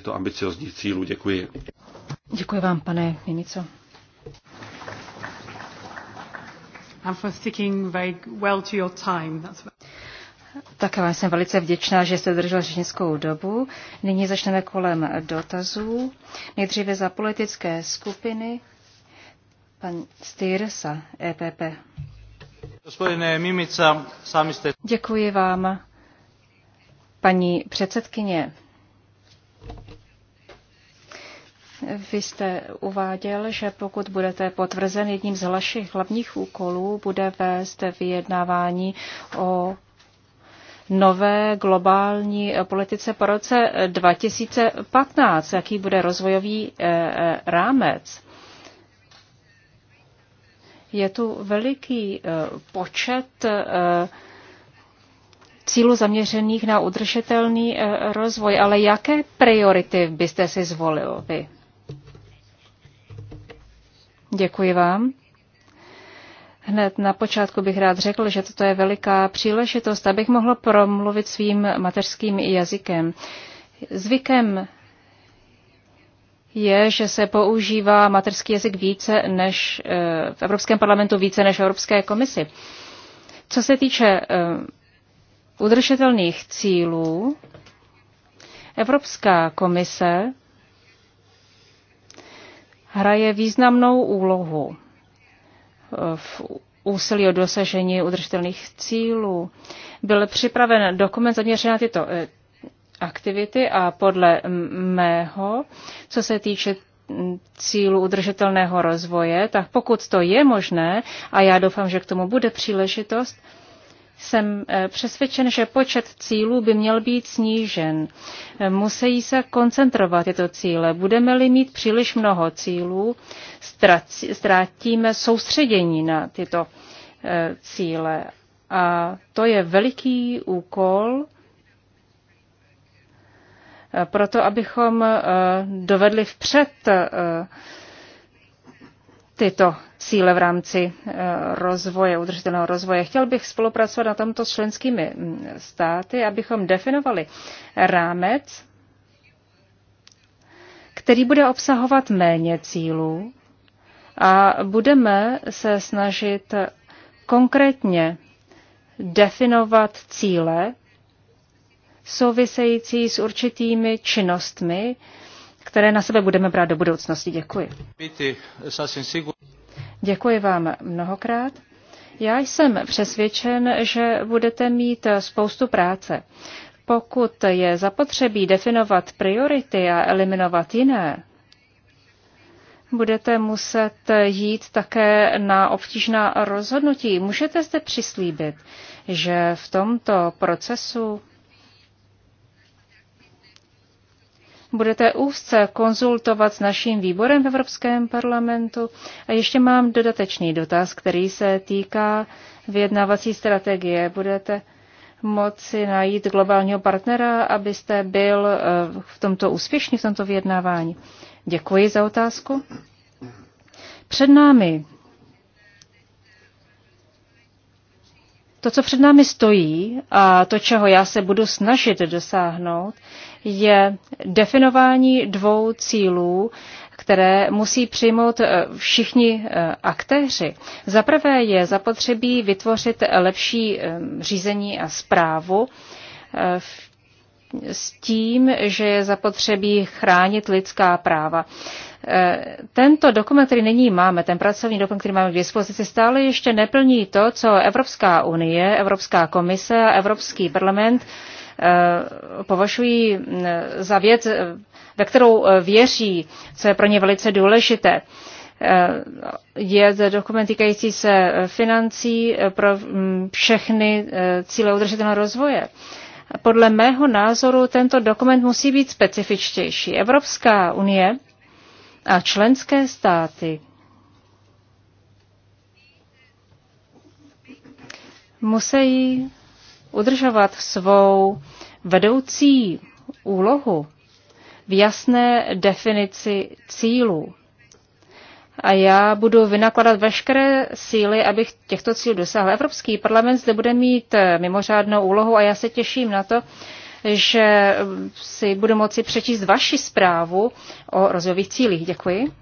to ambiciozní cílů. Děkuji. Děkuji vám, pane Mimico. And for sticking very well to your time. Tak vám jsem velice vděčná, že jste držel řečnickou dobu. Nyní začneme kolem dotazů. Nejdříve za politické skupiny. Pan Styrsa, EPP. Mimica, sami jste... Děkuji vám, paní předsedkyně. Vy jste uváděl, že pokud budete potvrzen, jedním z vašich hlavních úkolů bude vést vyjednávání o nové globální politice po roce 2015, jaký bude rozvojový eh, eh, rámec. Je tu veliký eh, počet cílů zaměřených na udržitelný rozvoj, ale jaké priority byste si zvolil vy? Děkuji vám. Hned na počátku bych rád řekl, že toto je veliká příležitost, abych mohl promluvit svým mateřským jazykem. Zvykem je, že se používá materský jazyk více než eh, v Evropském parlamentu více než v Evropské komisi. Co se týče eh, udržitelných cílů, Evropská komise hraje významnou úlohu eh, v úsilí o dosažení udržitelných cílů. Byl připraven dokument zaměřený na tyto eh, aktivity a podle mého, co se týče cílu udržitelného rozvoje, tak pokud to je možné, a já doufám, že k tomu bude příležitost, jsem eh, přesvědčen, že počet cílů by měl být snížen. Eh, musí se koncentrovat tyto cíle. Budeme-li mít příliš mnoho cílů, ztrátíme soustředění na tyto eh, cíle. A to je veliký úkol, proto abychom dovedli vpřed tyto cíle v rámci eh, rozvoje, udržitelného rozvoje. Chtěl bych spolupracovat na tomto s členskými mm, státy, abychom definovali rámec, který bude obsahovat méně cílů a budeme se snažit konkrétně definovat cíle související s určitými činnostmi, které na sebe budeme brát do budoucnosti. Děkuji. Děkuji vám mnohokrát. Já jsem přesvědčen, že budete mít spoustu práce. Pokud je zapotřebí definovat priority a eliminovat jiné, budete muset jít také na obtížná rozhodnutí. Můžete zde přislíbit, že v tomto procesu budete úzce konzultovat s naším výborem v Evropském parlamentu. A ještě mám dodatečný dotaz, který se týká vyjednávací strategie. Budete moci najít globálního partnera, abyste byl eh, v tomto úspěšný, v tomto vyjednávání? Děkuji za otázku. Před námi To, co před námi stojí a to, čeho já se budu snažit dosáhnout, je definování dvou cílů, které musí přijmout eh, všichni eh, aktéři. Za prvé je zapotřebí vytvořit lepší eh, řízení a zprávu v s tím, že je zapotřebí chránit lidská práva. E, tento dokument, který nyní máme, ten pracovní dokument, který máme k dispozici, stále ještě neplní to, co Evropská unie, Evropská komise a Evropský parlament e, považují e, za věc, ve kterou věří, co je pro ně velice důležité. Je dokument týkající se financí pro všechny cíle udržitelného rozvoje. Podle mého názoru tento dokument musí být specifičtější. Evropská unie a členské státy musí udržovat svou vedoucí úlohu v jasné definici cílů a já budu vynakladat veškeré síly, abych těchto cílů dosáhl. Evropský parlament zde bude mít eh, mimořádnou úlohu a já se těším na to, že mm, si budu moci přečíst vaši zprávu o rozvojových cílích. Děkuji.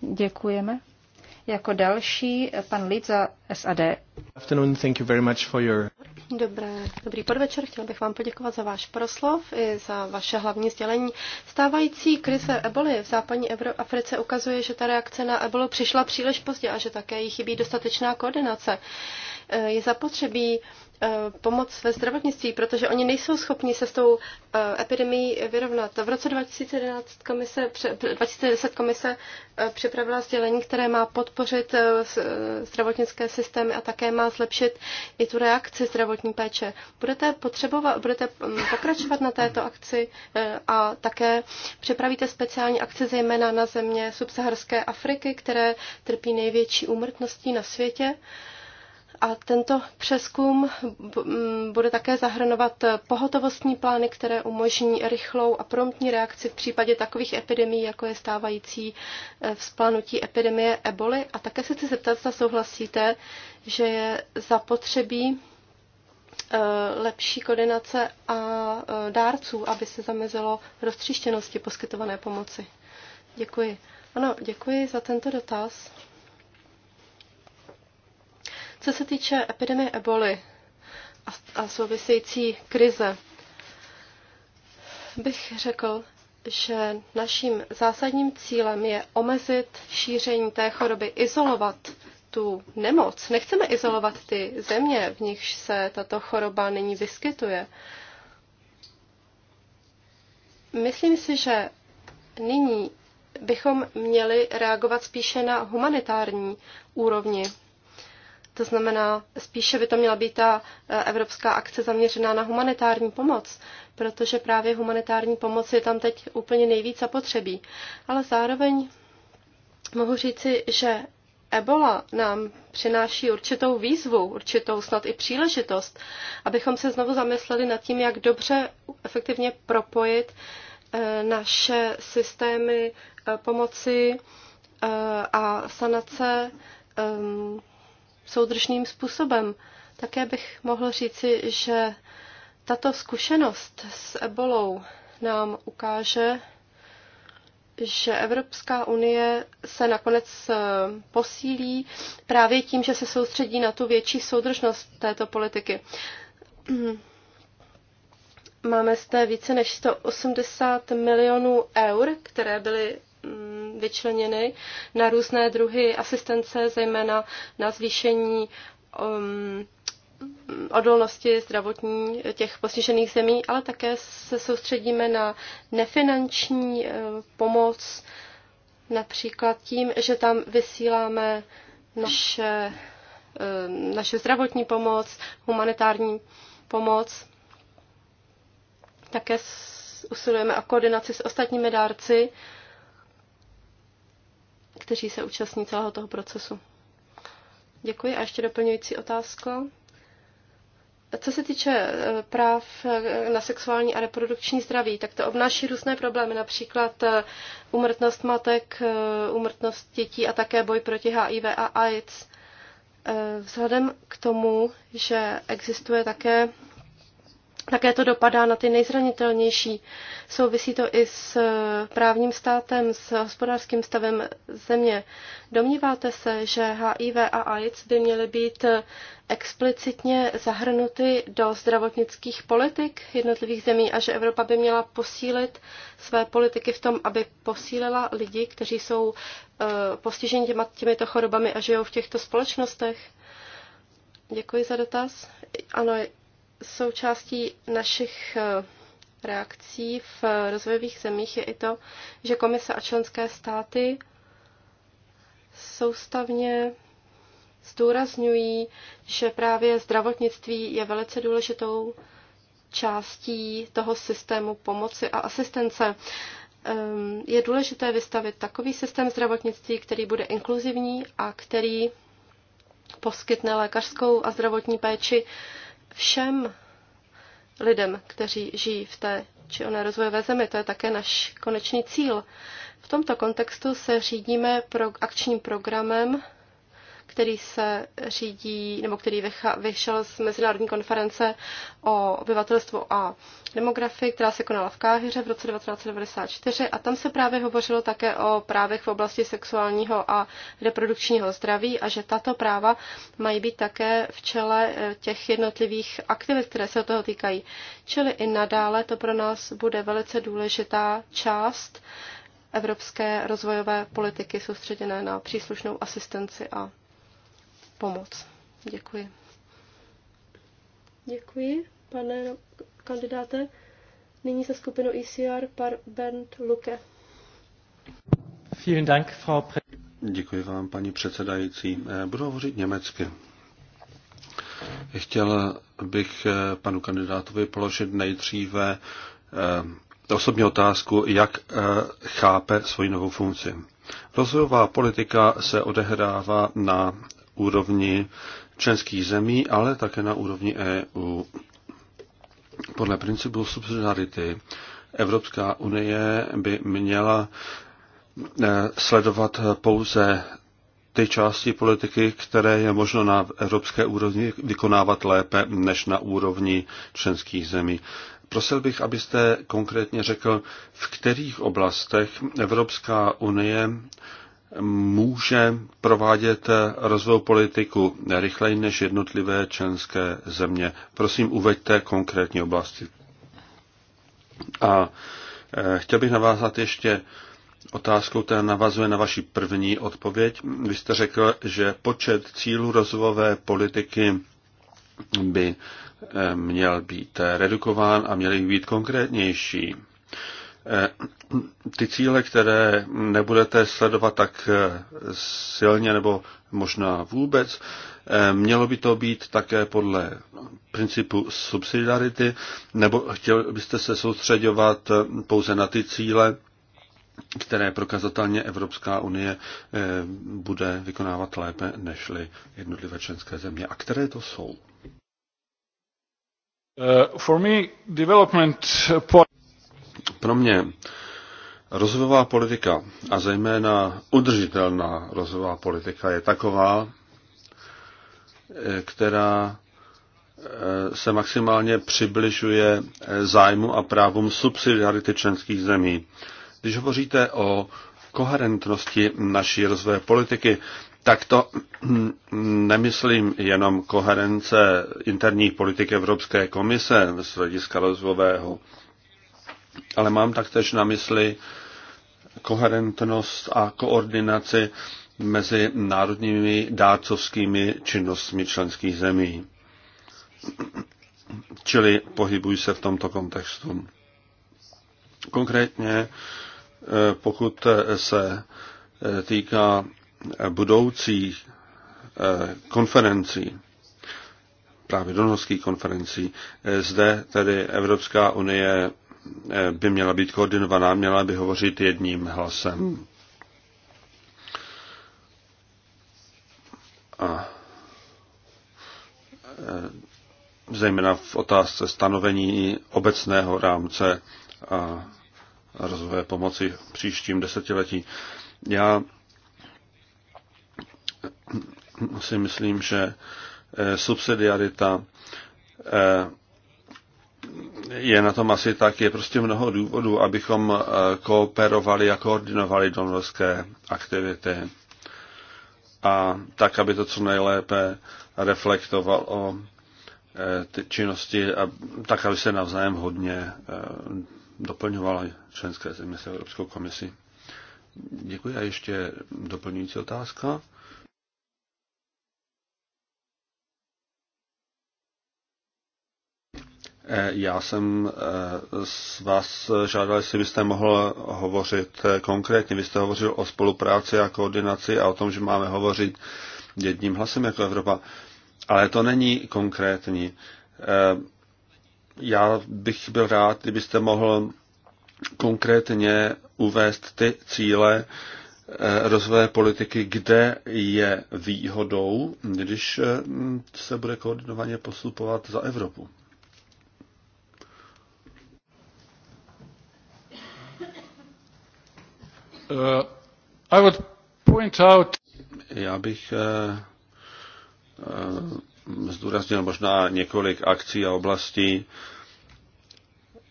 Děkujeme. Jako další pan Lid za SAD. Afternoon, thank you very much for your... Dobré, dobrý podvečer, chtěl bych vám poděkovat za váš proslov i za vaše hlavní sdělení. Stávající krize eboli v západní Evro- Africe ukazuje, že ta reakce na ebolu přišla příliš pozdě a že také jí chybí dostatečná koordinace. Eh, je zapotřebí eh, pomoc ve zdravotnictví, protože oni nejsou schopni se s tou eh, epidemií vyrovnat. V roce 2011 komise, 2010 komise připravila sdělení, které má podpořit zdravotnické systémy a také má zlepšit i tu reakci zdravotní péče. Budete potřebovat, budete mm, pokračovat na této akci a také připravíte speciální akci zejména na země subsaharské Afriky, které trpí největší úmrtností na světě. A tento přeskum bude také zahrnovat pohotovostní plány, které umožní rychlou a promptní reakci v případě takových epidemií, jako je stávající eh, vzplanutí epidemie eboli. A také se chci zeptat, zda souhlasíte, že je zapotřebí eh, lepší koordinace a eh, dárců, aby se zamezilo roztříštěnosti poskytované pomoci. Děkuji. Ano, děkuji za tento dotaz. Co se týče epidemie eboli a, a související krize, bych řekl, že naším zásadním cílem je omezit šíření té choroby, izolovat tu nemoc. Nechceme izolovat ty země, v nichž se tato choroba nyní vyskytuje. Myslím si, že nyní bychom měli reagovat spíše na humanitární úrovni to znamená, spíše by to měla být ta e, evropská akce zaměřená na humanitární pomoc, protože právě humanitární pomoc je tam teď úplně nejvíc zapotřebí. Ale zároveň mohu říci, že Ebola nám přináší určitou výzvu, určitou snad i příležitost, abychom se znovu zamysleli nad tím, jak dobře efektivně propojit e, naše systémy e, pomoci a sanace ehm, soudržným způsobem. Také bych mohl říci, že tato zkušenost s ebolou nám ukáže, že Evropská unie se nakonec eh, posílí právě tím, že se soustředí na tu větší soudržnost této politiky. Máme zde více než 180 milionů eur, které byly mm, vyčleněny na různé druhy asistence, zejména na zvýšení um, odolnosti zdravotní těch postižených zemí, ale také se soustředíme na nefinanční eh, pomoc, například tím, že tam vysíláme naše, eh, naše zdravotní pomoc, humanitární pomoc. Také usilujeme o koordinaci s ostatními dárci, kteří se účastní celého toho procesu. Děkuji a ještě doplňující otázka. Co se týče e, práv e, na sexuální a reprodukční zdraví, tak to obnáší různé problémy, například umrtnost e, matek, umrtnost dětí a také boj proti HIV a AIDS. Vzhledem k tomu, že existuje také také to dopadá na ty nejzranitelnější. Souvisí to i s eh, právním státem, s hospodářským stavem země. Domníváte se, že HIV a AIDS by měly být eh, explicitně zahrnuty do zdravotnických politik jednotlivých zemí a že Evropa by měla posílit své politiky v tom, aby posílila lidi, kteří jsou eh, postiženi těma, těmito chorobami a žijou v těchto společnostech? Děkuji za dotaz. Ano, Součástí našich eh, reakcí v eh, rozvojových zemích je i to, že komise a členské státy soustavně zdůrazňují, že právě zdravotnictví je velice důležitou částí toho systému pomoci a asistence. Ehm, je důležité vystavit takový systém zdravotnictví, který bude inkluzivní a který poskytne lékařskou a zdravotní péči všem lidem, kteří žijí v té či oné rozvojové zemi. To je také náš konečný cíl. V tomto kontextu se řídíme pro akčním programem který se řídí, nebo který vyšel z Mezinárodní konference o obyvatelstvu a demografii, která se konala v Káhyře v roce 1994 a tam se právě hovořilo také o právech v oblasti sexuálního a reprodukčního zdraví a že tato práva mají být také v čele eh, těch jednotlivých aktivit, které se toho týkají. Čili i nadále to pro nás bude velice důležitá část evropské rozvojové politiky soustředěné na příslušnou asistenci a pomoc. Děkuji. Děkuji, pane kandidáte. Nyní se skupinou ICR e par Bernd Luke. Vielen Dank, Frau Děkuji vám, paní předsedající. Eh, budu hovořit německy. Chtěl bych eh, panu kandidátovi položit nejdříve eh, osobní otázku, jak chápe svoji novou funkci. Rozvojová politika se odehrává na úrovni členských zemí, ale také na úrovni EU. Podle principu subsidiarity Evropská unie by měla eh, sledovat pouze ty části politiky, které je možno na evropské úrovni vykonávat lépe než na úrovni členských zemí. Prosil bych, abyste konkrétně řekl, v kterých oblastech Evropská unie může provádět rozvoj politiku rychleji než jednotlivé členské země. Prosím, uveďte konkrétní oblasti. A eh, chtěl bych navázat ještě otázkou, která navazuje na vaši první odpověď. Vy jste řekl, že počet cílů rozvojové politiky by eh, měl být eh, redukován a měl být konkrétnější ty cíle, které nebudete sledovat tak eh, silně nebo možná vůbec, eh, mělo by to být také podle principu subsidiarity, nebo chtěli byste se soustředovat eh, pouze na ty cíle, které prokazatelně Evropská unie bude vykonávat lépe nežli jednotlivé členské země. A které to jsou? Uh, for me, development pro mě rozvojová politika a zejména udržitelná rozvojová politika je taková, eh, která eh, se maximálně přibližuje eh, zájmu a právům subsidiarity členských zemí. Když hovoříte o koherentnosti naší rozvoje politiky, tak to hm, nemyslím jenom koherence interní politiky Evropské komise z hlediska rozvojového ale mám taktéž na mysli koherentnost a koordinaci mezi národními dárcovskými činnostmi členských zemí. Čili pohybují se v tomto kontextu. Konkrétně, eh, pokud se eh, týká budoucích eh, konferencí, právě donorských konferencí, zde tedy Evropská unie Eh, by měla být koordinovaná, měla by hovořit jedním hlasem. A eh, zejména v otázce stanovení obecného rámce a rozvoje pomoci v příštím desetiletí. Já si myslím, že eh, subsidiarita je na tom asi tak, je prostě mnoho důvodů, abychom eh, kooperovali a koordinovali donorské aktivity. A tak, aby to co nejlépe reflektovalo eh, ty činnosti, a tak, aby se navzájem hodně eh, doplňovala členské země s Evropskou komisí. Děkuji a ještě doplňující otázka. Eh, já jsem eh, s vás žádal, jestli byste mohl hovořit eh, konkrétně. Vy jste hovořil o spolupráci a koordinaci a o tom, že máme hovořit jedním hlasem jako Evropa. Ale to není konkrétní. Já bych byl rád, kdybyste mohl konkrétně uvést ty cíle rozvoje politiky, kde je výhodou, když se bude koordinovaně postupovat za Evropu. Uh, I would point out... Já bych eh, eh, zdůraznil možná několik akcí a oblastí,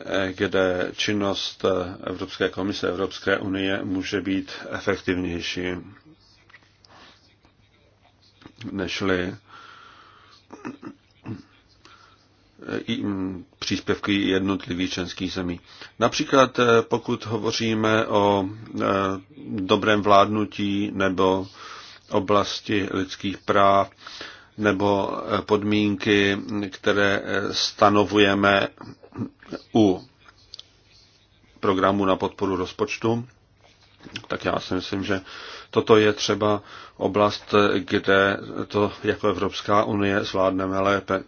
eh, kde činnost Evropské komise Evropské unie může být efektivnější nežli Mm, příspěvky jednotlivých členských zemí. Například eh, pokud hovoříme o eh, dobrém vládnutí nebo oblasti lidských práv nebo eh, podmínky, které stanovujeme u programu na podporu rozpočtu, tak já si myslím, že toto je třeba oblast, kde to jako Evropská unie zvládneme lépe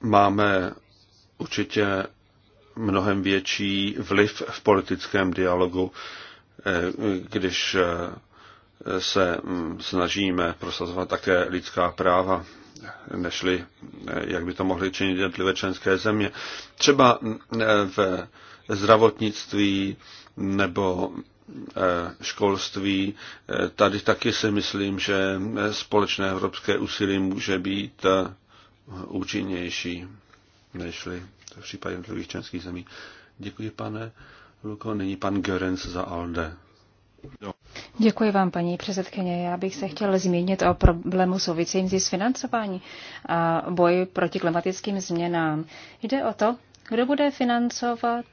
máme určitě mnohem větší vliv v politickém dialogu, eh, když eh, se mm, snažíme prosazovat také lidská práva, nežli eh, jak by to mohly činit jednotlivé členské země. Třeba mm, v zdravotnictví nebo školství. Tady taky si myslím, že společné evropské úsilí může být účinnější nežli v případě jednotlivých členských zemí. Děkuji, pane Luko. Nyní pan Görens za ALDE. Děkuji vám, paní předsedkyně. Já bych se chtěl zmínit o problému souvisejícím s financování a boji proti klimatickým změnám. Jde o to, kdo bude financovat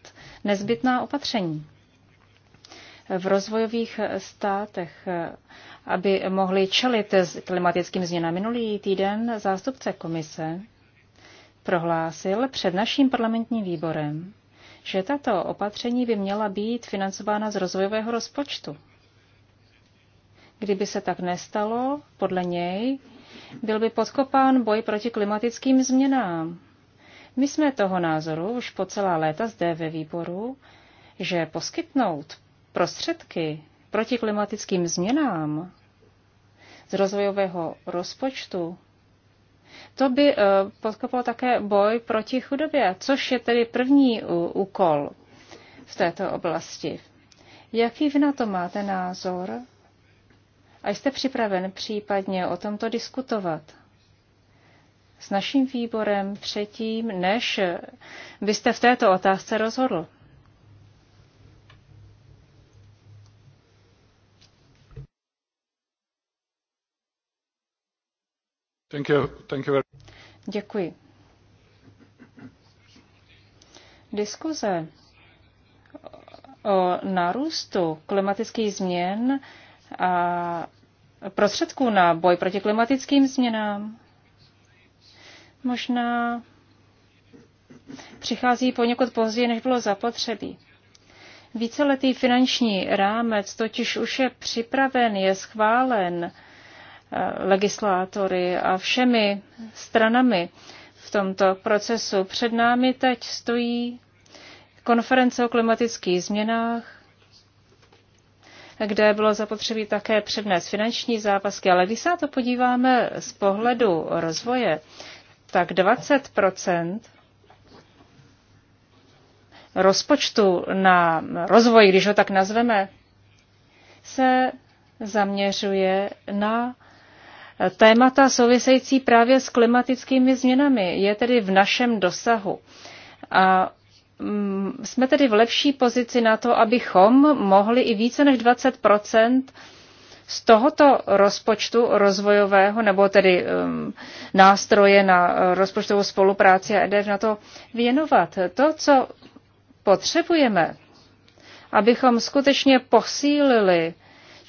nezbytná opatření v rozvojových státech aby mohli čelit klimatickým změnám. Minulý týden zástupce komise prohlásil před naším parlamentním výborem, že tato opatření by měla být financována z rozvojového rozpočtu. Kdyby se tak nestalo, podle něj, byl by podkopán boj proti klimatickým změnám. My jsme toho názoru už po celá léta zde ve výboru, že poskytnout prostředky proti klimatickým změnám z rozvojového rozpočtu, to by eh, podkopalo také boj proti chudobě, což je tedy první eh, úkol v této oblasti. Jaký vy na to máte názor? A jste připraven případně o tomto diskutovat? S naším výborem předtím, než byste v této otázce rozhodl. Thank you. Thank you very... Děkuji. Diskuze o nárůstu klimatických změn a prostředků na boj proti klimatickým změnám možná přichází poněkud později, než bylo zapotřebí. Víceletý finanční rámec totiž už je připraven, je schválen Eh, legislátory a všemi stranami v tomto procesu. Před námi teď stojí konference o klimatických změnách, kde bylo zapotřebí také přednést finanční závazky. Ale když se na to podíváme z pohledu rozvoje, tak 20 rozpočtu na rozvoj, když ho tak nazveme, se zaměřuje na témata související právě s klimatickými změnami. Je tedy v našem dosahu. A mm, jsme tedy v lepší pozici na to, abychom mohli i více než 20 z tohoto rozpočtu rozvojového, nebo tedy um, nástroje na rozpočtovou spolupráci a EDF na to věnovat. To, co potřebujeme, abychom skutečně posílili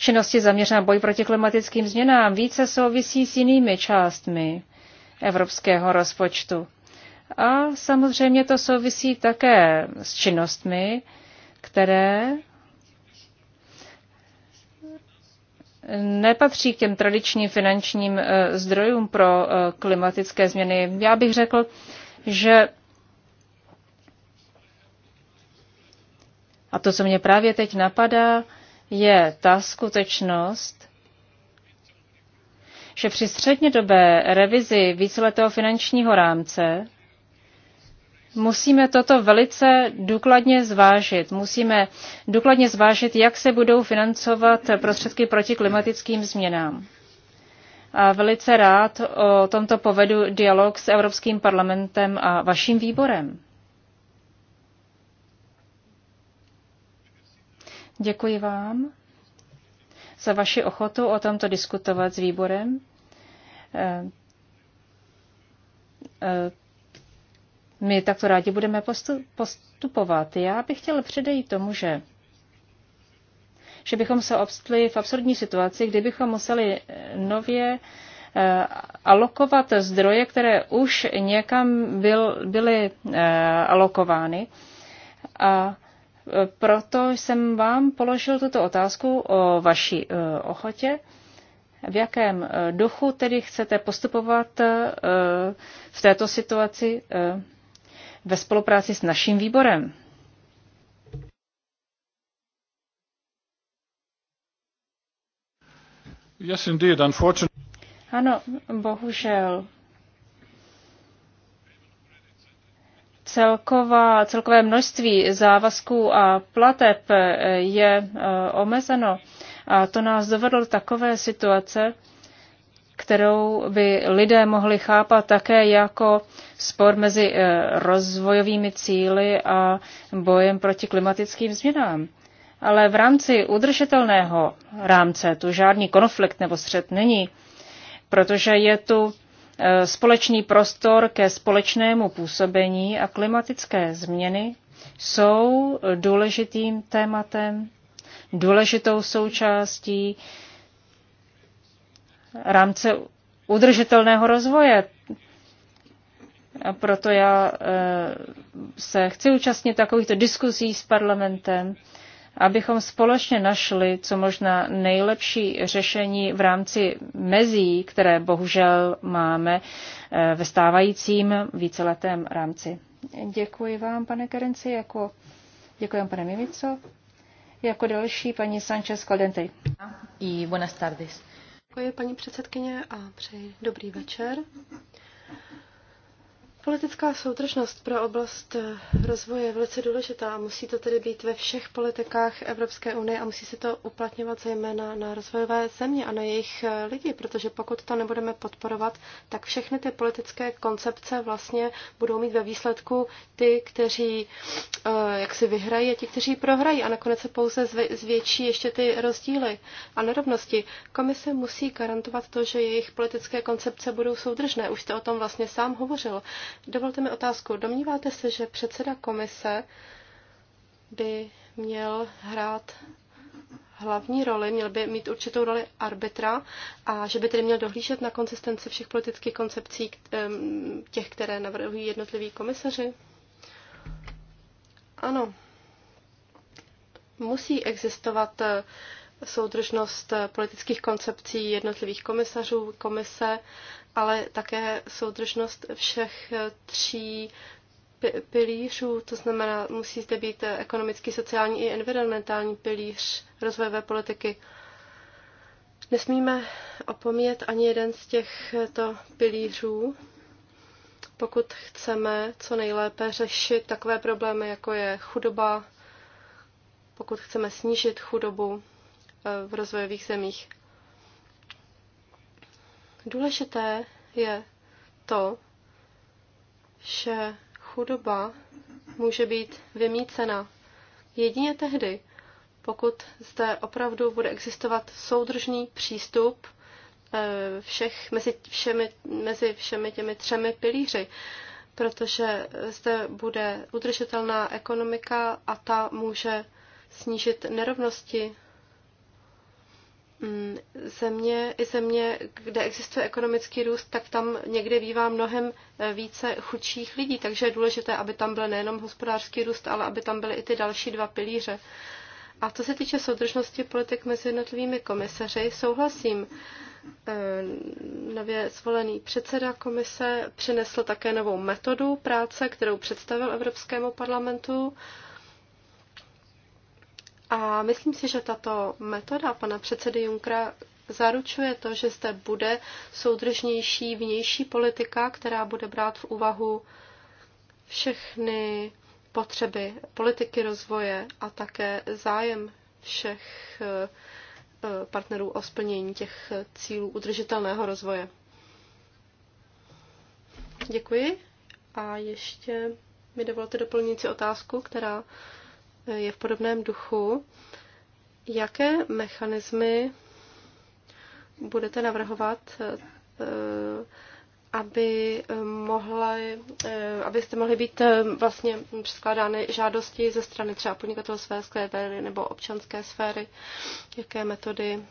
činnosti zaměřená boj proti klimatickým změnám více souvisí s jinými částmi evropského rozpočtu. A samozřejmě to souvisí také s činnostmi, které nepatří k těm tradičním finančním eh, zdrojům pro eh, klimatické změny. Já bych řekl, že a to, co mě právě teď napadá, je ta skutečnost, že při střednědobé revizi víceletého finančního rámce musíme toto velice důkladně zvážit. Musíme důkladně zvážit, jak se budou financovat prostředky proti klimatickým změnám. A velice rád o tomto povedu dialog s Evropským parlamentem a vaším výborem. Děkuji vám za vaši ochotu o tomto diskutovat s výborem. Eh, eh, my takto rádi budeme postupovat. Já bych chtěl předejít tomu, že že bychom se obstli v absurdní situaci, kdybychom museli nově eh, alokovat zdroje, které už někam byl, byly alokovány. A proto jsem vám položil tuto otázku o vaší eh, ochotě. V jakém eh, duchu tedy chcete postupovat eh, v této situaci ve spolupráci s naším výborem? Yes, indeed, unfortunately. Ano, bohužel. celková, celkové množství závazků a plateb eh, je eh, omezeno. A to nás dovedlo do takové situace, kterou by lidé mohli chápat také jako spor mezi eh, rozvojovými cíly a bojem proti klimatickým změnám. Ale v rámci udržitelného rámce tu žádný konflikt nebo střet není, protože je tu Eh, společný prostor ke společnému působení a klimatické změny jsou důležitým tématem, důležitou součástí rámce udržitelného rozvoje. A proto já eh, se chci účastnit takovýchto diskusí s parlamentem abychom společně našli co možná nejlepší řešení v rámci mezí, které bohužel máme eh, ve stávajícím víceletém rámci. Děkuji vám, pane Kerenci, jako děkuji vám, pane Mimico. Jako další paní Sanchez Caldente. I buenas tardes. Děkuji, paní předsedkyně, a přeji dobrý večer. Politická soudržnost pro oblast eh, rozvoje je velice důležitá a musí to tedy být ve všech politikách Evropské unie a musí se to uplatňovat zejména na rozvojové země a na jejich eh, lidi, protože pokud to nebudeme podporovat, tak všechny ty politické koncepce vlastně budou mít ve výsledku ty, kteří eh, jak si vyhrají a ti, kteří prohrají a nakonec se pouze zvětší ještě ty rozdíly a nerovnosti. Komise musí garantovat to, že jejich politické koncepce budou soudržné. Už jste o tom vlastně sám hovořil Dovolte mi otázku. Domníváte se, že předseda komise by měl hrát hlavní roli, měl by mít určitou roli arbitra a že by tedy měl dohlížet na konsistenci všech politických koncepcí ehm, těch, které navrhují jednotliví komisaři? Ano. Musí existovat eh, soudržnost eh, politických koncepcí jednotlivých komisařů, komise ale také soudržnost všech eh, tří pilířů, to znamená, musí zde být eh, ekonomický, sociální i environmentální pilíř rozvojové politiky. Nesmíme opomíjet ani jeden z těchto pilířů, pokud chceme co nejlépe řešit takové problémy, jako je chudoba, pokud chceme snížit chudobu eh, v rozvojových zemích. Důležité je to, že chudoba může být vymícena jedině tehdy, pokud zde opravdu bude existovat soudržný přístup eh, všech, mezi, všemi, mezi všemi těmi třemi pilíři, protože zde bude udržitelná ekonomika a ta může snížit nerovnosti Mm, země, i země, kde existuje ekonomický růst, tak tam někde bývá mnohem eh, více chudších lidí, takže je důležité, aby tam byl nejenom hospodářský růst, ale aby tam byly i ty další dva pilíře. A co se týče soudržnosti politik mezi jednotlivými komisaři, souhlasím. Eh, nově zvolený předseda komise přinesl také novou metodu práce, kterou představil Evropskému parlamentu. A myslím si, že tato metoda pana předsedy Junkra zaručuje to, že zde bude soudržnější vnější politika, která bude brát v úvahu všechny potřeby politiky rozvoje a také zájem všech eh, eh, partnerů o splnění těch cílů udržitelného rozvoje. Děkuji. A ještě mi dovolte doplnit si otázku, která je v podobném duchu. Jaké mechanismy budete navrhovat, eh, aby eh, eh, mohly, abyste mohli být vlastně přeskládány žádosti ze strany třeba podnikatelské sféry nebo občanské sféry? Jaké metody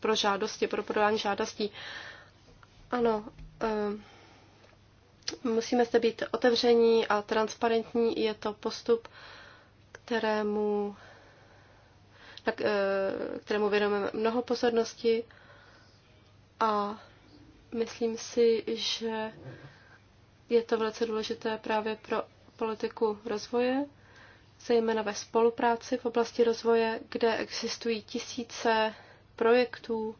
pro žádosti, pro podávání žádostí? Ano, musíme zde být otevření a transparentní. Je to postup, kterému, tak, eh, kterému věnujeme mnoho pozornosti a myslím si, že je to velice důležité právě pro politiku rozvoje, zejména ve spolupráci v oblasti rozvoje, kde existují tisíce projektů,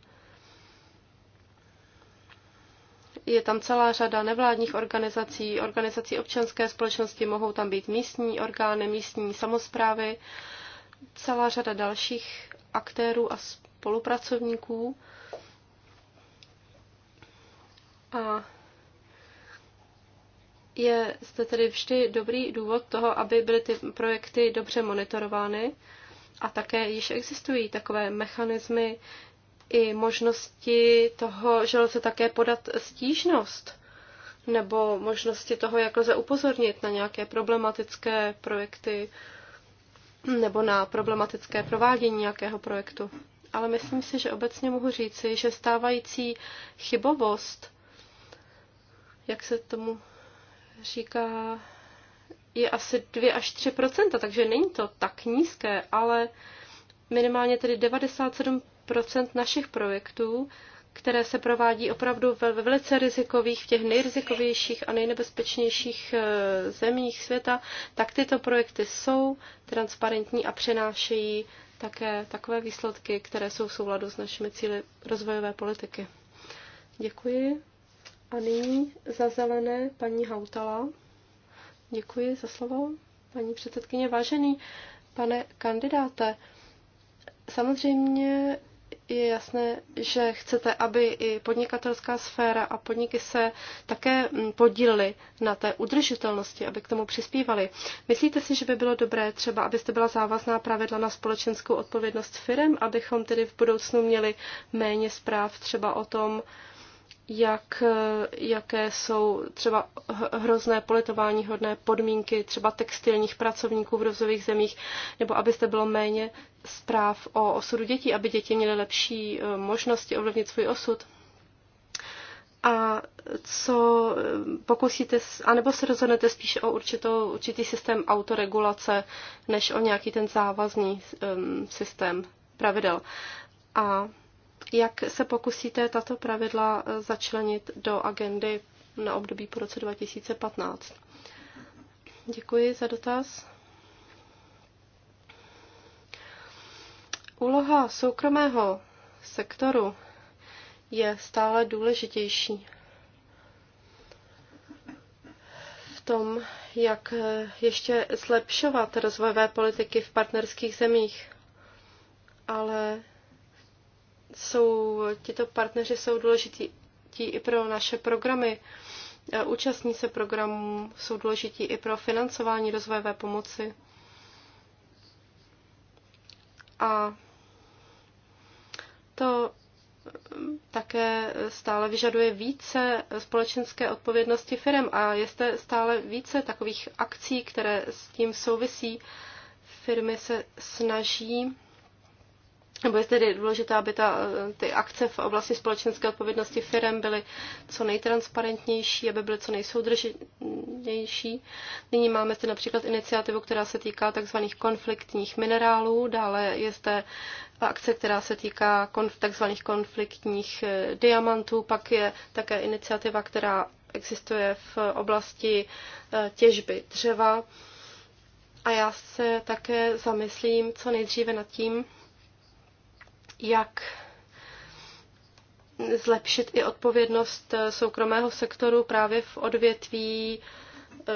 Je tam celá řada nevládních organizací, organizací občanské společnosti, mohou tam být místní orgány, místní samozprávy, celá řada dalších aktérů a spolupracovníků. A je zde tedy vždy dobrý důvod toho, aby byly ty projekty dobře monitorovány. A také již existují takové mechanismy, i možnosti toho, že lze také podat stížnost nebo možnosti toho, jak lze upozornit na nějaké problematické projekty nebo na problematické provádění nějakého projektu. Ale myslím si, že obecně mohu říci, že stávající chybovost, jak se tomu říká, je asi 2 až 3 takže není to tak nízké, ale minimálně tedy 97 našich projektů, které se provádí opravdu ve velice rizikových, v těch nejrizikovějších a nejnebezpečnějších eh, zemích světa, tak tyto projekty jsou transparentní a přenášejí také takové výsledky, které jsou v souladu s našimi cíly rozvojové politiky. Děkuji. A nyní za zelené paní Hautala. Děkuji za slovo, paní předsedkyně. Vážený pane kandidáte, samozřejmě je jasné, že chcete, aby i podnikatelská sféra a podniky se také mm, podílely na té udržitelnosti, aby k tomu přispívali. Myslíte si, že by bylo dobré třeba, abyste byla závazná pravidla na společenskou odpovědnost firm, abychom tedy v budoucnu měli méně zpráv třeba o tom, jak, jaké jsou třeba hrozné politování hodné podmínky třeba textilních pracovníků v rozvojových zemích, nebo aby zde bylo méně zpráv o osudu dětí, aby děti měly lepší eh, možnosti ovlivnit svůj osud. A co eh, pokusíte, anebo se rozhodnete spíš o určitou, určitý systém autoregulace, než o nějaký ten závazný um, systém pravidel. A jak se pokusíte tato pravidla eh, začlenit do agendy na období po roce 2015? Děkuji za dotaz. Úloha soukromého sektoru je stále důležitější v tom, jak eh, ještě zlepšovat rozvojové politiky v partnerských zemích. Ale jsou, tito partneři jsou důležití i pro naše programy. Účastní se programů jsou důležití i pro financování rozvojové pomoci. A to mm, také stále vyžaduje více společenské odpovědnosti firm a je zde stále více takových akcí, které s tím souvisí. Firmy se snaží nebo je tedy důležité, aby ta, eh, ty akce v oblasti společenské odpovědnosti firm byly co nejtransparentnější, aby byly co nejsoudržnější. Nyní máme zde například iniciativu, která se týká tzv. konfliktních minerálů, dále je zde akce, která se týká konf- tzv. konfliktních eh, diamantů, pak je také iniciativa, která existuje v oblasti eh, těžby dřeva. A já se také zamyslím co nejdříve nad tím, jak zlepšit i odpovědnost eh, soukromého sektoru právě v odvětví eh,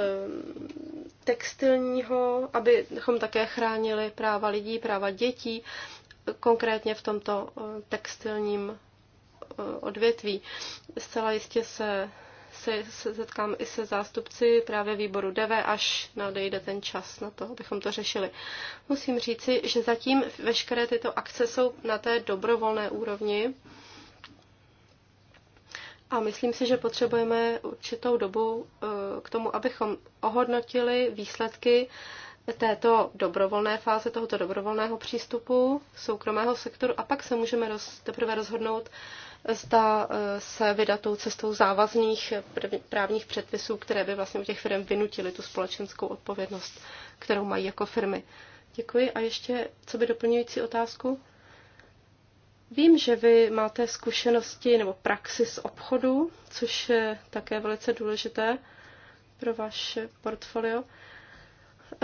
textilního, abychom také chránili práva lidí, práva dětí, konkrétně v tomto eh, textilním odvětví. Zcela jistě se se, se setkám i se zástupci právě výboru DV, až nadejde ten čas na to, abychom to řešili. Musím říci, že zatím veškeré tyto akce jsou na té dobrovolné úrovni a myslím si, že potřebujeme určitou dobu eh, k tomu, abychom ohodnotili výsledky této dobrovolné fáze, tohoto dobrovolného přístupu soukromého sektoru a pak se můžeme roz, teprve rozhodnout, zda eh, se vydat tou cestou závazných právních předpisů, které by vlastně u těch firm vynutily tu společenskou odpovědnost, kterou mají jako firmy. Děkuji. A ještě, co by doplňující otázku? Vím, že vy máte zkušenosti nebo praxi z obchodu, což je také velice důležité pro vaše portfolio.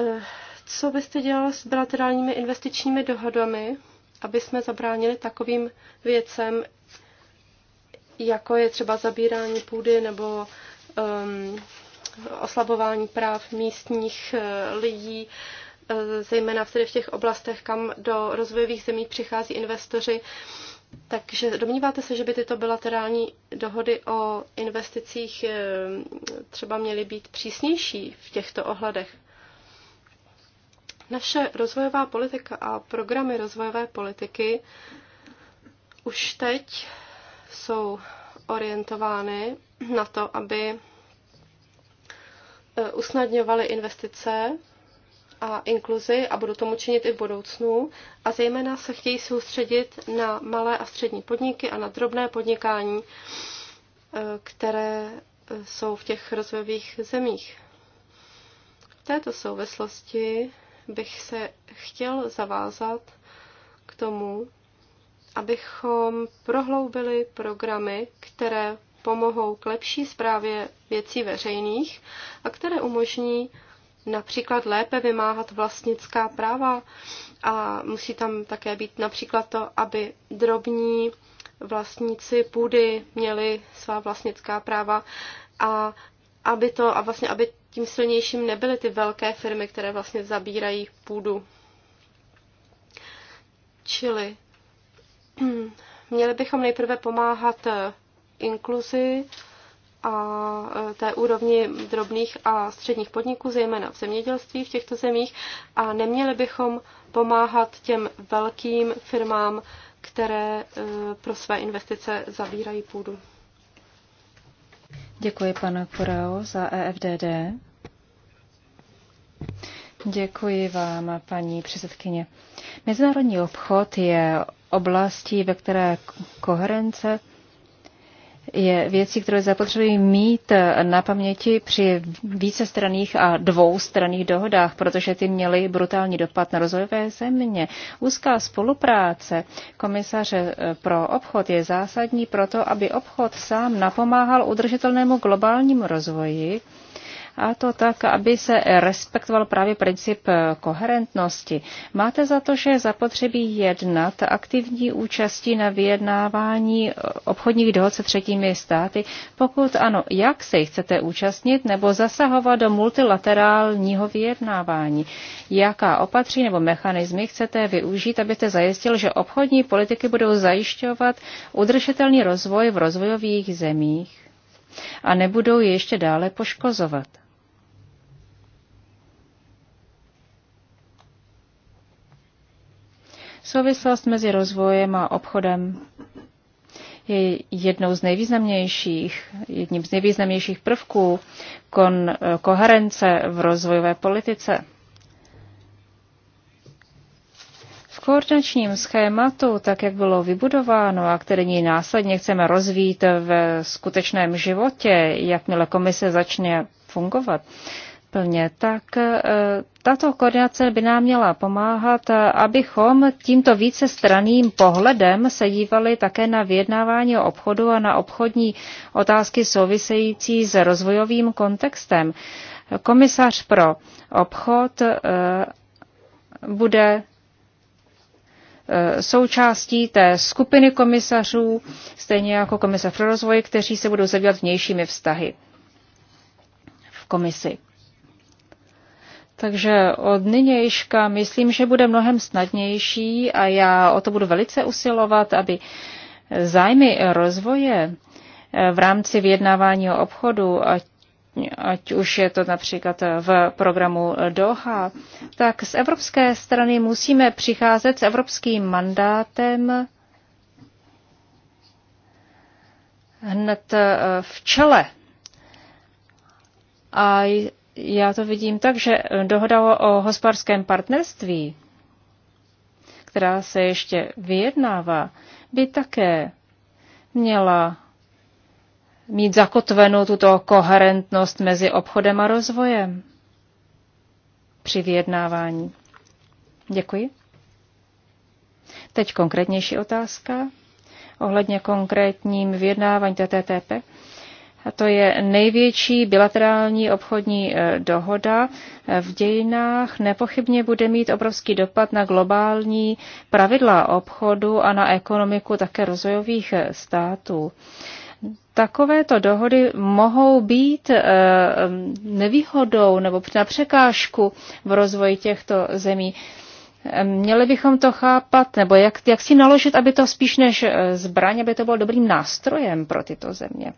Eh, co byste dělal s bilaterálními investičními dohodami, aby jsme zabránili takovým věcem, jako je třeba zabírání půdy nebo um, oslabování práv místních eh, lidí, eh, zejména v těch oblastech, kam do rozvojových zemí přichází investoři. Takže domníváte se, že by tyto bilaterální dohody o investicích eh, třeba měly být přísnější v těchto ohledech? Naše rozvojová politika a programy rozvojové politiky už teď jsou orientovány na to, aby e, usnadňovaly investice a inkluzi a budou tomu činit i v budoucnu. A zejména se chtějí soustředit na malé a střední podniky a na drobné podnikání, e, které e, jsou v těch rozvojových zemích. V této souvislosti bych se chtěl zavázat k tomu, abychom prohloubili programy, které pomohou k lepší zprávě věcí veřejných a které umožní například lépe vymáhat vlastnická práva a musí tam také být například to, aby drobní vlastníci půdy měli svá vlastnická práva a aby to a vlastně aby tím silnějším nebyly ty velké firmy, které vlastně zabírají půdu. Čili Hmm. Měli bychom nejprve pomáhat eh, inkluzi a eh, té úrovni drobných a středních podniků, zejména v zemědělství v těchto zemích, a neměli bychom pomáhat těm velkým firmám, které eh, pro své investice zabírají půdu. Děkuji, pane Kurao, za EFDD. Děkuji vám, paní předsedkyně. Mezinárodní obchod je oblastí, ve které koherence je věcí, které zapotřebí mít na paměti při vícestranných a dvoustranných dohodách, protože ty měly brutální dopad na rozvojové země. Úzká spolupráce komisaře eh, pro obchod je zásadní proto, aby obchod sám napomáhal udržitelnému globálnímu rozvoji a to tak, aby se respektoval právě princip eh, koherentnosti. Máte za to, že zapotřebí jednat aktivní účastí na vyjednávání eh, obchodních dohod se třetími státy? Pokud ano, jak se jich chcete účastnit nebo zasahovat do multilaterálního vyjednávání? Jaká opatření nebo mechanizmy chcete využít, abyste zajistil, že obchodní politiky budou zajišťovat udržitelný rozvoj v rozvojových zemích? a nebudou je ještě dále poškozovat. Souvislost mezi rozvojem a obchodem je jednou z nejvýznamnějších, jedním z nejvýznamnějších prvků kon, koherence v rozvojové politice. V koordinačním schématu, tak jak bylo vybudováno a které ní následně chceme rozvít v skutečném životě, jakmile komise začne fungovat, plně, tak e, tato koordinace by nám měla pomáhat, e, abychom tímto straným pohledem se dívali také na vyjednávání o obchodu a na obchodní otázky související s rozvojovým kontextem. Komisař pro obchod e, bude součástí té skupiny komisařů, stejně jako komisař pro rozvoj, kteří se budou zabývat vnějšími vztahy v komisi. Takže od nynějška myslím, že bude mnohem snadnější a já o to budu velice usilovat, aby zájmy rozvoje eh, v rámci vyjednávání o obchodu, ať, už je to například v programu Doha, tak z evropské strany musíme přicházet s evropským mandátem hned eh, v čele. A já to vidím tak, že eh, dohoda o hospodářském partnerství, která se ještě vyjednává, by také měla mít zakotvenou tuto koherentnost mezi obchodem a rozvojem při vyjednávání. Děkuji. Teď konkrétnější otázka ohledně konkrétním vyjednávání TTTP. To je největší bilaterální obchodní eh, dohoda eh, v dějinách. Nepochybně bude mít obrovský dopad na globální pravidla obchodu a na ekonomiku také rozvojových eh, států. Takovéto dohody mohou být nevýhodou nebo na překážku v rozvoji těchto zemí. Měli bychom to chápat, nebo jak, jak si naložit, aby to spíš než zbraň, aby to bylo dobrým nástrojem pro tyto země.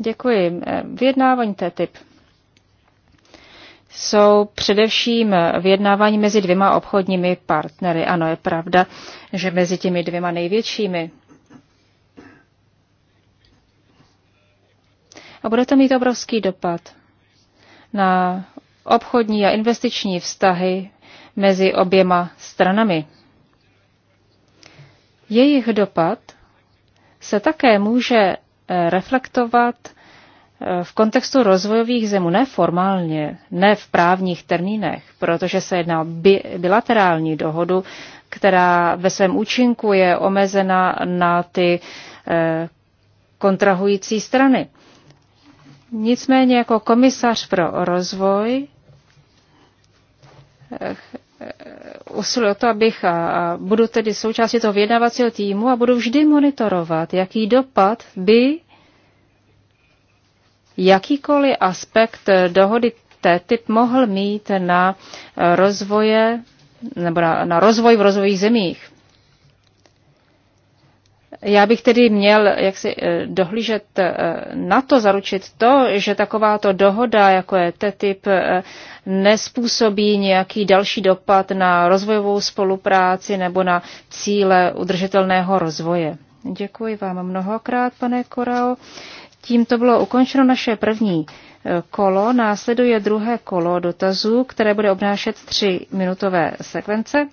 Děkuji. Eh, vyjednávání TTIP jsou především vyjednávání mezi dvěma obchodními partnery. Ano, je pravda, že mezi těmi dvěma největšími. A bude to mít obrovský dopad na obchodní a investiční vztahy mezi oběma stranami. Jejich dopad se také může Eh, reflektovat eh, v kontextu rozvojových zemů, ne formálně, ne v právních termínech, protože se jedná o bi- bilaterální dohodu, která ve svém účinku je omezena na ty eh, kontrahující strany. Nicméně jako komisař pro rozvoj Eh, usiluji o to, abych a, a budu tedy součástí toho vyjednávacího týmu a budu vždy monitorovat, jaký dopad by jakýkoliv aspekt eh, dohody TTIP mohl mít na eh, rozvoje nebo na, na rozvoj v rozvojích zemích. Já bych tedy měl jak si dohlížet na to, zaručit to, že takováto dohoda, jako je TTIP, nespůsobí nějaký další dopad na rozvojovou spolupráci nebo na cíle udržitelného rozvoje. Děkuji vám mnohokrát, pane Korao. Tímto bylo ukončeno naše první eh, kolo. Následuje druhé kolo dotazů, které bude obnášet tři minutové sekvence.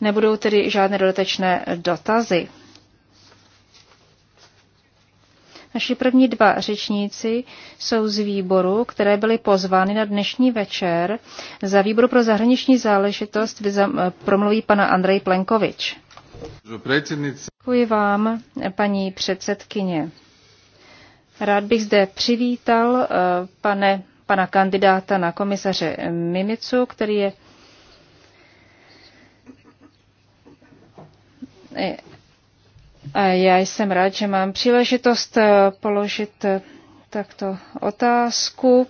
Nebudou tedy žádné dodatečné dotazy. Naši první dva řečníci jsou z výboru, které byly pozvány na dnešní večer. Za výboru pro zahraniční záležitost eh, promluví pana Andrej Plenkovič. Děkuji vám, paní předsedkyně. Rád bych zde přivítal eh, pane, pana kandidáta na komisaře Mimicu, který je eh, já jsem rád, že mám příležitost eh, položit eh, takto otázku.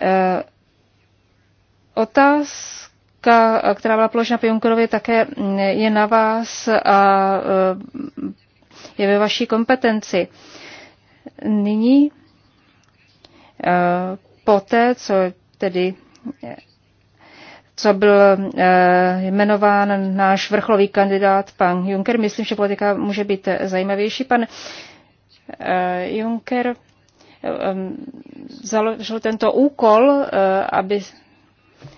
Eh, otázka, která byla položena po také mm, je na vás a je ve vaší kompetenci. Nyní, poté, co tedy co byl eh, jmenován náš vrcholový kandidát, pan Juncker. Myslím, že politika může být zajímavější. Pan eh, Juncker eh, založil tento úkol, aby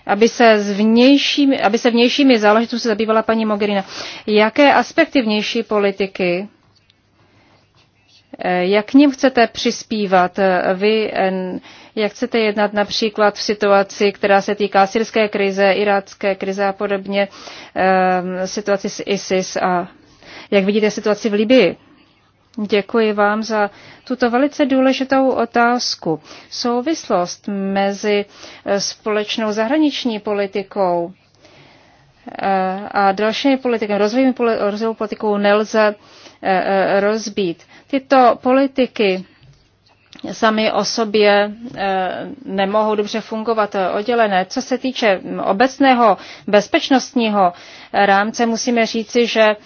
aby se, s vnějšími, aby se vnějšími záležitostmi zabývala paní Mogherina. Jaké aspekty vnější politiky Eh, jak k ním chcete přispívat? Eh, vy jak chcete jednat například v situaci, která se týká syrské krize, irácké krize a podobně, eh, situaci s ISIS a jak vidíte situaci v Libii? Děkuji vám za tuto velice důležitou otázku. Souvislost mezi společnou zahraniční politikou a dalšími politikami, rozvojovou politikou nelze rozbít. Tyto politiky sami o sobě e, nemohou dobře fungovat e, oddělené. Co se týče obecného bezpečnostního rámce, musíme říci, že e,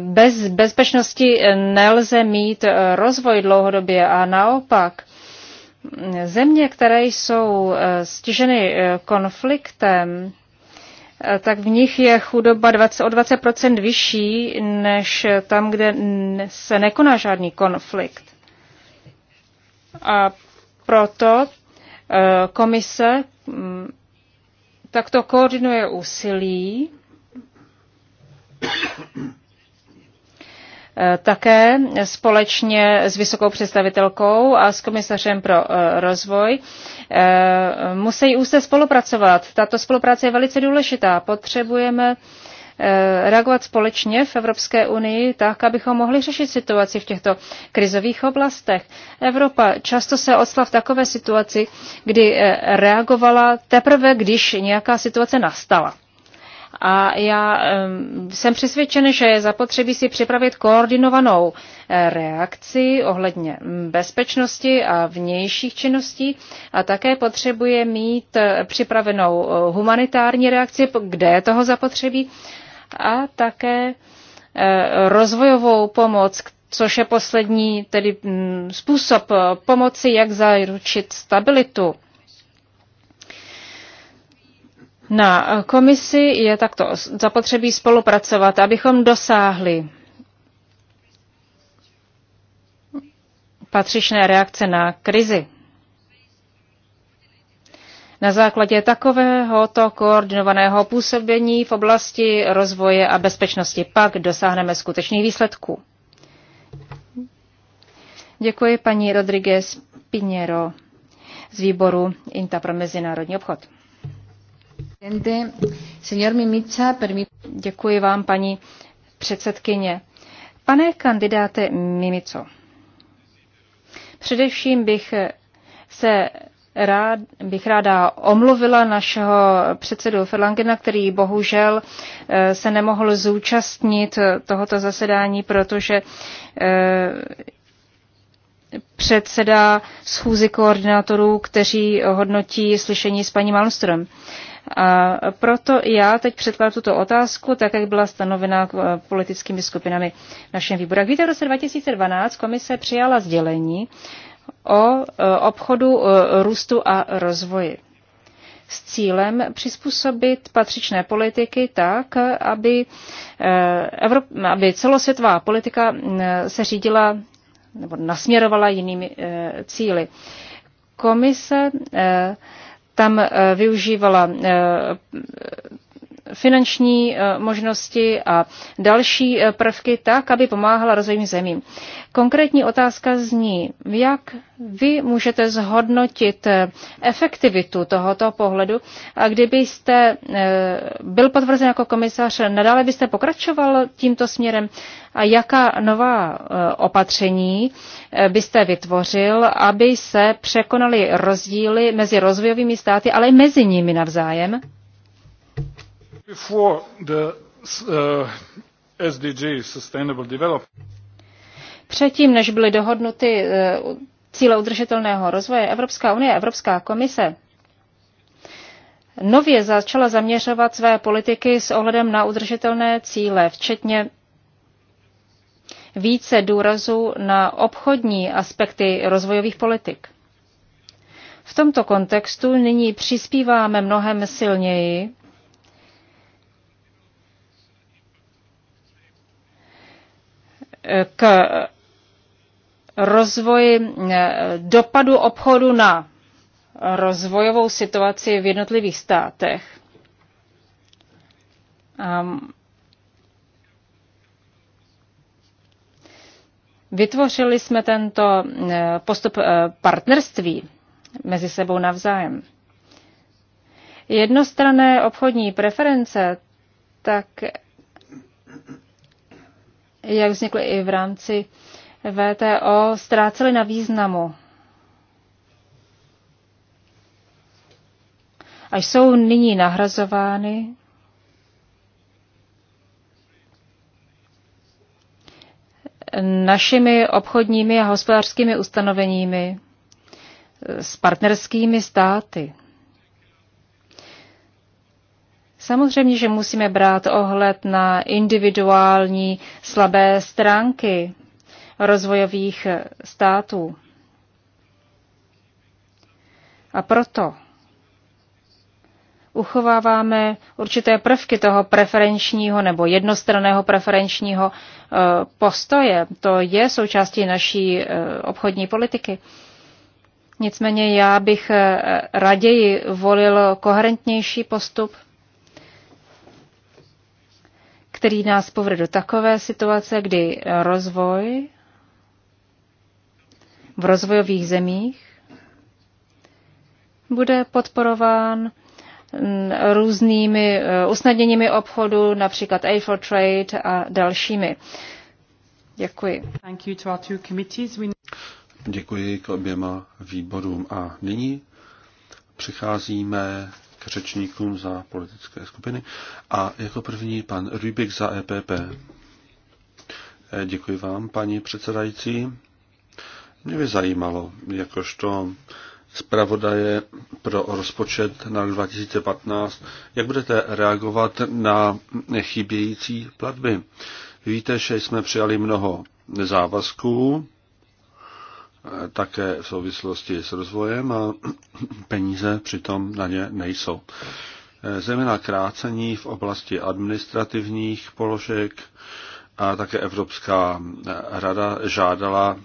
bez bezpečnosti nelze mít rozvoj dlouhodobě a naopak země, které jsou stiženy konfliktem, Eh, tak v nich je chudoba 20, o 20 vyšší než tam, kde se nekoná žádný konflikt. A proto eh, komise mm, takto koordinuje úsilí Eh, také společně s vysokou představitelkou a s komisařem pro eh, rozvoj eh, musí úzce spolupracovat. Tato spolupráce je velice důležitá. Potřebujeme reagovat společně v Evropské unii tak, abychom mohli řešit situaci v těchto krizových oblastech. Evropa často se odstla v takové situaci, kdy reagovala teprve, když nějaká situace nastala. A já jsem přesvědčen, že je zapotřebí si připravit koordinovanou eh, reakci ohledně bezpečnosti a vnějších činností a také potřebuje mít eh, připravenou eh, humanitární reakci, kde je toho zapotřebí, a také rozvojovou pomoc, což je poslední tedy mm, způsob pomoci, jak zaručit stabilitu na komisi je takto zapotřebí spolupracovat, abychom dosáhli patřičné reakce na krizi. Na základě takovéhoto koordinovaného působení v oblasti rozvoje a bezpečnosti pak dosáhneme skutečných výsledků. Děkuji paní Rodriguez Pinheiro z výboru INTA pro mezinárodní obchod. Děkuji vám, paní předsedkyně. Pane kandidáte Mimico, především bych se rád, bych ráda omluvila našeho předsedu Ferlangena, který bohužel eh, se nemohl zúčastnit tohoto zasedání, protože eh, předseda schůzy koordinátorů, kteří hodnotí slyšení s paní Malmström. A proto já teď předkládám tuto otázku, tak jak byla stanovena eh, politickými skupinami v našem výboru. Jak víte, v roce 2012 komise přijala sdělení o eh, obchodu, eh, růstu a rozvoji s cílem přizpůsobit patřičné politiky tak, aby, Evrop- aby celosvětová politika se řídila nebo nasměrovala jinými cíly. Komise tam eh, využívala eh, finanční eh, možnosti a další eh, prvky tak, aby pomáhala rozvojovým zemím. Konkrétní otázka zní, jak vy můžete zhodnotit eh, efektivitu tohoto pohledu a kdybyste byl potvrzen jako komisař, nadále byste pokračoval tímto směrem a jaká nová opatření byste vytvořil, aby se překonaly rozdíly mezi rozvojovými státy, ale i mezi nimi navzájem? Uh, Předtím, než byly dohodnuty uh, cíle udržitelného rozvoje, Evropská unie a Evropská komise nově začala zaměřovat své politiky s ohledem na udržitelné cíle, včetně více důrazu na obchodní aspekty rozvojových politik. V tomto kontextu nyní přispíváme mnohem silněji k rozvoji eh, dopadu obchodu na rozvojovou situaci v jednotlivých státech. Vytvořili jsme tento eh, postup eh, partnerství mezi sebou navzájem. Jednostrané obchodní preference tak jak vznikly i v rámci VTO, ztrácely na významu. A jsou nyní nahrazovány našimi obchodními a hospodářskými ustanoveními s partnerskými státy. Samozřejmě, že musíme brát ohled na individuální slabé stránky rozvojových států. A proto uchováváme určité prvky toho preferenčního nebo jednostranného preferenčního eh, postoje. To je součástí naší eh, obchodní politiky. Nicméně já bych eh, raději volil koherentnější postup, který nás povede do takové situace, kdy rozvoj v rozvojových zemích bude podporován mm, různými eh, usnadněními obchodu, například A 4 Trade a dalšími. Děkuji. Děkuji k oběma výborům a nyní přicházíme k řečníkům za politické skupiny. A jako první pan Rybik za EPP. Děkuji vám, paní předsedající. Mě by zajímalo, jakožto zpravodaje pro rozpočet na rok 2015, jak budete reagovat na chybějící platby. Víte, že jsme přijali mnoho závazků také v souvislosti s rozvojem a peníze přitom na ně nejsou. Eh, zejména krácení v oblasti administrativních položek a také Evropská eh, rada žádala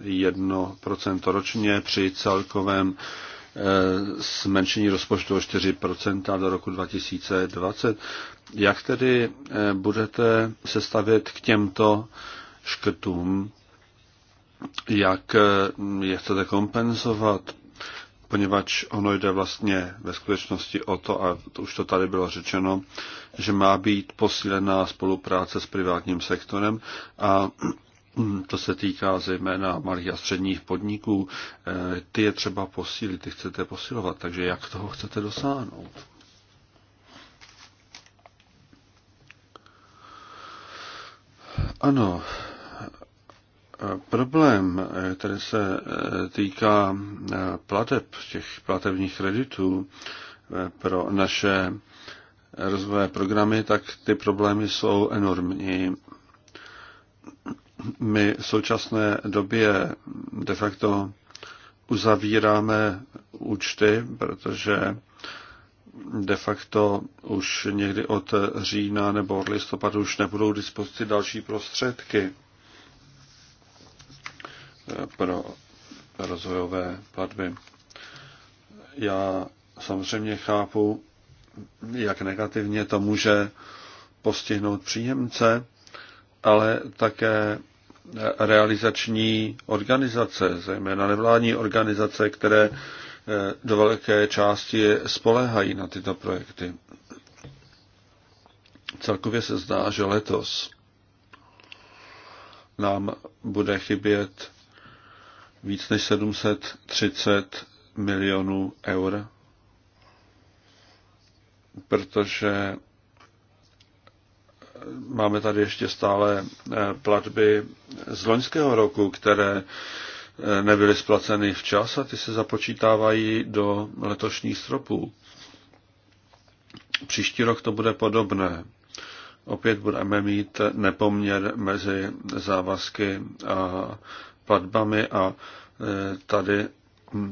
1% eh, ročně při celkovém zmenšení rozpočtu o 4% do roku 2020. Jak tedy budete se stavět k těmto škrtům jak eh, je chcete kompenzovat, poněvadž ono jde vlastně ve skutečnosti o to, a to už to tady bylo řečeno, že má být posílená spolupráce s privátním sektorem a to se týká zejména malých a středních podniků. Eh, ty je třeba posílit, ty chcete posilovat, takže jak toho chcete dosáhnout? Ano, Problém, eh, který se eh, týká eh, plateb, těch platebních kreditů pro naše rozvojové programy, tak ty problémy jsou enormní. My v současné době de facto uzavíráme účty, protože de facto už někdy od října nebo od listopadu už nebudou k dispozici další prostředky pro rozvojové platby. Já samozřejmě chápu, jak negativně to může postihnout příjemce, ale také realizační organizace, zejména nevládní organizace, které eh, do velké části spolehají na tyto projekty. Celkově se zdá, že letos nám bude chybět víc než 730 milionů eur, protože máme tady ještě stále eh, platby z loňského roku, které eh, nebyly splaceny včas a ty se započítávají do letošních stropů. Příští rok to bude podobné. Opět budeme mít nepoměr mezi závazky a platbami a e, tady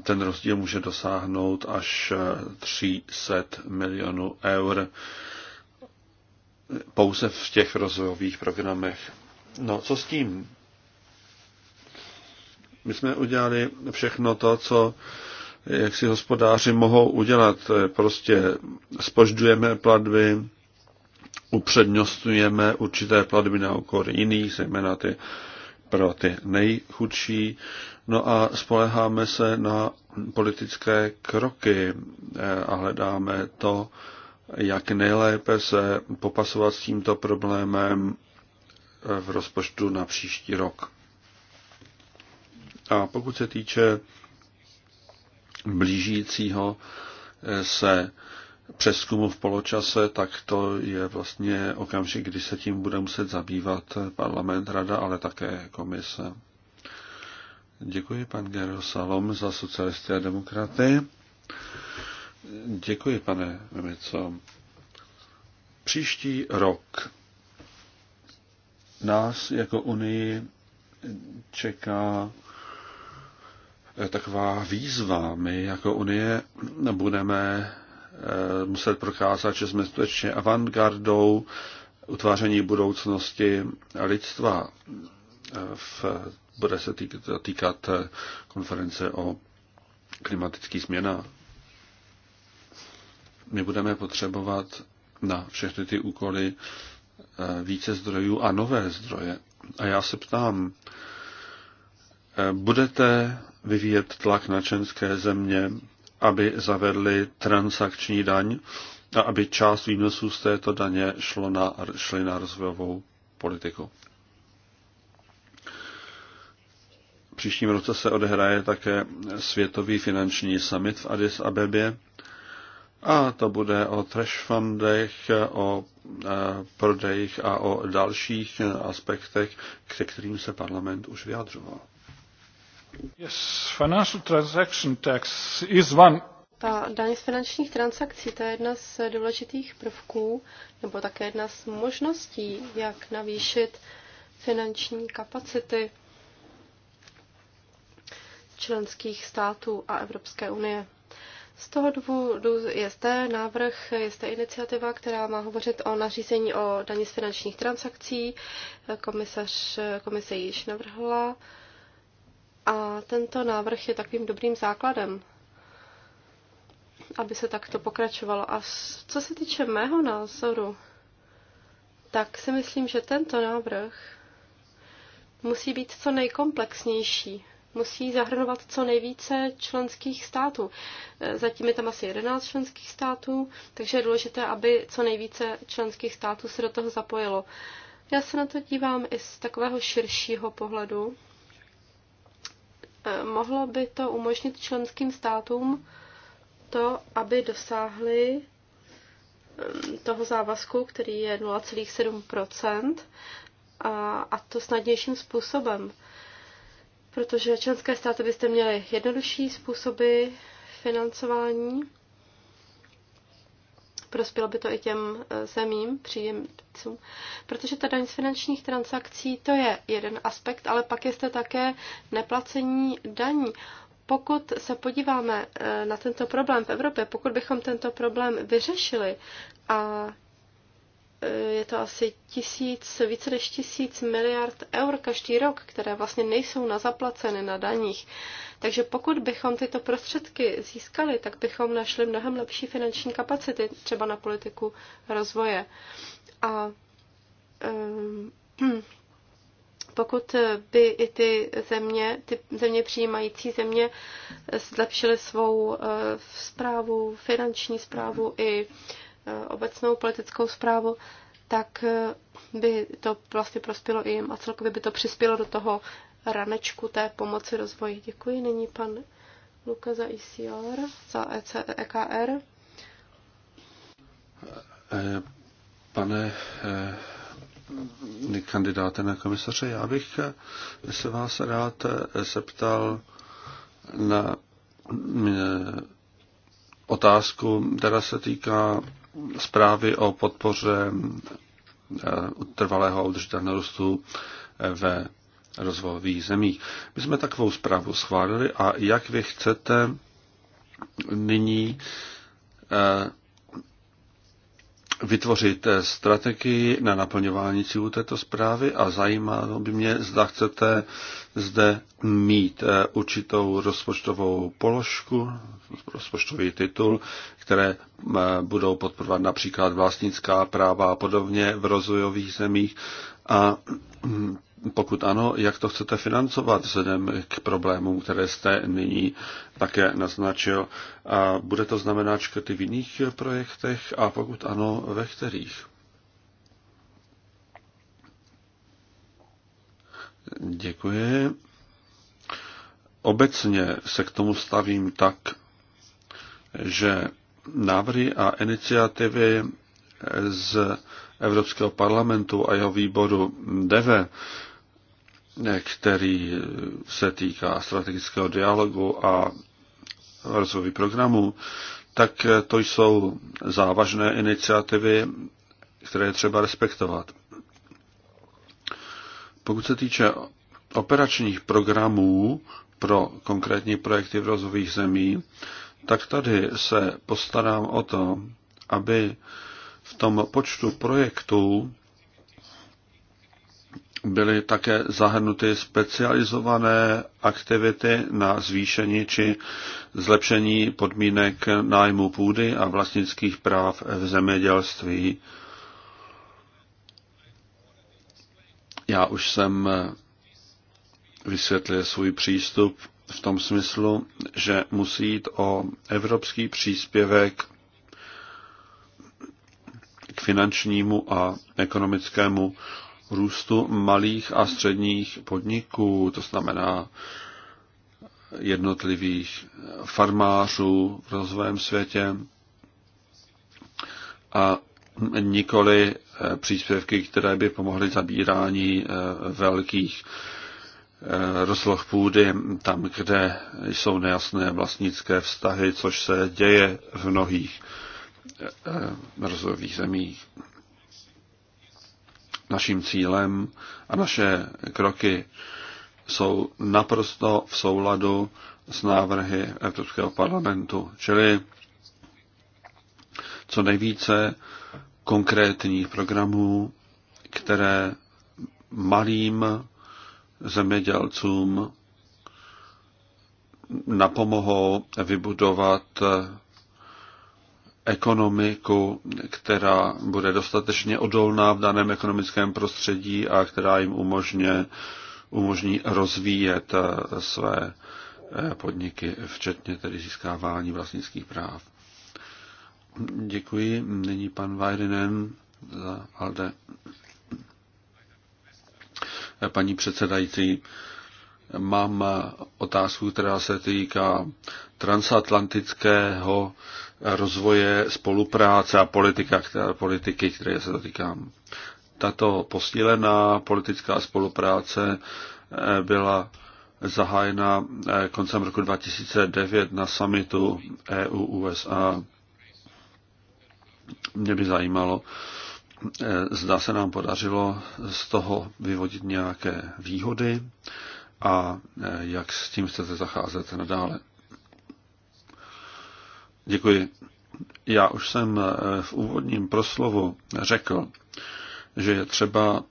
ten rozdíl může dosáhnout až 300 e, milionů eur e, pouze v těch rozvojových programech. No, co s tím? My jsme udělali všechno to, co jak si hospodáři mohou udělat. Prostě spoždujeme platby, upřednostňujeme určité platby na okor jiných, zejména ty pro ty nejchudší. No a spoleháme se na politické kroky eh, a hledáme to, jak nejlépe se popasovat s tímto problémem eh, v rozpočtu na příští rok. A pokud se týče blížícího eh, se přeskumu v poločase, tak to je vlastně okamžik, kdy se tím bude muset zabývat parlament, rada, ale také komise. Děkuji pan Gero Salom za socialisty a demokraty. Děkuji, pane Mimico. Příští rok nás jako Unii čeká taková výzva. My jako Unie budeme Eh, muset prokázat, že jsme skutečně avantgardou utváření budoucnosti lidstva. Eh, v, bude se týkat eh, konference o klimatických změnách. My budeme potřebovat na všechny ty úkoly více zdrojů a nové zdroje. A já se ptám, budete vyvíjet tlak na členské země aby zavedli transakční daň a aby část výnosů z této daně šlo na, šly na rozvojovou politiku. V příštím roce se odehraje také Světový finanční summit v Addis Abebě a to bude o trash fundech, o e, prodejích a o dalších aspektech, ke kterým se parlament už vyjadřoval. Ta daň z finančních transakcí, to je jedna z důležitých prvků, nebo také jedna z možností, jak navýšit finanční kapacity členských států a Evropské unie. Z toho důvodu je zde návrh, je zde iniciativa, která má hovořit o nařízení o daní z finančních transakcí. Komisař, komise již navrhla a tento návrh je takovým dobrým základem, aby se takto pokračovalo. A co se týče mého názoru, tak si myslím, že tento návrh musí být co nejkomplexnější. Musí zahrnovat co nejvíce členských států. E, zatím je tam asi 11 členských států, takže je důležité, aby co nejvíce členských států se do toho zapojilo. Já se na to dívám i z takového širšího pohledu, Eh, mohlo by to umožnit členským státům to, aby dosáhli ehm, toho závazku, který je 0,7 a, a to snadnějším způsobem. Protože členské státy byste měly jednodušší způsoby financování prospělo by to i těm e, zemím, příjemcům. Protože ta daň z finančních transakcí, to je jeden aspekt, ale pak je to také neplacení daní. Pokud se podíváme e, na tento problém v Evropě, pokud bychom tento problém vyřešili a Eh, je to asi tisíc, více než tisíc miliard eur každý rok, které vlastně nejsou na zaplaceny na daních. Takže pokud bychom tyto prostředky získali, tak bychom našli mnohem lepší finanční kapacity, třeba na politiku rozvoje. A um, pokud by i ty země, ty země přijímající země zlepšily svou uh, eh, zprávu, finanční zprávu i uh, Eh, obecnou politickou zprávu, tak eh, by to vlastně prospělo i jim a celkově by to přispělo do toho ranečku té pomoci rozvoji. Děkuji. Nyní pan Luka za ICR, za EC, EKR. Eh, pane kandidáte na komisaře, já bych se vás rád zeptal na otázku, která se týká zprávy o podpoře eh, trvalého udržitelného růstu eh, ve rozvojových zemích. My jsme takovou zprávu schválili a jak vy chcete nyní eh, vytvořit strategii na naplňování cílů této zprávy a zajímalo by mě, zda chcete zde mít eh, určitou rozpočtovou položku, rozpočtový titul, které eh, budou podporovat například vlastnická práva a podobně v rozvojových zemích a hm, pokud ano, jak to chcete financovat vzhledem k problémům, které jste nyní také naznačil? A bude to znamenat škrty v jiných projektech a pokud ano, ve kterých? Děkuji. Obecně se k tomu stavím tak, že návrhy a iniciativy z Evropského parlamentu a jeho výboru DEVE, který se týká strategického dialogu a rozvojových programu, tak to jsou závažné iniciativy, které je třeba respektovat. Pokud se týče operačních programů pro konkrétní projekty v rozvojových zemí, tak tady se postarám o to, aby v tom počtu projektů byly také zahrnuty specializované aktivity na zvýšení či zlepšení podmínek nájmu půdy a vlastnických práv v zemědělství Já už jsem eh, vysvětlil svůj přístup v tom smyslu, že musí jít o evropský příspěvek k finančnímu a ekonomickému růstu malých a středních podniků, to znamená jednotlivých farmářů v rozvojem světě. A nikoli eh, příspěvky, které by pomohly zabírání eh, velkých eh, rozloh půdy tam, kde jsou nejasné vlastnické vztahy, což se děje v mnohých rozvojových zemích. Naším cílem a naše kroky jsou naprosto v souladu s návrhy Evropského parlamentu, čili co nejvíce konkrétních programů, které malým zemědělcům napomohou vybudovat ekonomiku, která bude dostatečně odolná v daném ekonomickém prostředí a která jim umožně, umožní rozvíjet své podniky, včetně tedy získávání vlastnických práv. Děkuji. Nyní pan Vajrinen za ALDE. Paní předsedající, mám otázku, která se týká transatlantického rozvoje spolupráce a politika, která, politiky, které se dotýkám. Tato posílená politická spolupráce eh, byla zahájena eh, koncem roku 2009 na summitu EU-USA mě by zajímalo, eh, zda se nám podařilo z toho vyvodit nějaké výhody a eh, jak s tím chcete zacházet nadále. Děkuji. Já už jsem eh, v úvodním proslovu řekl, že je třeba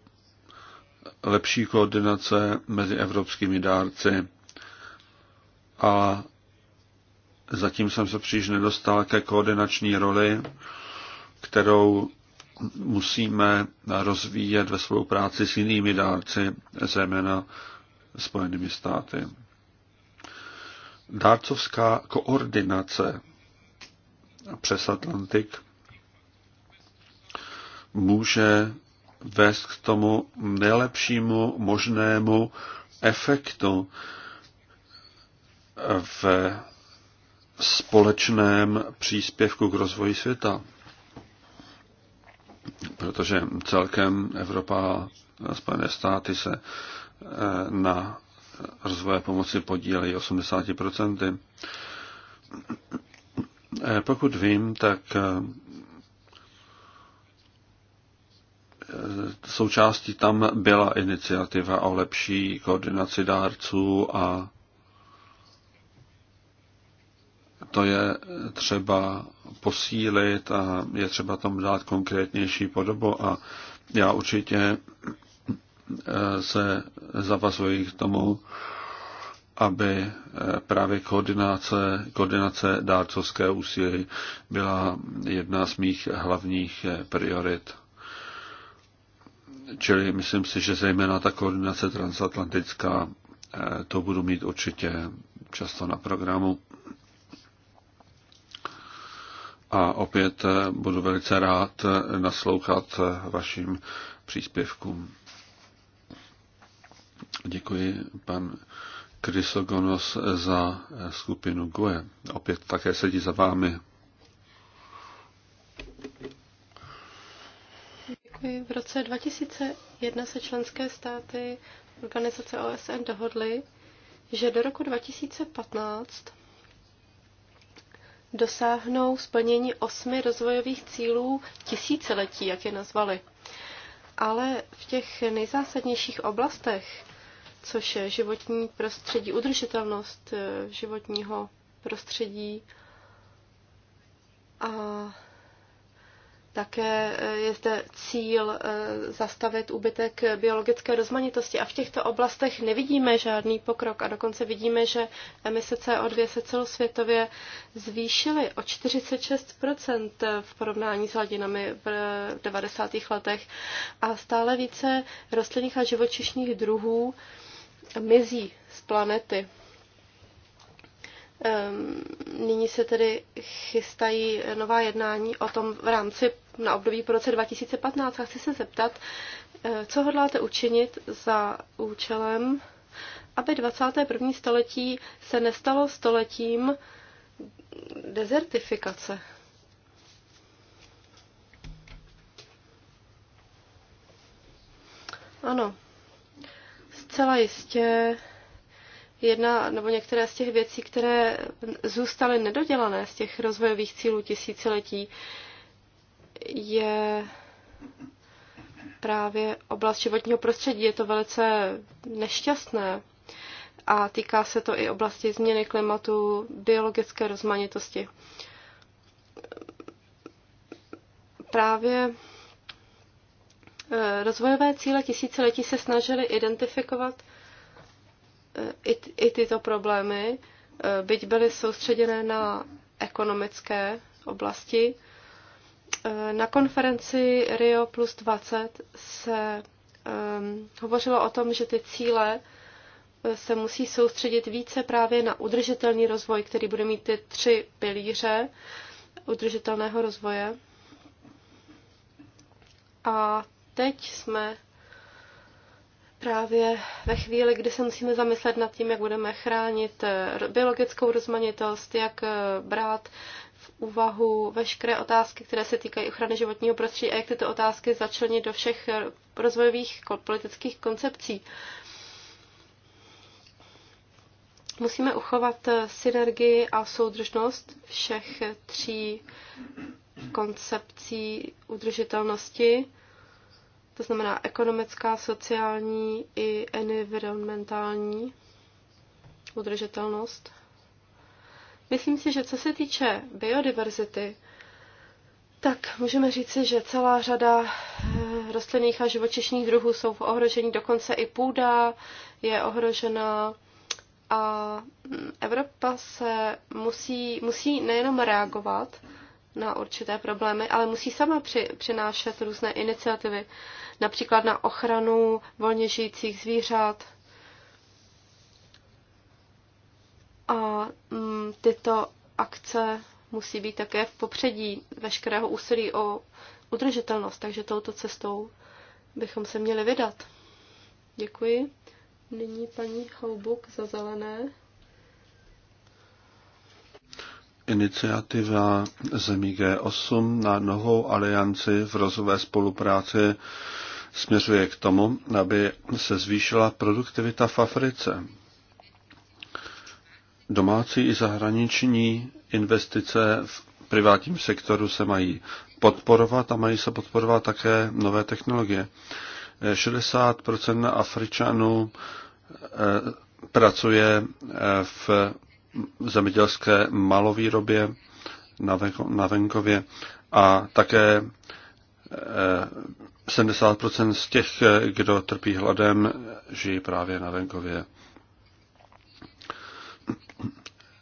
lepší koordinace mezi evropskými dárci a zatím jsem se příliš nedostal ke koordinační roli kterou musíme rozvíjet ve spolupráci s jinými dárci, zejména Spojenými státy. Dárcovská koordinace přes Atlantik může vést k tomu nejlepšímu možnému efektu v společném příspěvku k rozvoji světa protože celkem Evropa a Spojené státy se eh, na rozvoje pomoci podílejí 80%. Eh, pokud vím, tak eh, součástí tam byla iniciativa o lepší koordinaci dárců a to je třeba posílit a je třeba tam dát konkrétnější podobu a já určitě eh, se zavazuji k tomu, aby eh, právě koordinace, koordinace dárcovské úsilí byla jedna z mých hlavních eh, priorit. Čili myslím si, že zejména ta koordinace transatlantická, to budu mít určitě často na programu a opět eh, budu velice rád eh, naslouchat eh, vašim příspěvkům. Děkuji pan Krysogonos za skupinu GUE. Opět také sedí za vámi. Děkuji. V roce 2001 se členské státy organizace OSN dohodly, že do roku 2015 dosáhnou splnění osmi rozvojových cílů tisíciletí, jak je nazvali. Ale v těch nejzásadnějších oblastech, což je životní prostředí, udržitelnost eh, životního prostředí a také eh, je zde cíl eh, zastavit úbytek biologické rozmanitosti a v těchto oblastech nevidíme žádný pokrok a dokonce vidíme, že emise CO2 se celosvětově zvýšily o 46% v porovnání s hladinami v 90. Eh, letech a stále více rostlinných a živočišních druhů mizí z planety. Ehm, nyní se tedy chystají nová jednání o tom v rámci na období po roce 2015 a chci se zeptat, eh, co hodláte učinit za účelem, aby 21. století se nestalo stoletím dezertifikace? Ano, zcela jistě jedna nebo některé z těch věcí, které zůstaly nedodělané z těch rozvojových cílů tisíciletí, je právě oblast životního prostředí. Je to velice nešťastné a týká se to i oblasti změny klimatu, biologické rozmanitosti. Právě eh, rozvojové cíle tisíciletí se snažily identifikovat i, i tyto problémy, e, byť byly soustředěné na ekonomické oblasti. E, na konferenci Rio plus 20 se um, hovořilo o tom, že ty cíle se musí soustředit více právě na udržitelný rozvoj, který bude mít ty tři pilíře udržitelného rozvoje. A teď jsme právě ve chvíli, kdy se musíme zamyslet nad tím, jak budeme chránit eh, biologickou rozmanitost, jak eh, brát v úvahu veškeré otázky, které se týkají ochrany životního prostředí a jak tyto otázky začlenit do všech eh, rozvojových politických koncepcí. Musíme uchovat synergii a soudržnost všech tří koncepcí udržitelnosti to znamená ekonomická, sociální i environmentální udržitelnost. Myslím si, že co se týče biodiverzity, tak můžeme říci, že celá řada eh, rostlinných a živočišných druhů jsou v ohrožení, dokonce i půda je ohrožena a mm, Evropa se musí, musí nejenom reagovat, na určité problémy, ale musí sama při, přinášet různé iniciativy, například na ochranu volně žijících zvířat. A mm, tyto akce musí být také v popředí veškerého úsilí o udržitelnost, takže touto cestou bychom se měli vydat. Děkuji. Nyní paní Houbuk za zelené iniciativa zemí G8 na novou alianci v rozové spolupráci směřuje k tomu, aby se zvýšila produktivita v Africe. Domácí i zahraniční investice v privátním sektoru se mají podporovat a mají se podporovat také nové technologie. 60 Afričanů eh, pracuje eh, v zemědělské malovýrobě na venkově a také 70% eh, z těch, eh, kdo trpí hladem, žijí právě na venkově.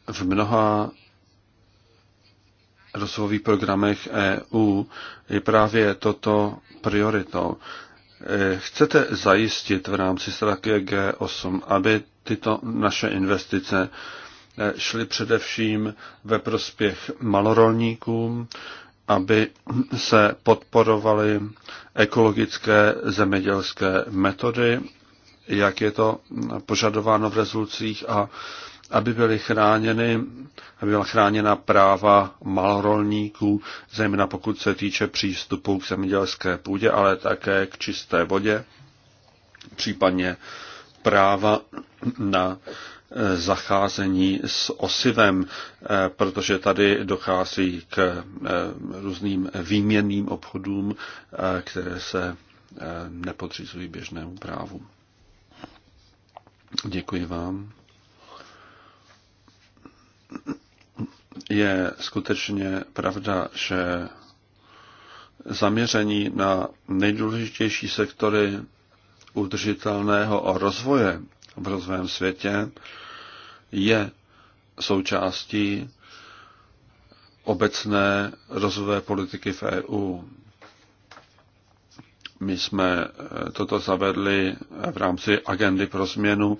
V mnoha rozvojových programech EU je právě toto prioritou. Eh, chcete zajistit v rámci strategie G8, aby tyto naše investice šly především ve prospěch malorolníkům, aby se podporovaly ekologické zemědělské metody, jak je to požadováno v rezolucích a aby byly chráněny, aby byla chráněna práva malorolníků, zejména pokud se týče přístupu k zemědělské půdě, ale také k čisté vodě, případně práva na zacházení s osivem, eh, protože tady dochází k eh, různým výměnným obchodům, eh, které se nepodřizují běžnému právu. Děkuji vám. Je skutečně pravda, že zaměření na nejdůležitější sektory udržitelného rozvoje v rozvém světě je součástí obecné rozvojové politiky v EU. My jsme eh, toto zavedli eh, v rámci agendy pro změnu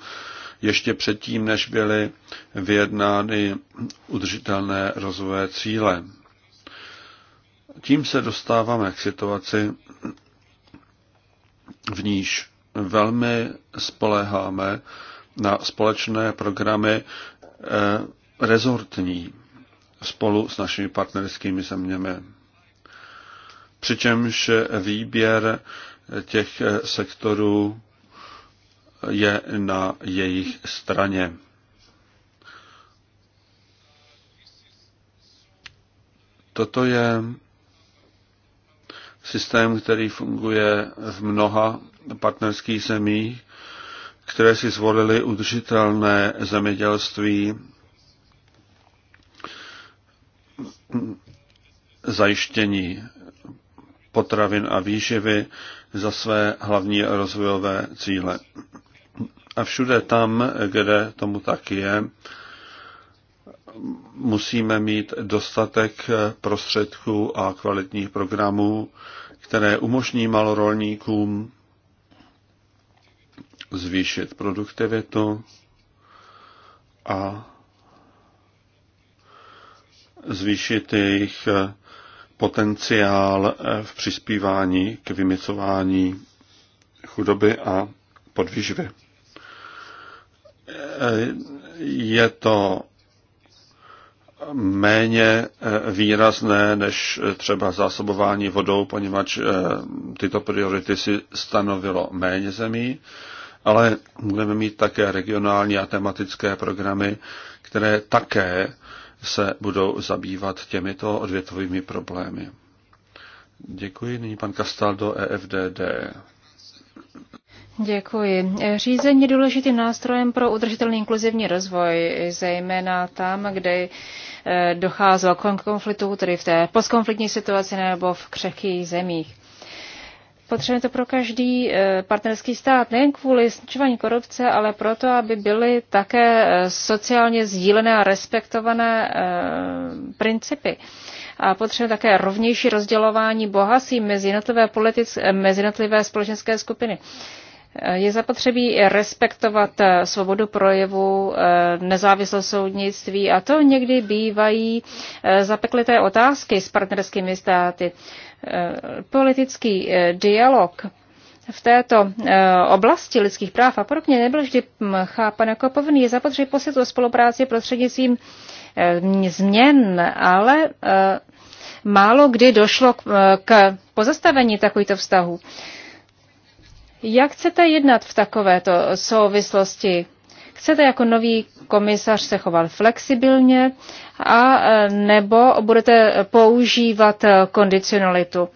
ještě předtím, než byly vyjednány udržitelné rozvojové cíle. Tím se dostáváme k situaci, v níž velmi spoléháme na společné programy eh, rezortní spolu s našimi partnerskými zeměmi. Přičemž výběr těch eh, sektorů je na jejich straně. Toto je systém, který funguje v mnoha partnerských zemích, které si zvolili udržitelné zemědělství, zajištění potravin a výživy za své hlavní rozvojové cíle. A všude tam, kde tomu tak je, musíme mít dostatek eh, prostředků a kvalitních programů, které umožní malorolníkům zvýšit produktivitu a zvýšit jejich eh, potenciál eh, v přispívání k vymicování chudoby a podvýživy. Je to méně eh, výrazné než eh, třeba zásobování vodou, poněvadž eh, tyto priority si stanovilo méně zemí, ale budeme mít také regionální a tematické programy, které také se budou zabývat těmito odvětovými problémy. Děkuji. Nyní pan Castaldo EFDD. Děkuji. Řízení je důležitým nástrojem pro udržitelný inkluzivní rozvoj, zejména tam, kde eh, docházelo k konfliktu, tedy v té postkonfliktní situaci nebo v křehkých zemích. Potřebujeme to pro každý eh, partnerský stát, nejen kvůli snižování korupce, ale proto, aby byly také eh, sociálně sdílené a respektované principy. A potřebujeme také rovnější rozdělování bohatství mezi jednotlivé, politic, mezi jednotlivé společenské skupiny. Je zapotřebí respektovat eh, svobodu projevu, eh, nezávislost soudnictví a to někdy bývají eh, zapeklité otázky s partnerskými státy. Politický dialog v této oblasti lidských práv a podobně nebyl vždy hm, chápan jako povinný. Je zapotřebí posílit o spolupráci prostřednictvím změn, ale málo kdy došlo k pozastavení takovýchto vztahů. Jak chcete jednat v takovéto souvislosti? Chcete jako nový komisař se chovat flexibilně a e, nebo budete používat e, kondicionalitu?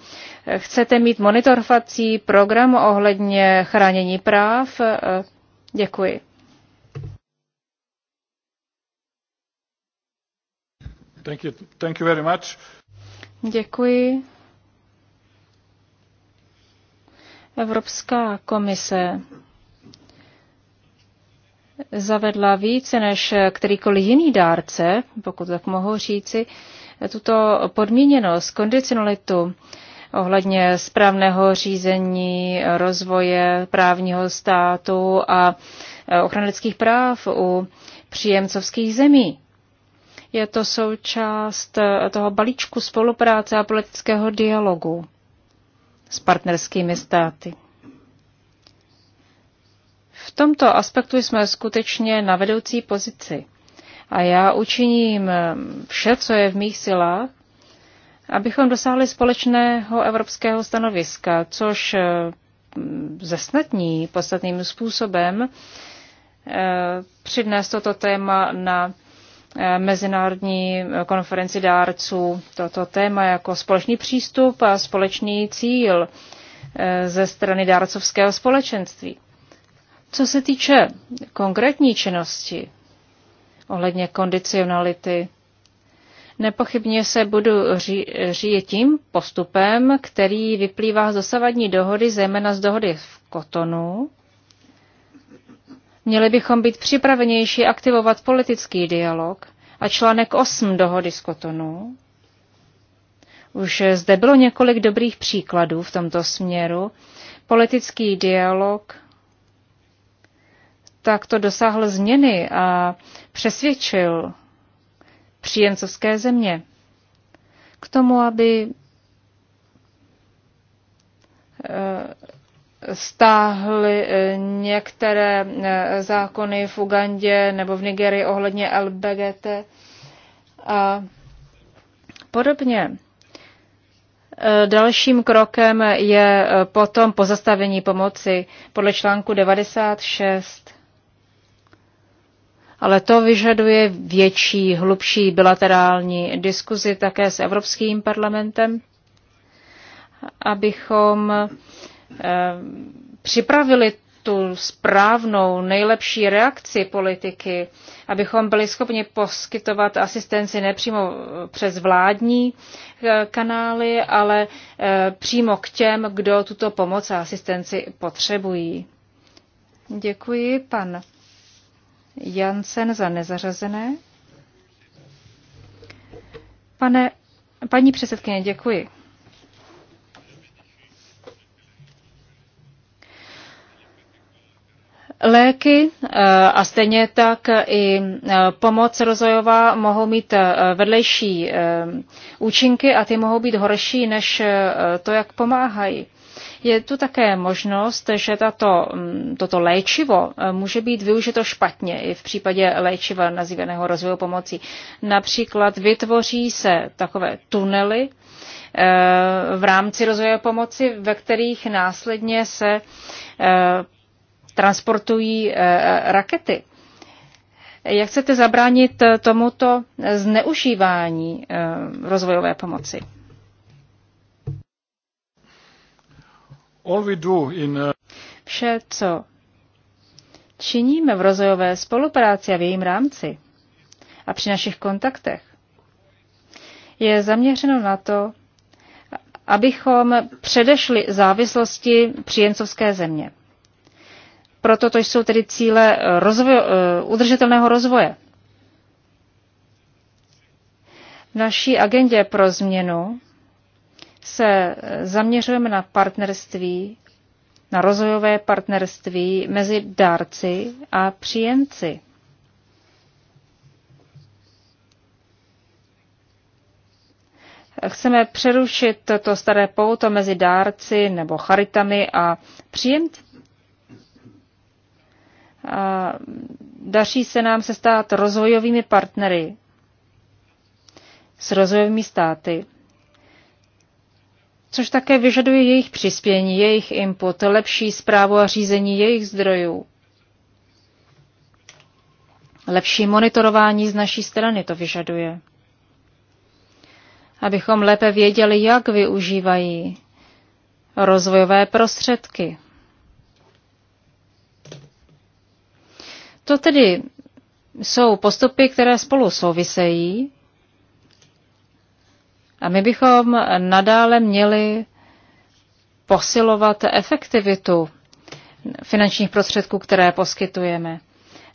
Chcete mít monitorovací program ohledně chránění práv? E, děkuji. Thank you. Thank you very much. Děkuji. Evropská komise zavedla více než kterýkoliv jiný dárce, pokud tak mohu říci, tuto podmíněnost, kondicionalitu ohledně správného řízení, rozvoje právního státu a ochrany lidských práv u příjemcovských zemí. Je to součást toho balíčku spolupráce a politického dialogu s partnerskými státy. V tomto aspektu jsme skutečně na vedoucí pozici a já učiním eh, vše, co je v mých silách, abychom dosáhli společného evropského stanoviska, což eh, zesnatní podstatným způsobem eh, přidnes toto téma na Eh, mezinárodní eh, konferenci dárců toto téma jako společný přístup a společný cíl eh, ze strany dárcovského společenství. Co se týče konkrétní činnosti ohledně kondicionality, nepochybně se budu řídit tím postupem, který vyplývá z dosavadní dohody, zejména z dohody v Kotonu, Měli bychom být připravenější aktivovat politický dialog a článek 8 dohody z Kotonu. Už zde bylo několik dobrých příkladů v tomto směru. Politický dialog takto dosáhl změny a přesvědčil příjemcovské země k tomu, aby eh, stáhly eh, některé eh, zákony v Ugandě nebo v Nigerii ohledně LBGT a podobně. Eh, dalším krokem je potom pozastavení pomoci podle článku 96. Ale to vyžaduje větší, hlubší bilaterální diskuzi také s Evropským parlamentem, abychom Eh, připravili tu správnou, nejlepší reakci politiky, abychom byli schopni poskytovat asistenci nepřímo přes vládní eh, kanály, ale eh, přímo k těm, kdo tuto pomoc a asistenci potřebují. Děkuji, pan Jansen za nezařazené. Pane, paní předsedkyně, děkuji. Léky eh, a stejně tak i eh, pomoc rozvojová mohou mít eh, vedlejší účinky a ty mohou být horší než to, jak pomáhají. Je tu také možnost, že tato, mm, toto léčivo může být využito špatně i v případě léčiva nazývaného rozvojovou pomocí. Například vytvoří se takové tunely v rámci rozvojové pomoci, ve kterých následně se transportují eh, eh, rakety. Jak chcete zabránit eh, tomuto zneužívání rozvojové pomoci? Vše, co činíme v rozvojové spolupráci a v jejím rámci a při našich kontaktech, je zaměřeno na to, abychom předešli závislosti příjemcovské země. Proto to jsou tedy cíle eh, rozvoj, eh, udržitelného rozvoje. V naší agendě pro změnu se eh, zaměřujeme na partnerství, na rozvojové partnerství mezi dárci a příjemci. Chceme přerušit to staré pouto mezi dárci nebo charitami a příjemci a daří se nám se stát rozvojovými partnery s rozvojovými státy, což také vyžaduje jejich přispění, jejich input, lepší zprávu a řízení jejich zdrojů. Lepší monitorování z naší strany to vyžaduje. Abychom lépe věděli, jak využívají rozvojové prostředky. To tedy jsou postupy, které spolu souvisejí a my bychom nadále měli posilovat efektivitu finančních prostředků, které poskytujeme.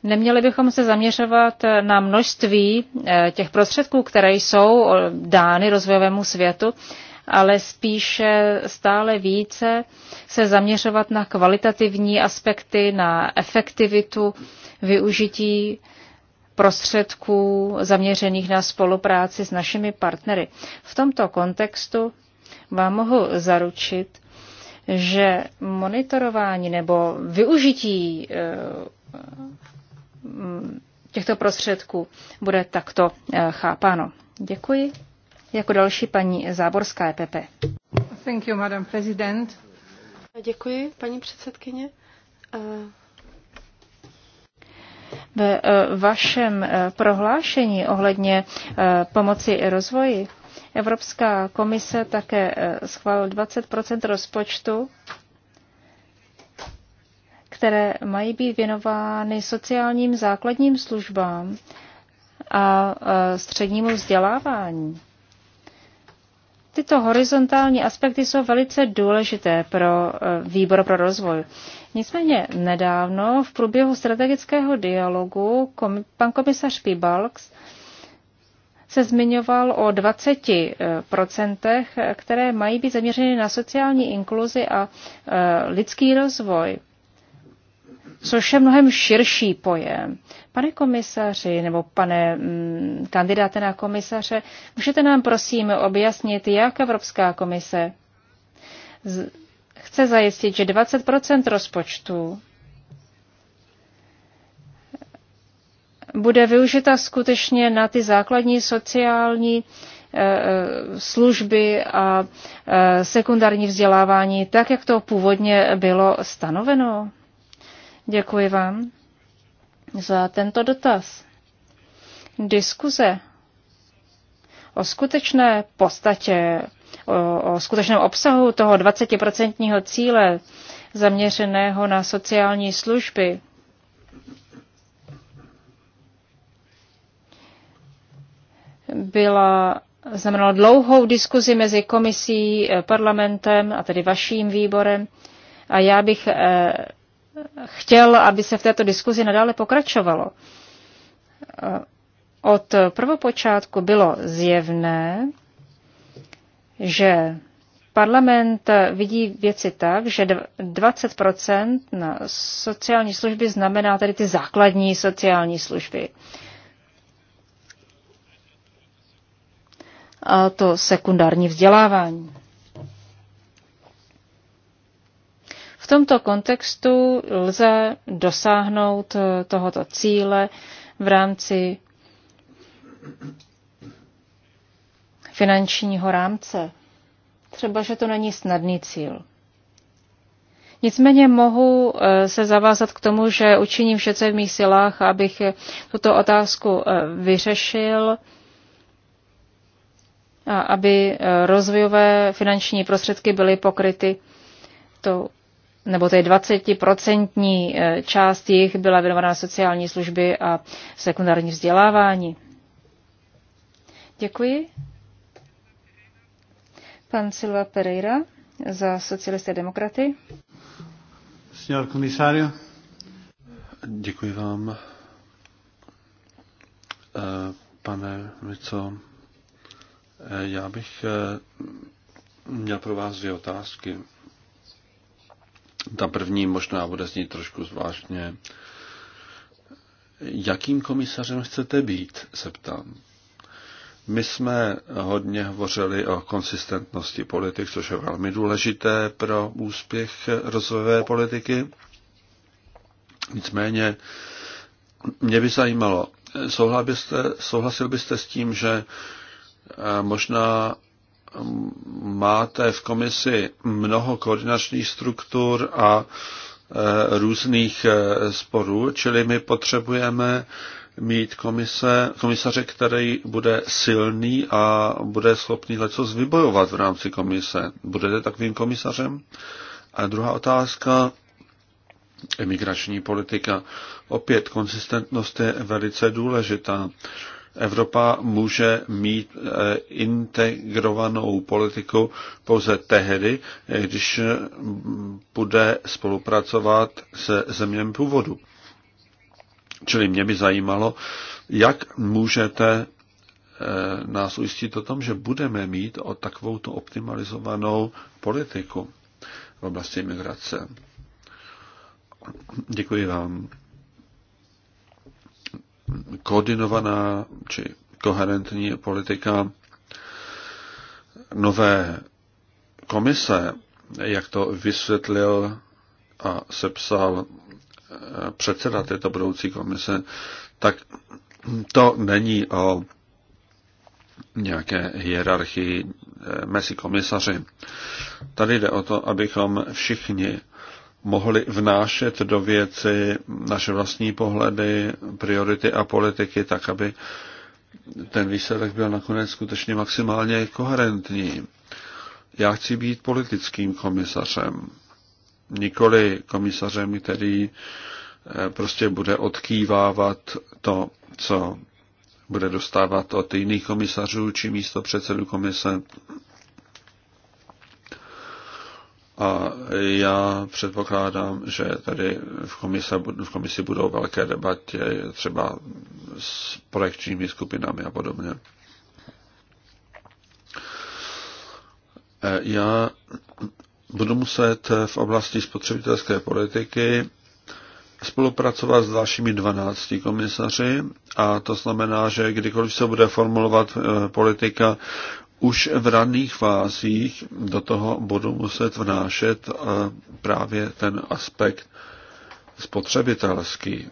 Neměli bychom se zaměřovat na množství eh, těch prostředků, které jsou dány rozvojovému světu, ale spíše stále více se zaměřovat na kvalitativní aspekty, na efektivitu využití prostředků zaměřených na spolupráci s našimi partnery. V tomto kontextu vám mohu zaručit, že monitorování nebo využití eh, mm, těchto prostředků bude takto eh, chápáno. Děkuji. Jako další paní Záborská EPP. Thank you, madam president. Děkuji, paní předsedkyně. Eh, ve e, vašem e, prohlášení ohledně e, pomoci rozvoji Evropská komise také schválila 20 rozpočtu, které mají být věnovány sociálním základním službám a střednímu vzdělávání. Tyto horizontální aspekty jsou velice důležité pro e, výbor pro rozvoj. Nicméně nedávno v průběhu strategického dialogu kom, pan komisař Pibalks se zmiňoval o 20%, e, e, které mají být zaměřeny na sociální inkluzi a lidský rozvoj což je mnohem širší pojem. Pane komisaři nebo pane mm, kandidáte na komisaře, můžete nám prosím objasnit, jak Evropská komise z, chce zajistit, že 20 rozpočtu bude využita skutečně na ty základní sociální eh, eh, služby a eh, sekundární vzdělávání, tak jak to původně bylo stanoveno? Děkuji vám za tento dotaz. Diskuze o skutečné podstatě, o, o skutečném obsahu toho 20% cíle zaměřeného na sociální služby byla znamenala dlouhou diskuzi mezi komisí, eh, parlamentem a tedy vaším výborem. A já bych eh, chtěl, aby se v této diskuzi nadále pokračovalo. Od prvopočátku bylo zjevné, že parlament vidí věci tak, že 20 na sociální služby znamená tedy ty základní sociální služby. A to sekundární vzdělávání. V tomto kontextu lze dosáhnout eh, tohoto cíle v rámci finančního rámce. Třeba, že to není snadný cíl. Nicméně mohu eh, se zavázat k tomu, že učiním vše, co v mých silách, abych tuto otázku eh, vyřešil a aby rozvojové finanční prostředky byly pokryty tou nebo té 20% eh, část jich byla věnovaná sociální služby a sekundární vzdělávání. Děkuji. Pan Silva Pereira za socialisté demokraty. Senhor komisario. Děkuji vám. Eh, pane Mico, eh, já bych měl pro vás dvě otázky. Ta první možná bude znít trošku zvláštně. Jakým komisařem chcete být, se ptám. My jsme hodně hovořili o konsistentnosti politik, což je velmi důležité pro úspěch rozvojové politiky. Nicméně mě by zajímalo, souhlasil byste, souhlasil byste s tím, že eh, možná máte v komisi mnoho koordinačních struktur a e, různých e, sporů, čili my potřebujeme mít komise, komisaře, který bude silný a bude schopný něco vybojovat v rámci komise. Budete takovým komisařem? A druhá otázka, emigrační politika. Opět, konsistentnost je velice důležitá. Evropa může mít eh, integrovanou politiku pouze tehdy, když eh, bude spolupracovat se zeměm původu. Čili mě by zajímalo, jak můžete eh, nás ujistit o tom, že budeme mít o takovou tu optimalizovanou politiku v oblasti migrace. Děkuji vám koordinovaná či koherentní politika nové komise, jak to vysvětlil a sepsal eh, předseda této budoucí komise, tak to není o nějaké hierarchii eh, mezi komisaři. Tady jde o to, abychom všichni mohli vnášet do věci naše vlastní pohledy, priority a politiky, tak aby ten výsledek byl nakonec skutečně maximálně koherentní. Já chci být politickým komisařem, nikoli komisařem, který eh, prostě bude odkývávat to, co bude dostávat od jiných komisařů či místo předsedu komise. A já předpokládám, že tady v, komise, v komisi budou velké debatě třeba s projekčními skupinami a podobně. E, já budu muset v oblasti spotřebitelské politiky spolupracovat s dalšími 12 komisaři a to znamená, že kdykoliv se bude formulovat e, politika už v raných fázích do toho budu muset vnášet eh, právě ten aspekt spotřebitelský.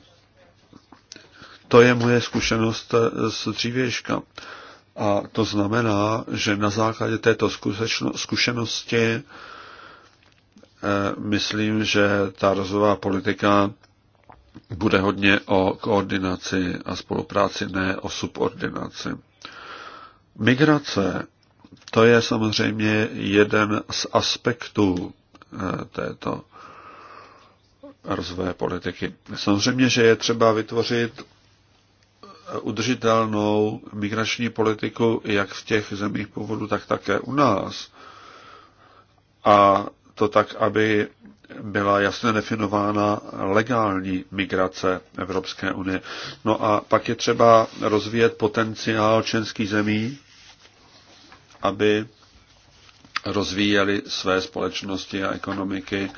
To je moje zkušenost eh, z dřívěžka. A to znamená, že na základě této zkušenosti eh, myslím, že ta rozvojová politika bude hodně o koordinaci a spolupráci, ne o subordinaci. Migrace to je samozřejmě jeden z aspektů eh, této rozvoje politiky. Samozřejmě, že je třeba vytvořit eh, udržitelnou migrační politiku jak v těch zemích původu, tak také u nás. A to tak, aby byla jasně definována legální migrace Evropské unie. No a pak je třeba rozvíjet potenciál členských zemí aby rozvíjeli své společnosti a ekonomiky,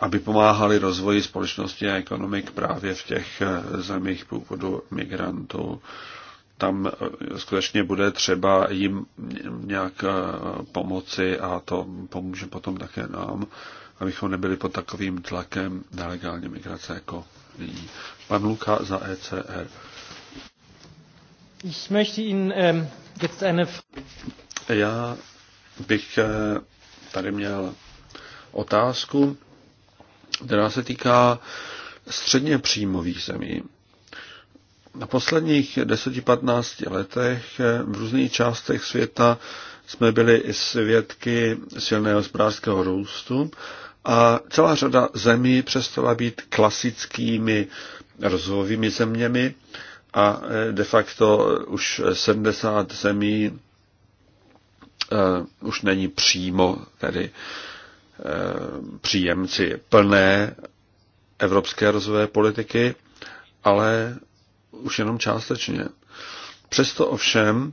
aby pomáhali rozvoji společnosti a ekonomik právě v těch eh, zemích původu migrantů. Tam eh, skutečně bude třeba jim nějak eh, pomoci a to pomůže potom také nám, abychom nebyli pod takovým tlakem nelegální migrace jako nyní. Pan Luka za ECR. E. Ich möchte Ihnen ähm, jetzt eine... Já bych eh, tady měl otázku, která se týká středně příjmových zemí. Na posledních 10-15 letech eh, v různých částech světa jsme byli svědky silného hospodářského růstu a celá řada zemí přestala být klasickými rozvojovými zeměmi a e, de facto už 70 zemí e, už není přímo tedy e, příjemci plné evropské rozvojové politiky, ale už jenom částečně. Přesto ovšem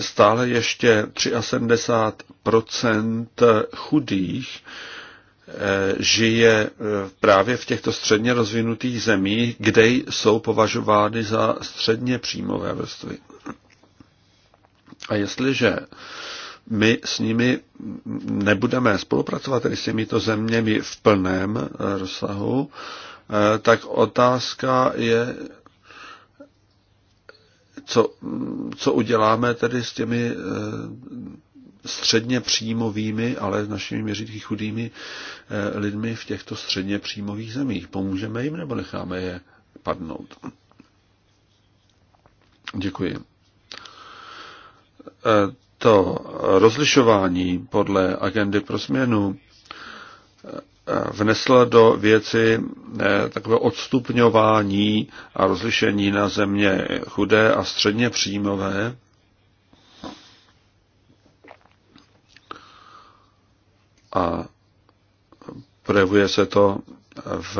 stále ještě 73 chudých Eh, žije eh, právě v těchto středně rozvinutých zemích, kde jsou považovány za středně příjmové vrstvy. A jestliže my s nimi nebudeme spolupracovat, tedy s těmito zeměmi v plném eh, rozsahu, tak otázka je, co, co uděláme tedy s těmi středně příjmovými, ale s našimi měřitky chudými eh, lidmi v těchto středně příjmových zemích. Pomůžeme jim nebo necháme je padnout? Děkuji. Eh, to rozlišování podle agendy pro změnu eh, vnesla do věci takové odstupňování a rozlišení na země chudé a středně příjmové a projevuje se to v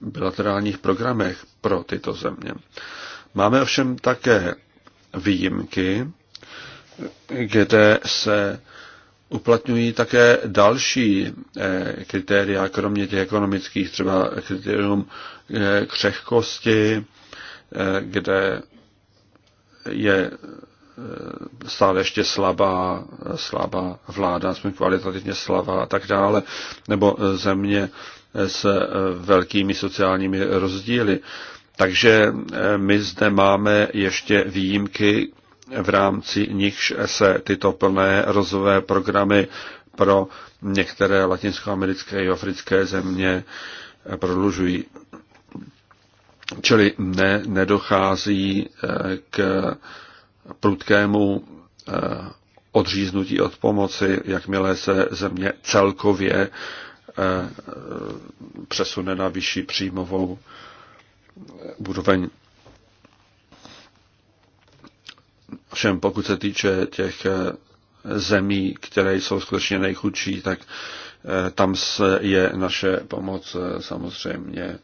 bilaterálních programech pro tyto země. Máme ovšem také výjimky, kde se uplatňují také další eh, kritéria, kromě těch ekonomických, třeba kritérium eh, křehkosti, eh, kde je E, stále ještě slabá, slabá vláda, jsme kvalitativně slabá a tak dále, nebo země s e, velkými sociálními rozdíly. Takže e, my zde máme ještě výjimky, v rámci nichž se tyto plné rozvojové programy pro některé latinskoamerické i africké země prodlužují. Čili ne, nedochází k prudkému eh, odříznutí od pomoci, jakmile se země celkově eh, přesune na vyšší příjmovou eh, úroveň. Všem, pokud se týče těch zemí, které jsou skutečně nejchudší, tak tam je naše pomoc samozřejmě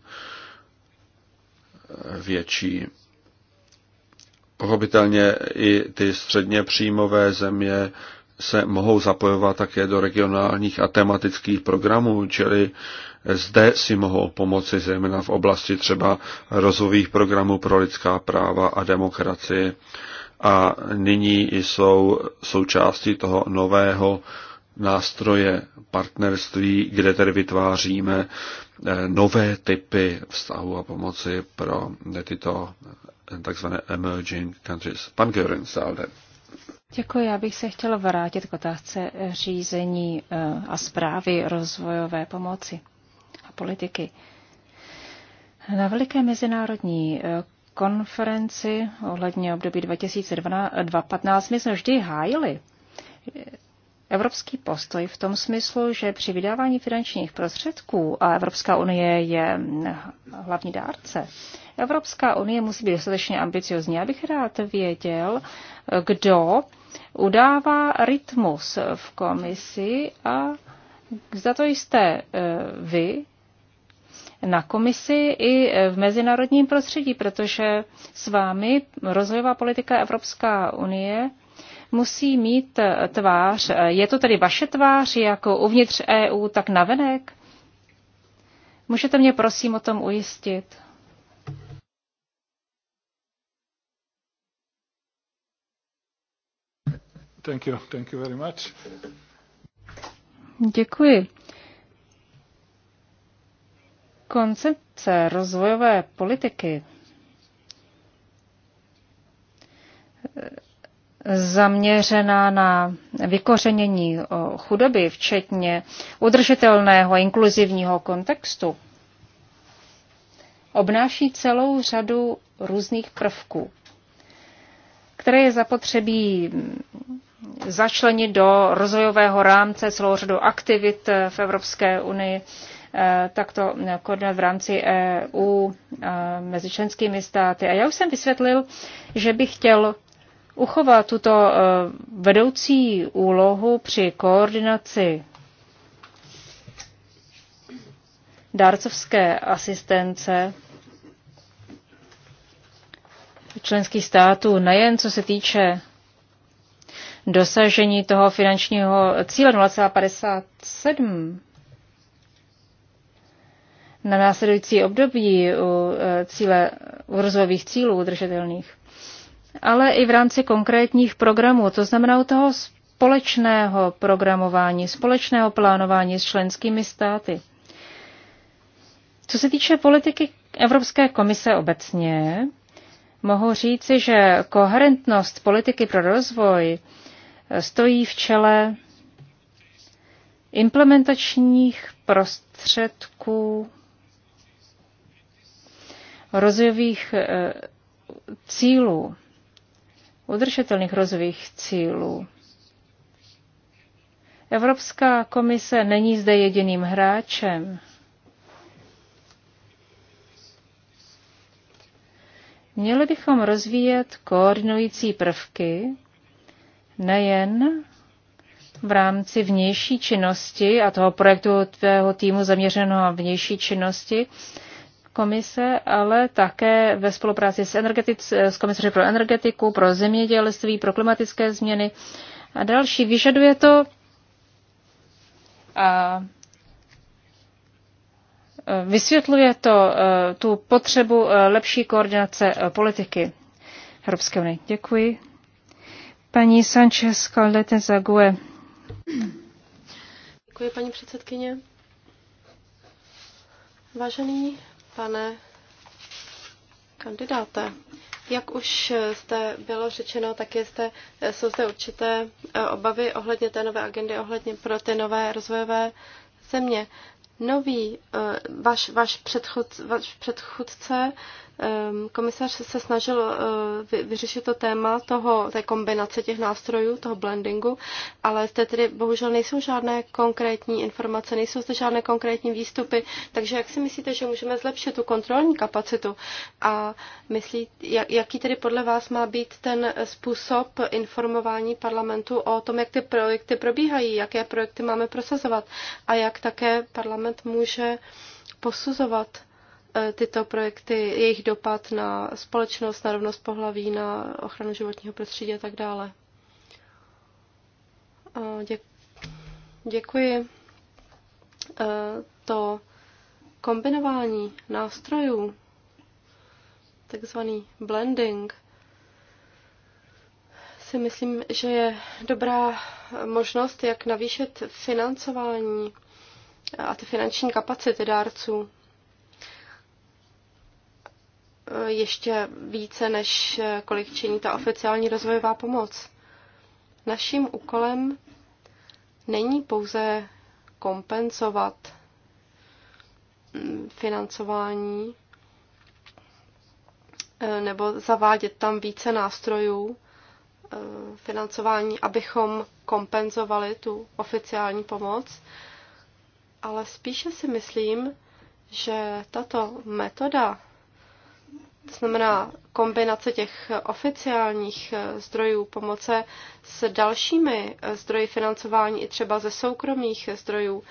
větší. Pochopitelně i ty středně příjmové země se mohou zapojovat také do regionálních a tematických programů, čili zde si mohou pomoci zejména v oblasti třeba rozvojových programů pro lidská práva a demokracii. A nyní jsou součástí toho nového nástroje partnerství, kde tedy vytváříme eh, nové typy vztahu a pomoci pro tyto takzvané emerging countries. Pan Gören, Salde. Děkuji. Já bych se chtěla vrátit k otázce řízení eh, a zprávy rozvojové pomoci a politiky. Na veliké mezinárodní eh, konferenci ohledně období 2015 my jsme vždy hájili evropský postoj v tom smyslu, že při vydávání finančních prostředků, a Evropská unie je hlavní dárce, Evropská unie musí být dostatečně ambiciozní. Já bych rád věděl, kdo udává rytmus v komisi a za to jste e, vy na komisi i v mezinárodním prostředí, protože s vámi rozvojová politika Evropská unie musí mít eh, tvář. Eh, je to tedy vaše tvář, jako uvnitř EU, tak navenek? Můžete mě prosím o tom ujistit? Thank you. Thank you very much. Děkuji. Koncepce rozvojové politiky zaměřená na vykořenění eh, chudoby, včetně udržitelného inkluzivního kontextu, obnáší celou řadu různých prvků, které je zapotřebí mm, začlenit do rozvojového rámce celou řadu aktivit eh, v Evropské unii, eh, takto mm, koordinovat v rámci EU mezi členskými státy. A já už jsem vysvětlil, že bych chtěl uchová tuto eh, vedoucí úlohu při koordinaci dárcovské asistence členských států, nejen co se týče dosažení toho finančního cíle 0,57 na následující období u, eh, cíle, u rozvojových cílů udržitelných ale i v rámci konkrétních programů, to znamená u toho společného programování, společného plánování s členskými státy. Co se týče politiky Evropské komise obecně, mohu říci, že koherentnost politiky pro rozvoj stojí v čele implementačních prostředků rozvojových eh, cílů udržitelných rozvojových cílů. Evropská komise není zde jediným hráčem. Měli bychom rozvíjet koordinující prvky nejen v rámci vnější činnosti a toho projektu tvého týmu zaměřeného na vnější činnosti, komise, ale také ve spolupráci s, s komisaři pro energetiku, pro zemědělství, pro klimatické změny a další. Vyžaduje to a e, vysvětluje to e, tu potřebu e, lepší koordinace politiky Evropské unie. Děkuji. Paní Sanchez Caldete Zague. Děkuji, paní předsedkyně. Vážený pane kandidáte. Jak už jste bylo řečeno, tak jste jsou zde určité eh, obavy ohledně té nové agendy, ohledně pro ty nové rozvojové země. Nový, eh, váš, váš, předchod, váš předchůdce Ehm, komisař se snažil eh, vyřešit to téma toho, té kombinace těch nástrojů, toho blendingu, ale zde tedy bohužel nejsou žádné konkrétní informace, nejsou zde žádné konkrétní výstupy, takže jak si myslíte, že můžeme zlepšit tu kontrolní kapacitu a myslí, jaký tedy podle vás má být ten způsob informování parlamentu o tom, jak ty projekty probíhají, jaké projekty máme prosazovat a jak také parlament může posuzovat E, tyto projekty, jejich dopad na společnost, na rovnost pohlaví, na ochranu životního prostředí a tak dále. E, děkuji. E, to kombinování nástrojů, takzvaný blending, si myslím, že je dobrá možnost, jak navýšit financování a ty finanční kapacity dárců Eh, ještě více, než eh, kolik činí ta oficiální rozvojová pomoc. Naším úkolem není pouze kompenzovat mm, financování eh, nebo zavádět tam více nástrojů financování, abychom kompenzovali tu oficiální pomoc, ale spíše si myslím, že tato metoda to znamená kombinace těch oficiálních eh, zdrojů pomoce s dalšími eh, zdroji financování i třeba ze soukromých zdrojů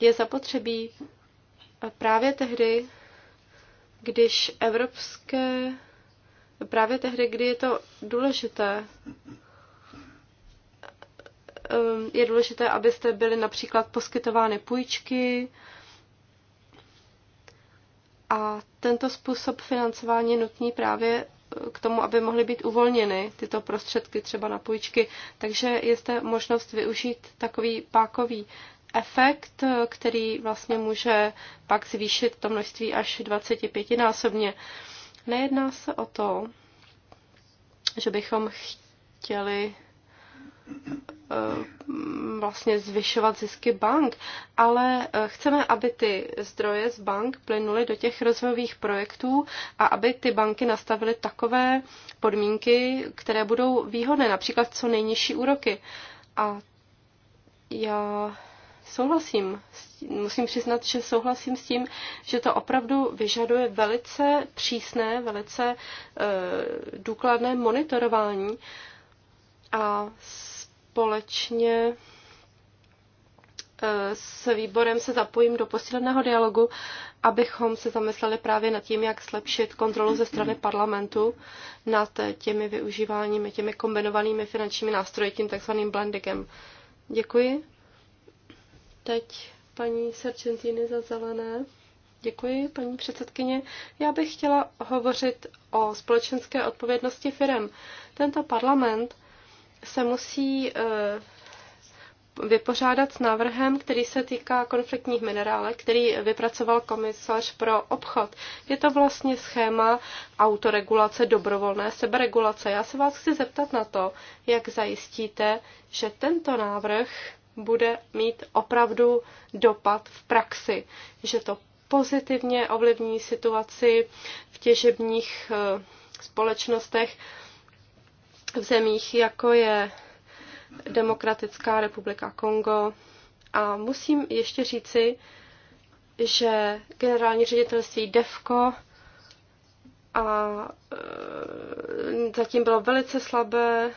je zapotřebí eh, právě tehdy, když evropské, právě tehdy, kdy je to důležité, je důležité, abyste byly například poskytovány půjčky, a tento způsob financování je nutný právě e, k tomu, aby mohly být uvolněny tyto prostředky třeba na půjčky. Takže je zde možnost využít takový pákový efekt, e, který vlastně může pak zvýšit to množství až 25 násobně. Nejedná se o to, že bychom chtěli Eh, vlastně zvyšovat zisky bank, ale eh, chceme, aby ty zdroje z bank plynuly do těch rozvojových projektů a aby ty banky nastavily takové podmínky, které budou výhodné, například co nejnižší úroky. A já souhlasím, musím přiznat, že souhlasím s tím, že to opravdu vyžaduje velice přísné, velice e, důkladné monitorování a společně eh, s výborem se zapojím do posíleného dialogu, abychom se zamysleli právě nad tím, jak zlepšit kontrolu ze strany parlamentu nad těmi využíváními, těmi kombinovanými finančními nástroji, tím takzvaným blendigem. Děkuji. Teď paní Sergentini za zelené. Děkuji, paní předsedkyně. Já bych chtěla hovořit o společenské odpovědnosti firem. Tento parlament se musí eh, vypořádat s návrhem, který se týká konfliktních minerálek, který vypracoval komisař pro obchod. Je to vlastně schéma autoregulace, dobrovolné seberegulace. Já se vás chci zeptat na to, jak zajistíte, že tento návrh bude mít opravdu dopad v praxi, že to pozitivně ovlivní situaci v těžebních eh, společnostech, v zemích, jako je Demokratická republika Kongo. A musím ještě říci, že generální ředitelství DEFCO a e, zatím bylo velice slabé,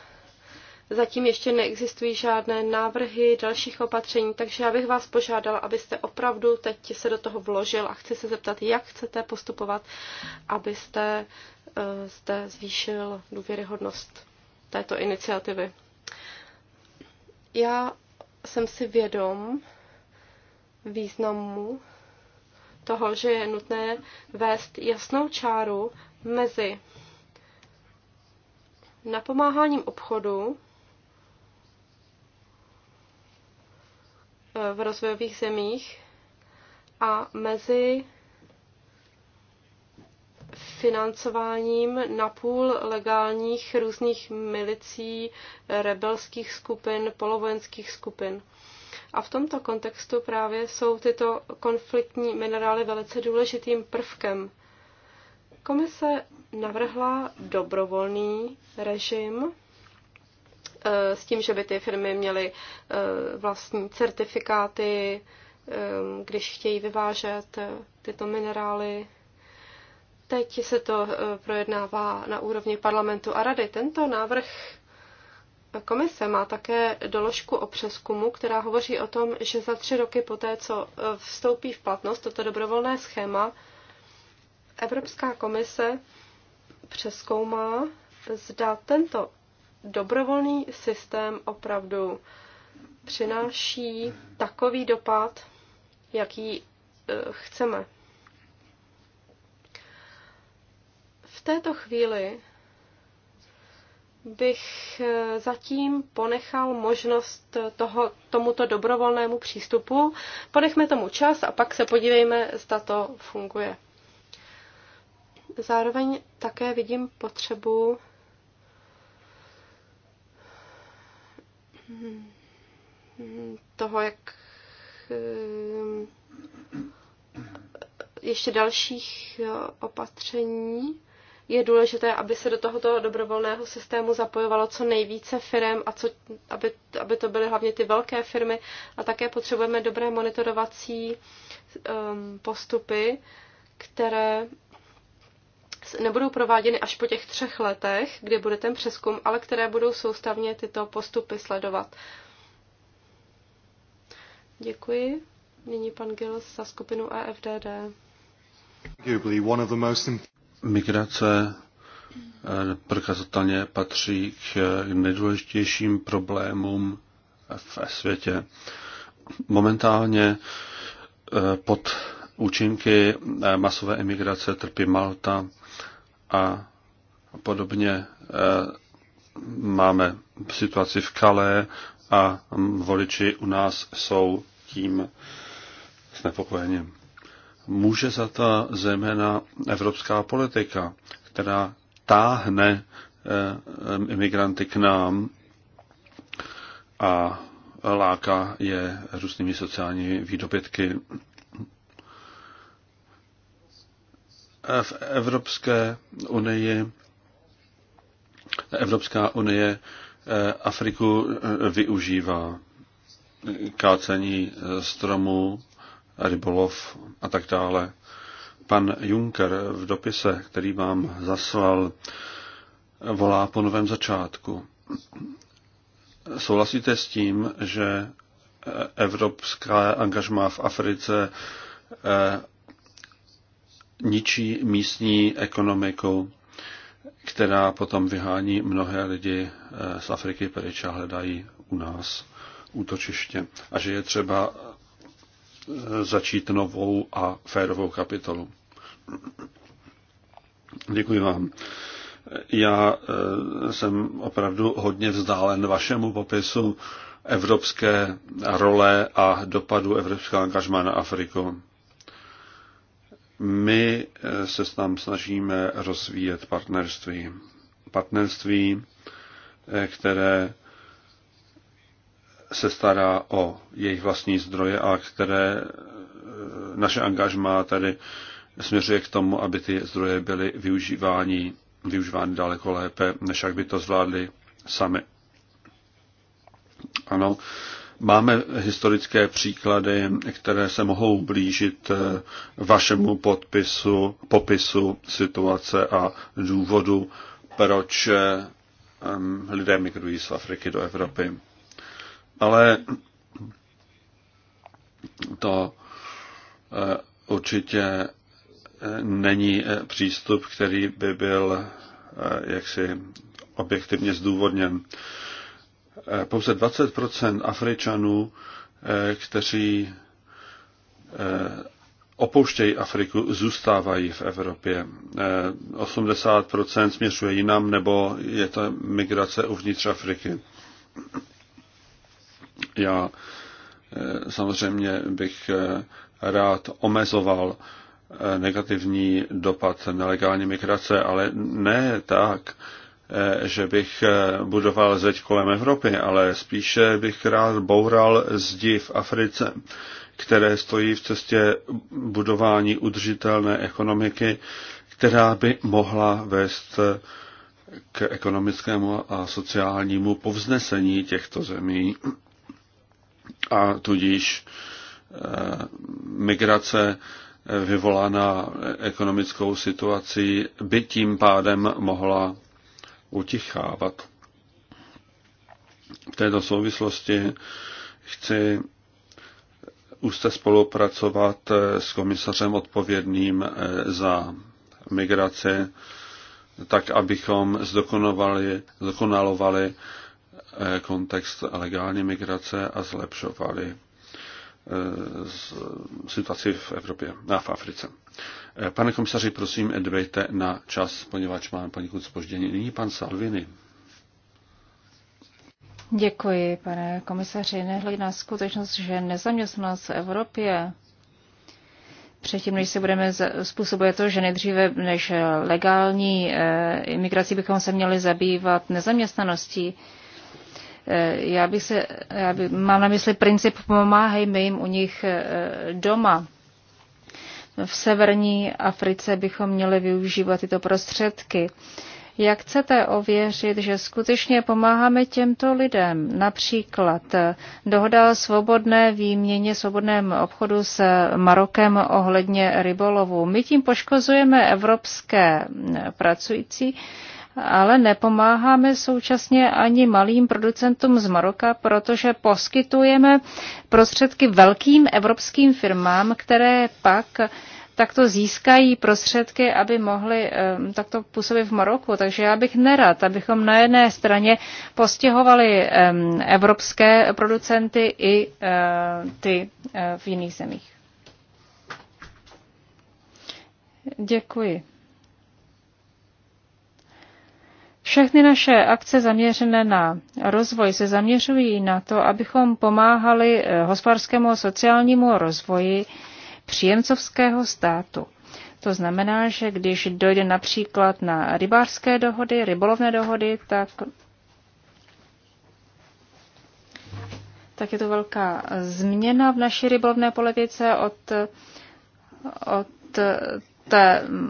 zatím ještě neexistují žádné návrhy dalších opatření, takže já bych vás požádala, abyste opravdu teď se do toho vložil a chci se zeptat, jak chcete postupovat, abyste e, zde zvýšil důvěryhodnost této iniciativy. Já jsem si vědom významu toho, že je nutné vést jasnou čáru mezi napomáháním obchodu v rozvojových zemích a mezi financováním napůl legálních různých milicí, rebelských skupin, polovojenských skupin. A v tomto kontextu právě jsou tyto konfliktní minerály velice důležitým prvkem. Komise navrhla dobrovolný režim eh, s tím, že by ty firmy měly eh, vlastní certifikáty, eh, když chtějí vyvážet tyto minerály Teď se to eh, projednává na úrovni parlamentu a rady. Tento návrh komise má také doložku o přeskumu, která hovoří o tom, že za tři roky poté, co eh, vstoupí v platnost toto dobrovolné schéma, Evropská komise přeskoumá, zda tento dobrovolný systém opravdu přináší takový dopad, jaký eh, chceme. této chvíli bych eh, zatím ponechal možnost toho, tomuto dobrovolnému přístupu. Ponechme tomu čas a pak se podívejme, zda to funguje. Zároveň také vidím potřebu hm, toho, jak hm, ještě dalších eh, opatření, je důležité, aby se do tohoto dobrovolného systému zapojovalo co nejvíce firm a co, aby, aby to byly hlavně ty velké firmy. A také potřebujeme dobré monitorovací um, postupy, které nebudou prováděny až po těch třech letech, kdy bude ten přeskum, ale které budou soustavně tyto postupy sledovat. Děkuji. Nyní pan Gil za skupinu EFDD. Migrace eh, prokazatelně patří k eh, nejdůležitějším problémům ve světě. Momentálně eh, pod účinky masové emigrace trpí Malta a podobně máme situaci v Kalé a voliči u nás jsou tím znepokojením může za to zejména evropská politika, která táhne eh, imigranty k nám a láká je různými sociálními výdobytky. Eh, v Evropské unii eh, Evropská unie Afriku využívá kácení stromů, rybolov a tak dále. Pan Juncker v dopise, který vám zaslal, volá po novém začátku. Souhlasíte s tím, že evropská angažma v Africe eh, ničí místní ekonomiku, která potom vyhání mnohé lidi eh, z Afriky pryč a hledají u nás útočiště. A že je třeba začít novou a férovou kapitolu. Děkuji vám. Já eh, jsem opravdu hodně vzdálen vašemu popisu evropské role a dopadu evropského angažmá na Afriku. My eh, se tam snažíme rozvíjet partnerství. Partnerství, eh, které se stará o jejich vlastní zdroje a které e, naše angažmá tady směřuje k tomu, aby ty zdroje byly využívány, využívány daleko lépe, než jak by to zvládli sami. Ano, máme historické příklady, které se mohou blížit e, vašemu podpisu, popisu situace a důvodu, proč e, lidé migrují z Afriky do Evropy. Ale to eh, určitě eh, není eh, přístup, který by byl jaksi objektivně zdůvodněn. Pouze 20 Afričanů, kteří opouštějí Afriku, zůstávají v Evropě. 80 směřuje jinam, nebo je to migrace uvnitř Afriky. Já eh, samozřejmě bych eh, rád omezoval eh, negativní dopad nelegální migrace, ale ne tak, že bych budoval zeď kolem Evropy, ale spíše bych rád boural zdi v Africe, které stojí v cestě budování udržitelné ekonomiky, která by mohla vést k ekonomickému a sociálnímu povznesení těchto zemí a tudíž eh, migrace eh, vyvolaná ekonomickou situací by tím pádem mohla utichávat. V této souvislosti chci úzce spolupracovat eh, s komisařem odpovědným za migraci, tak abychom zdokonalovali Eh, kontext legální migrace a zlepšovali eh, situaci v Evropě a v Africe. Eh, pane komisaři, prosím, dvejte na čas, poněvadž mám poněkud spoždění. Nyní pan Salvini. Děkuji, pane komisaři. Nehledě na skutečnost, že nezaměstnanost v Evropě předtím, než se budeme způsobuje to, že nejdříve než legální imigrací bychom se měli zabývat nezaměstnaností, Eh, já bych se, já by, mám na mysli princip pomáhejme jim u nich eh, doma. V severní Africe bychom měli využívat tyto prostředky. Jak chcete ověřit, že skutečně pomáháme těmto lidem? Například eh, dohoda o svobodné výměně, svobodném obchodu s Marokem ohledně rybolovu. My tím poškozujeme evropské mm, pracující, ale nepomáháme současně ani malým producentům z Maroka, protože poskytujeme prostředky velkým evropským firmám, které pak takto získají prostředky, aby mohli takto působit v Maroku. Takže já bych nerad, abychom na jedné straně postihovali evropské producenty i eh, ty eh, v jiných zemích. Děkuji. Všechny naše akce zaměřené na rozvoj se zaměřují na to, abychom pomáhali eh, hospodářskému a sociálnímu rozvoji příjemcovského státu. To znamená, že když dojde například na rybářské dohody, rybolovné dohody, tak, tak je to velká změna v naší rybolovné politice od, od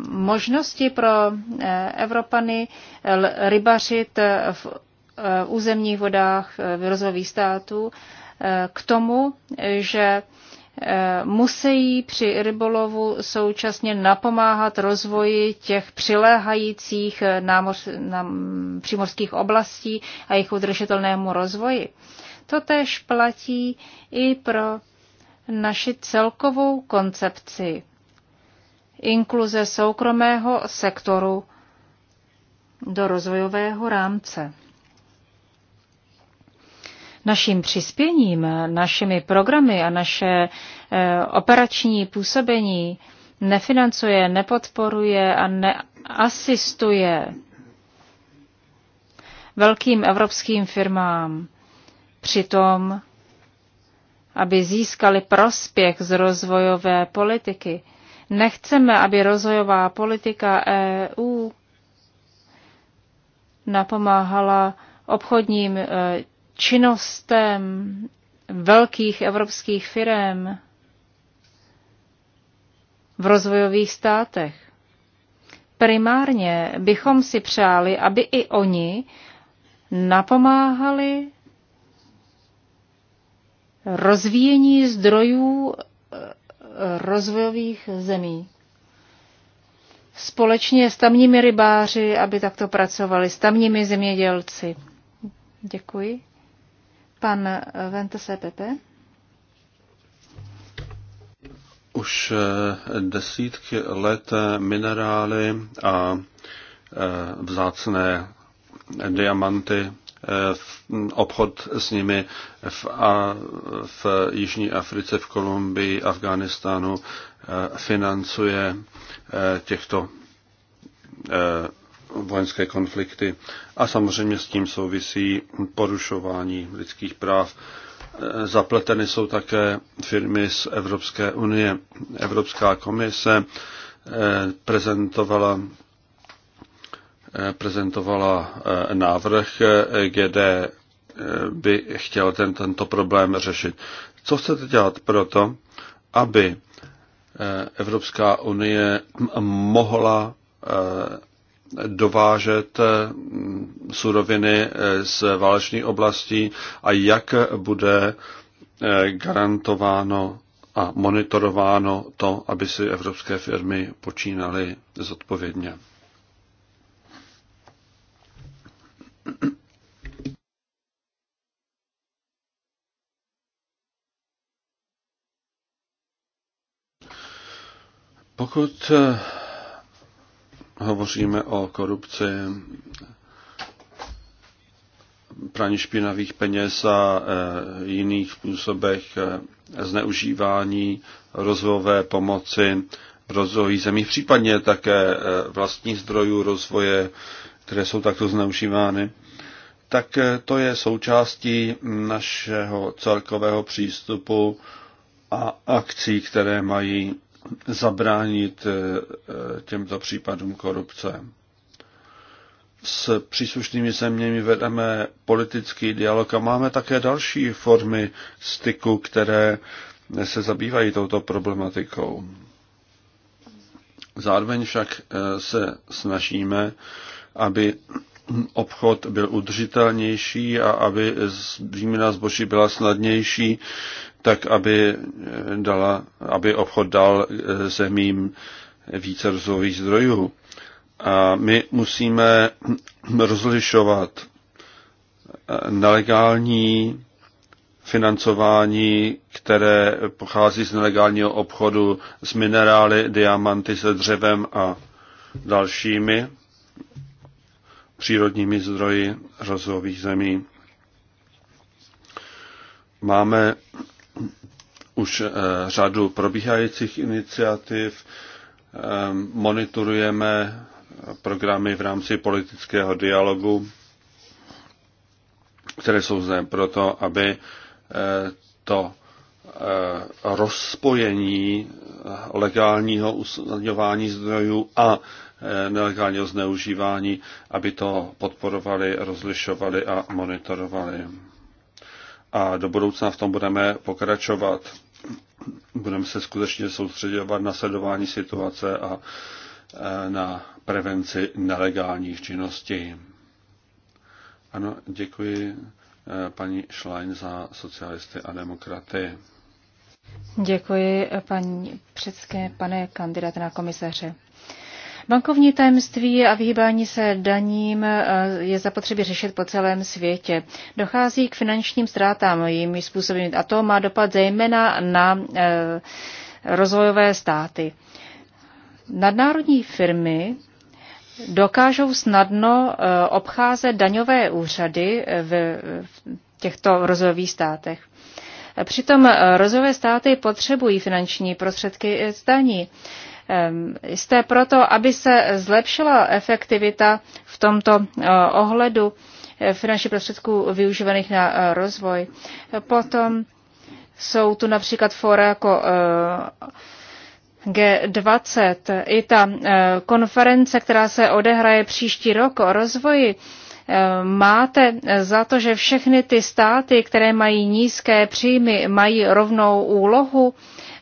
možnosti pro eh, Evropany eh, rybařit eh, v územních vodách v rozvojových států k tomu, že musí při rybolovu současně napomáhat rozvoji těch přiléhajících námoř, nám, přímorských oblastí a jejich udržitelnému rozvoji. To též platí i pro naši celkovou koncepci inkluze soukromého sektoru do rozvojového rámce. Naším přispěním, našimi programy a naše eh, operační působení nefinancuje, nepodporuje a neasistuje velkým evropským firmám tom, aby získali prospěch z rozvojové politiky. Nechceme, aby rozvojová politika EU napomáhala obchodním e, činnostem velkých evropských firm v rozvojových státech. Primárně bychom si přáli, aby i oni napomáhali rozvíjení zdrojů e, rozvojových zemí společně s tamními rybáři, aby takto pracovali, s tamními zemědělci. Děkuji. Pan Vente Pepe. Už eh, desítky let eh, minerály a eh, vzácné diamanty Eh, obchod s nimi v, a, v Jižní Africe, v Kolumbii, Afghánistánu eh, financuje eh, těchto vojenské konflikty. A samozřejmě s tím souvisí porušování lidských práv. Zapleteny jsou také firmy z Evropské unie. Evropská komise prezentovala prezentovala eh, návrh, eh, kde eh, by chtěl ten, tento problém řešit. Co chcete dělat to, aby Evropská unie mohla dovážet mm, suroviny z válečných oblastí a jak bude garantováno a monitorováno to, aby si evropské firmy počínaly zodpovědně. Pokud eh, hovoříme o korupci, praní špinavých peněz a eh, jiných způsobech eh, zneužívání rozvojové pomoci v rozvojových zemích, případně také vlastních zdrojů rozvoje které jsou takto zneužívány, tak eh, to je součástí našeho celkového přístupu a akcí, které mají zabránit eh, eh, těmto případům korupce. S příslušnými zeměmi vedeme politický dialog a máme také další formy styku, které se zabývají touto problematikou. Zároveň však se snažíme aby obchod byl udržitelnější a aby výměna zboží byla snadnější, tak aby, dala, aby obchod dal eh, zemím více rozvojových zdrojů. A my musíme rozlišovat eh, nelegální financování, které pochází z nelegálního obchodu s minerály, diamanty se dřevem a dalšími přírodními zdroji rozvojových zemí. Máme už eh, řadu probíhajících iniciativ, eh, monitorujeme programy v rámci politického dialogu, které jsou zde proto, aby eh, to rozpojení legálního usnadňování zdrojů a Eh, nelegálního zneužívání, aby to podporovali, rozlišovali a monitorovali. A do budoucna v tom budeme pokračovat. Budeme se skutečně soustředovat na sledování situace a eh, na prevenci nelegálních činností. Ano, děkuji eh, paní Schlein za socialisty a demokraty. Děkuji, paní předské, pane kandidáte na komisaře. Bankovní tajemství a vyhýbání se daním eh, je zapotřebí řešit po celém světě. Dochází k finančním ztrátám jimi způsobem a to má dopad zejména na eh, rozvojové státy. Nadnárodní firmy dokážou snadno eh, obcházet daňové úřady v těchto rozvojových státech. Přitom rozvojové státy potřebují finanční prostředky z daní. Ehm, jste proto, aby se zlepšila efektivita v tomto eh, ohledu eh, finančních prostředků využívaných na eh, rozvoj. Potom jsou tu například fora jako G20. I ta konference, která se odehraje příští rok o rozvoji, máte za to, že všechny ty státy, které mají nízké příjmy, mají rovnou úlohu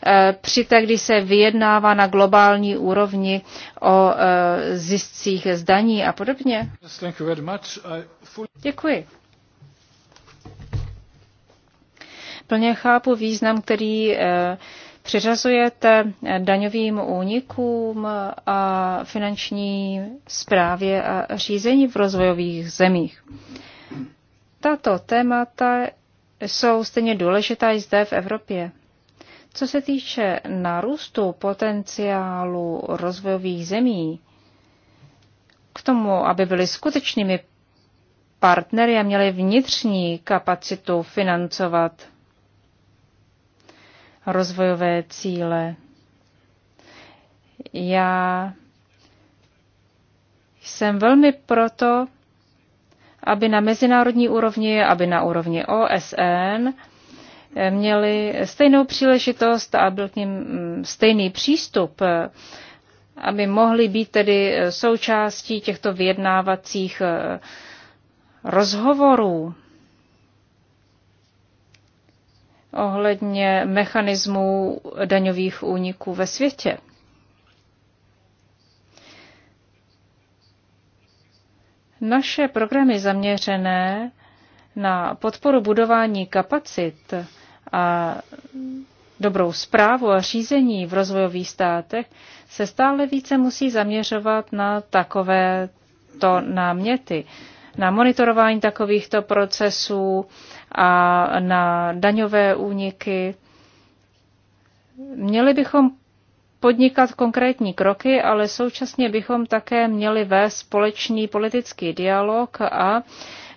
eh, při té, kdy se vyjednává na globální úrovni o eh, ziscích zdaní a podobně? Děkuji. Plně chápu význam, který eh, přiřazujete daňovým únikům a finanční správě a řízení v rozvojových zemích. Tato témata jsou stejně důležitá i zde v Evropě. Co se týče nárůstu potenciálu rozvojových zemí, k tomu, aby byly skutečnými partnery a měli vnitřní kapacitu financovat rozvojové cíle. Já jsem velmi proto, aby na mezinárodní úrovni, aby na úrovni OSN eh, měli stejnou příležitost a byl k ním mm, stejný přístup, eh, aby mohli být tedy eh, součástí těchto vyjednávacích rozhovorů. ohledně mechanismů daňových úniků ve světě. Naše programy zaměřené na podporu budování kapacit a dobrou zprávu a řízení v rozvojových státech se stále více musí zaměřovat na takovéto náměty, na monitorování takovýchto procesů, a na daňové úniky. Měli bychom podnikat konkrétní kroky, ale současně bychom také měli vést společný politický dialog a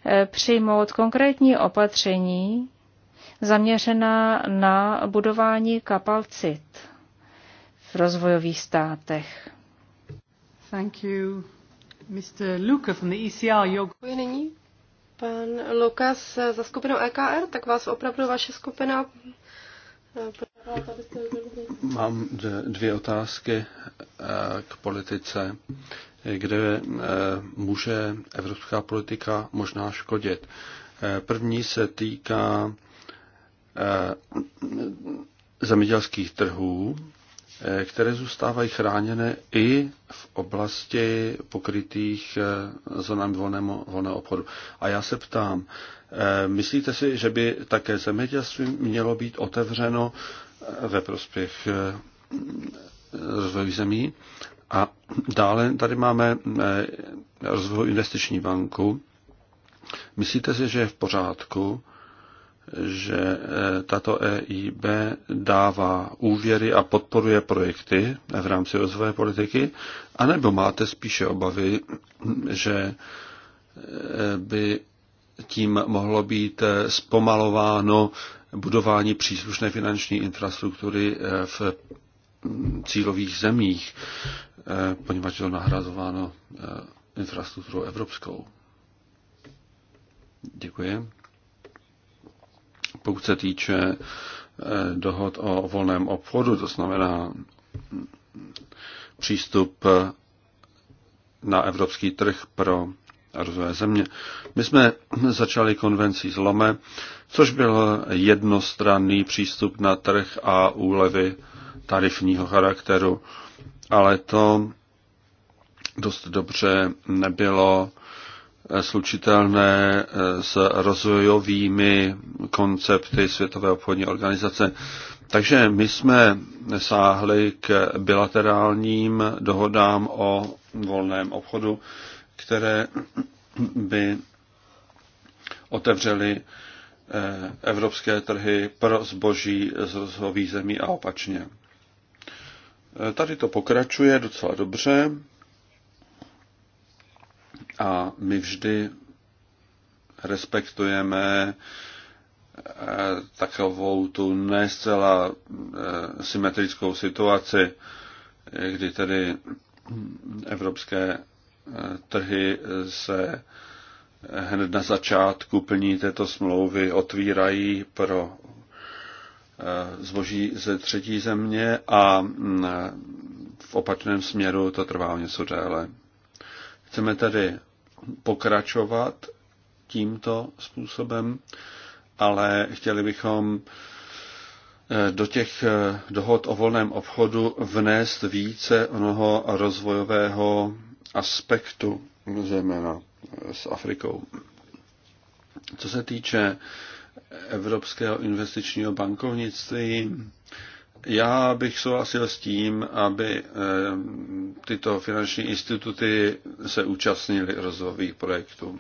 e, přijmout konkrétní opatření zaměřená na budování kapacit v rozvojových státech. Thank you. Mr. Luca from the ECR, your... Pan Lukas za skupinou EKR, tak vás opravdu vaše skupina Mám dvě otázky eh, k politice, kde eh, může evropská politika možná škodit. Eh, první se týká zemědělských trhů které zůstávají chráněné i v oblasti pokrytých eh, zónami volného, volného obchodu. A já se ptám, eh, myslíte si, že by také zemědělství mělo být otevřeno eh, ve prospěch rozvojových zemí? A dále tady máme rozvoj investiční banku. Myslíte si, že je v pořádku, že eh, tato EIB dává úvěry a podporuje projekty v rámci rozvoje politiky, anebo máte spíše obavy, že eh, by tím mohlo být eh, zpomalováno budování příslušné finanční infrastruktury v cílových zemích, poněvadž to nahrazováno infrastrukturou evropskou. Děkuji pokud se týče eh, dohod o volném obchodu, to znamená přístup eh, na evropský trh pro rozvoje země. My jsme začali konvencí z Lome, což byl jednostranný přístup na trh a úlevy tarifního charakteru, ale to dost dobře nebylo slučitelné eh, s rozvojovými koncepty Světové obchodní organizace. Takže my jsme sáhli k bilaterálním dohodám o volném obchodu, které by otevřely eh, evropské trhy pro zboží z rozvojových zemí a opačně. Eh, tady to pokračuje docela dobře. A my vždy respektujeme eh, takovou tu ne zcela eh, symetrickou situaci, eh, kdy tedy evropské trhy se hned na začátku plní této smlouvy otvírají pro zboží ze třetí země a mm, v opačném směru to trvá něco déle. Chceme tedy pokračovat tímto způsobem, ale chtěli bychom eh, do těch eh, dohod o volném obchodu vnést více onoho rozvojového aspektu, zejména s Afrikou. Co se týče Evropského investičního bankovnictví, já bych souhlasil s tím, aby eh, tyto finanční instituty se účastnily rozvojových projektů.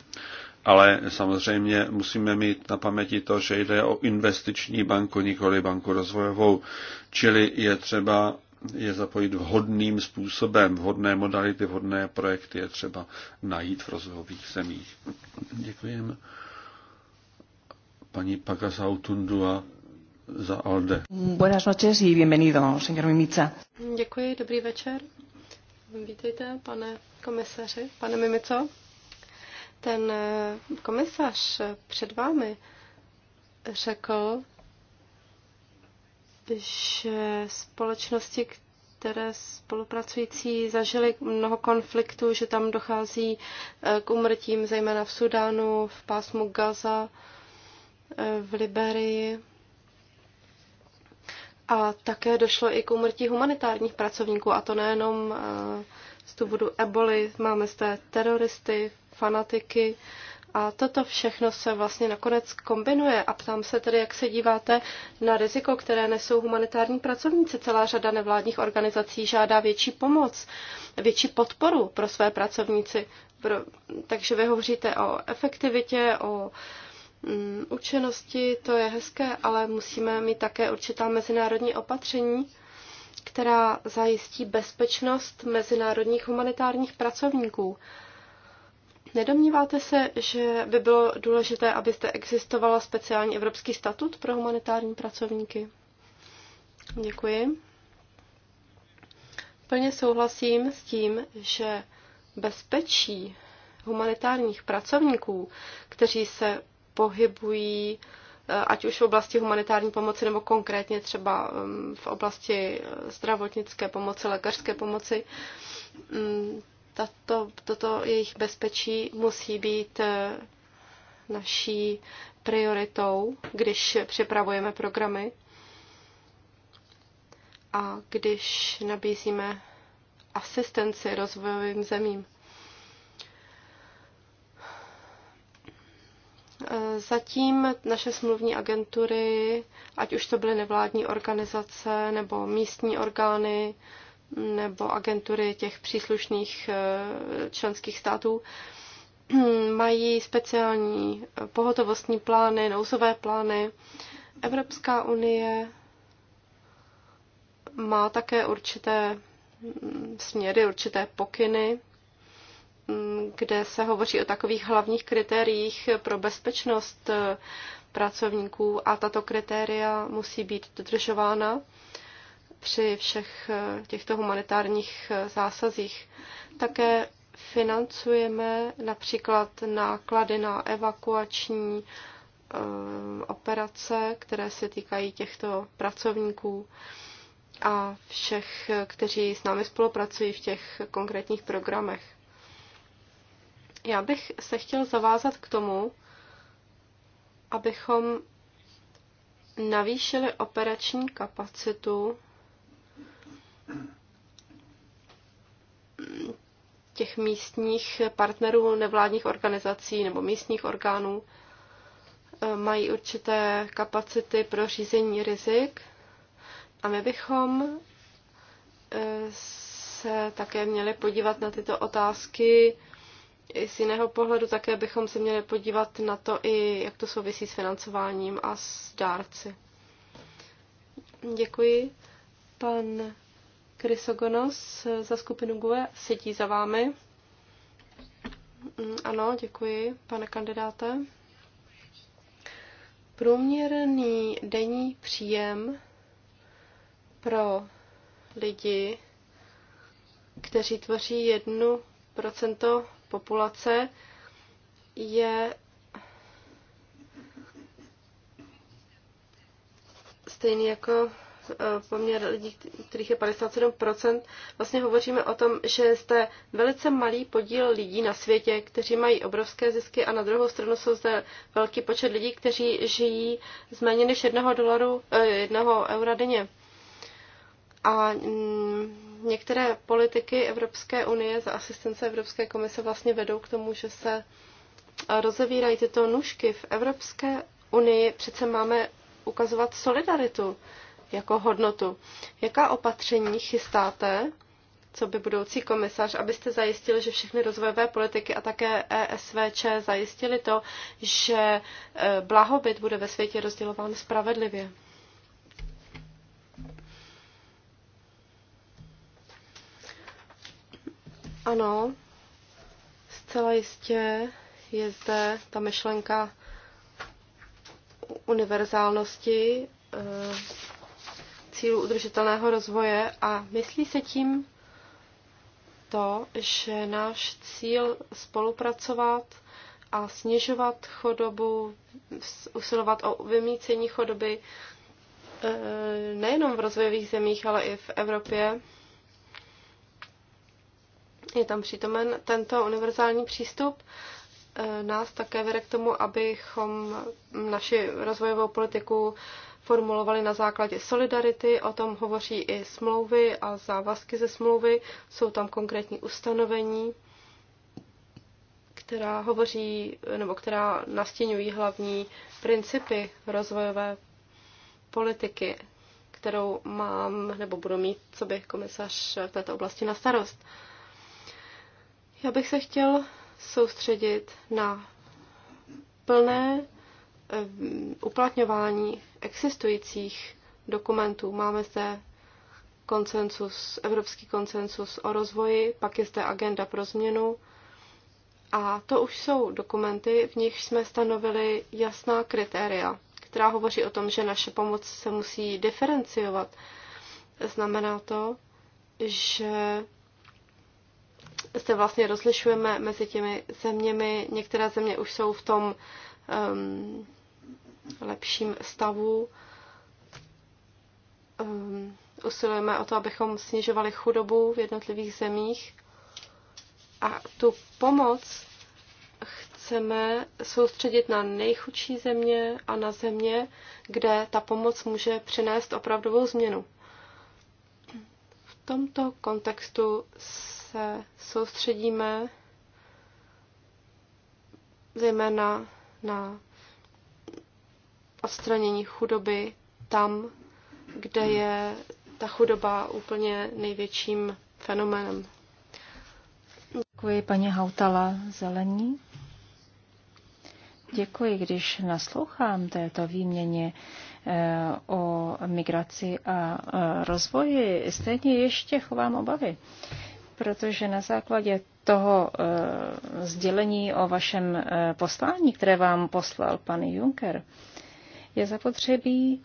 Ale samozřejmě musíme mít na paměti to, že jde o investiční banku, nikoli banku rozvojovou, čili je třeba je zapojit vhodným způsobem, vhodné modality, vhodné projekty je třeba najít v rozvojových zemích. Děkujeme. Paní Pagasautundua. Tundua za ALDE. Buenas noches y bienvenido, señor Mimica. Děkuji, dobrý večer. Vítejte, pane komisaři, pane Mimico. Ten eh, komisař eh, před vámi řekl, že společnosti, které spolupracující zažili mnoho konfliktů, že tam dochází eh, k umrtím, zejména v Sudánu, v pásmu Gaza, v Liberii. A také došlo i k úmrtí humanitárních pracovníků, a to nejenom eh, z důvodu eboli, máme zde teroristy, fanatiky, a toto všechno se vlastně nakonec kombinuje a ptám se tedy, jak se díváte na riziko, které nesou humanitární pracovníci. Celá řada nevládních organizací žádá větší pomoc, větší podporu pro své pracovníci. Takže vy hovoříte o efektivitě, o učenosti, mm, to je hezké, ale musíme mít také určitá mezinárodní opatření, která zajistí bezpečnost mezinárodních humanitárních pracovníků. Nedomníváte se, že by bylo důležité, abyste existovala speciální evropský statut pro humanitární pracovníky? Děkuji. Plně souhlasím s tím, že bezpečí humanitárních pracovníků, kteří se pohybují, eh, ať už v oblasti humanitární pomoci nebo konkrétně třeba mm, v oblasti eh, zdravotnické pomoci, lékařské pomoci. Mm, tato, toto jejich bezpečí musí být eh, naší prioritou, když připravujeme programy a když nabízíme asistenci rozvojovým zemím. Eh, zatím naše smluvní agentury, ať už to byly nevládní organizace nebo místní orgány nebo agentury těch příslušných eh, členských států, mají speciální eh, pohotovostní plány, nouzové plány. Evropská unie má také určité mm, směry, určité pokyny, kde se hovoří o takových hlavních kritériích pro bezpečnost eh, pracovníků a tato kritéria musí být dodržována při všech eh, těchto humanitárních eh, zásazích. Také financujeme například náklady na evakuační operace, které se týkají těchto pracovníků a všech, kteří s námi spolupracují v těch konkrétních programech. Já bych se chtěl zavázat k tomu, abychom navýšili operační kapacitu těch místních partnerů nevládních organizací nebo místních orgánů. Eh, mají určité kapacity pro řízení rizik a my bychom eh, se také měli podívat na tyto otázky i z jiného pohledu také bychom se měli podívat na to i, jak to souvisí s financováním a s dárci. Děkuji. Pan Krysogonos za skupinu GUE sedí za vámi. Mm, ano, děkuji, pane kandidáte. Průměrný denní příjem pro lidi, kteří tvoří jednu procento populace je stejný jako e, poměr lidí, kterých je 57%, vlastně hovoříme o tom, že jste velice malý podíl lidí na světě, kteří mají obrovské zisky a na druhou stranu jsou zde velký počet lidí, kteří žijí z méně než jednoho dolaru, e, jednoho eura denně. A mm, některé politiky Evropské unie za asistence Evropské komise vlastně vedou k tomu, že se rozevírají tyto nůžky. V Evropské unii přece máme ukazovat solidaritu jako hodnotu. Jaká opatření chystáte, co by budoucí komisař, abyste zajistili, že všechny rozvojové politiky a také ESVČ zajistili to, že eh, blahobyt bude ve světě rozdělován spravedlivě? Ano, zcela jistě je zde ta myšlenka univerzálnosti eh, cílu udržitelného rozvoje a myslí se tím to, že náš cíl spolupracovat a snižovat chodobu, usilovat o vymícení chodoby eh, nejenom v rozvojových zemích, ale i v Evropě, je tam přítomen tento univerzální přístup, e, nás také vede k tomu, abychom naši rozvojovou politiku formulovali na základě solidarity, o tom hovoří i smlouvy a závazky ze smlouvy, jsou tam konkrétní ustanovení, která hovoří, nebo která nastěňují hlavní principy rozvojové politiky, kterou mám, nebo budu mít, co by komisař v této oblasti na starost. Já bych se chtěl soustředit na plné eh, uplatňování existujících dokumentů. Máme zde koncensus, evropský koncensus o rozvoji, pak je zde agenda pro změnu. A to už jsou dokumenty, v nich jsme stanovili jasná kritéria, která hovoří o tom, že naše pomoc se musí diferenciovat. Znamená to, že se vlastně rozlišujeme mezi těmi zeměmi. Některé země už jsou v tom um, lepším stavu. Um, usilujeme o to, abychom snižovali chudobu v jednotlivých zemích a tu pomoc chceme soustředit na nejchudší země a na země, kde ta pomoc může přinést opravdovou změnu. V tomto kontextu se soustředíme zejména na odstranění chudoby tam, kde je ta chudoba úplně největším fenoménem. Děkuji paní Hautala Zelení. Děkuji, když naslouchám této výměně eh, o migraci a eh, rozvoji, stejně ještě chovám obavy protože na základě toho e, sdělení o vašem e, poslání, které vám poslal pan Juncker, je zapotřebí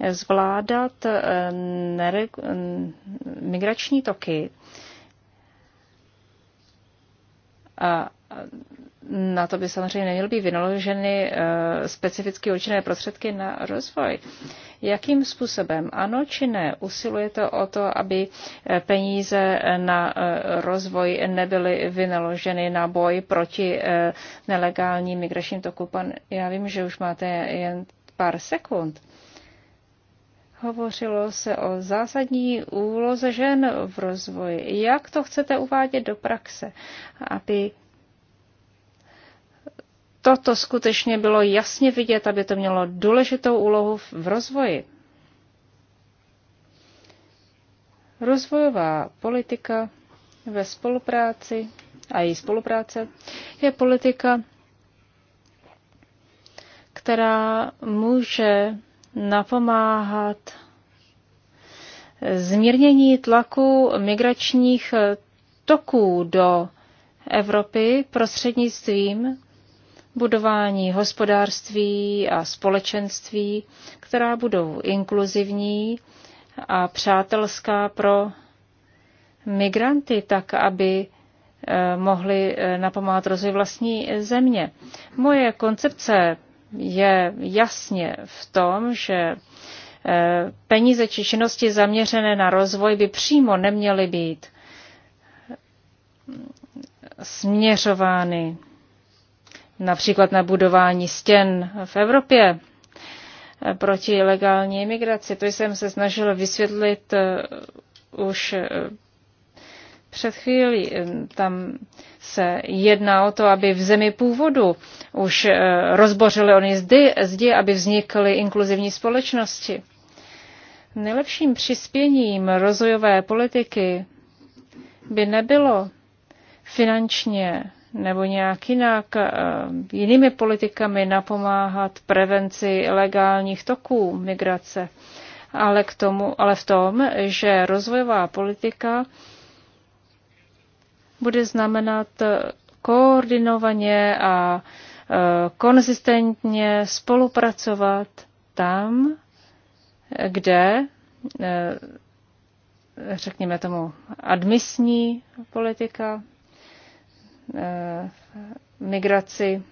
eh, zvládat e, nere, e, migrační toky a na to by samozřejmě neměly být vynaloženy specificky určené prostředky na rozvoj. E, Jakým způsobem, ano či ne, usilujete o to, aby eh, peníze na eh, rozvoj nebyly vynaloženy na boj proti eh, nelegální migračním toku? Pan, já vím, že už máte jen pár sekund. Hovořilo se o zásadní úloze žen v rozvoji. Jak to chcete uvádět do praxe, aby toto skutečně bylo jasně vidět, aby to mělo důležitou úlohu v rozvoji. Rozvojová politika ve spolupráci a její spolupráce je politika, která může napomáhat zmírnění tlaku migračních toků do Evropy prostřednictvím budování hospodářství a společenství, která budou inkluzivní a přátelská pro migranty, tak aby eh, mohli eh, napomáhat rozvoj vlastní země. Moje koncepce je jasně v tom, že eh, peníze či činnosti zaměřené na rozvoj by přímo neměly být směřovány například na budování stěn v Evropě eh, proti ilegální imigraci. To jsem se snažil vysvětlit eh, už eh, před chvílí. Tam se jedná o to, aby v zemi původu už rozbořili oni zdy, zdi, aby vznikly inkluzivní společnosti. Nejlepším přispěním rozvojové politiky by nebylo finančně nebo nějak jinak eh, jinými politikami napomáhat prevenci legálních toků migrace, ale, k tomu, ale v tom, že rozvojová politika bude znamenat eh, koordinovaně a eh, konzistentně spolupracovat tam, kde, řekněme tomu, admisní politika Eh, migraci.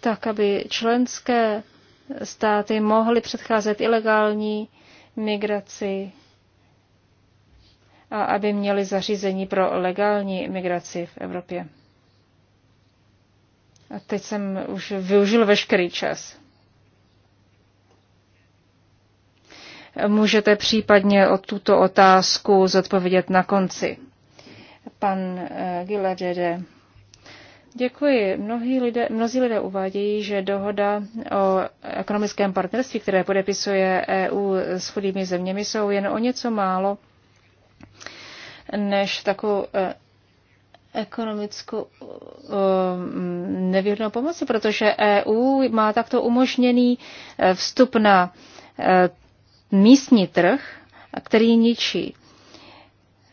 Tak, aby členské státy mohly předcházet ilegální migraci a aby měly zařízení pro legální migraci v Evropě. A teď jsem už využil veškerý čas. Můžete případně o tuto otázku zodpovědět na konci. Pan eh, Giladede. Děkuji. Mnohí lidé, mnozí lidé uvádějí, že dohoda o ekonomickém partnerství, které podepisuje EU s chudými zeměmi, jsou jen o něco málo než takovou eh, ekonomickou eh, nevýhodnou pomoci, protože EU má takto umožněný vstup na místní trh, který ničí.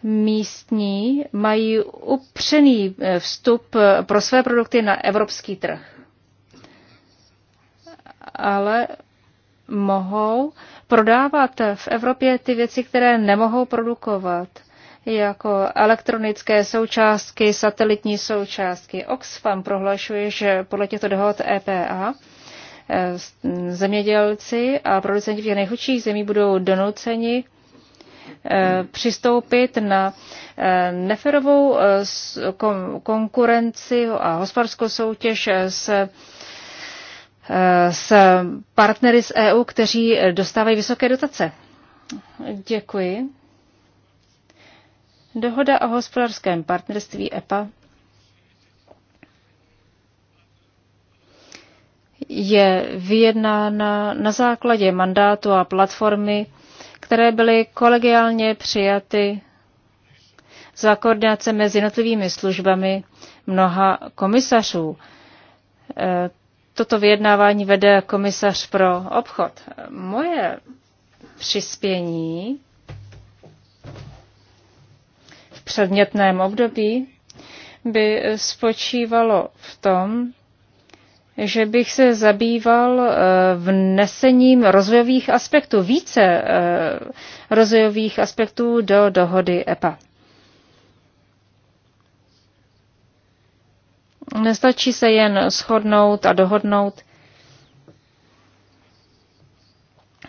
Místní mají upřený eh, vstup eh, pro své produkty na evropský trh. Ale mohou prodávat v Evropě ty věci, které nemohou produkovat, jako elektronické součástky, satelitní součástky. Oxfam prohlašuje, že podle těchto dohod EPA Eh, zemědělci a producenti těch nejchudších zemí budou donuceni eh, přistoupit na eh, neferovou konkurenci a hospodářskou soutěž s s partnery z EU, kteří dostávají vysoké dotace. Děkuji. Dohoda o hospodářském partnerství EPA je vyjednána na základě mandátu a platformy, které byly kolegiálně přijaty za koordinace mezi jednotlivými službami mnoha komisařů. E, toto vyjednávání vede komisař pro obchod. Moje přispění v předmětném období by spočívalo v tom, že bych se zabýval eh, vnesením rozvojových aspektů, více eh, rozvojových aspektů do dohody EPA. Nestačí se jen shodnout a dohodnout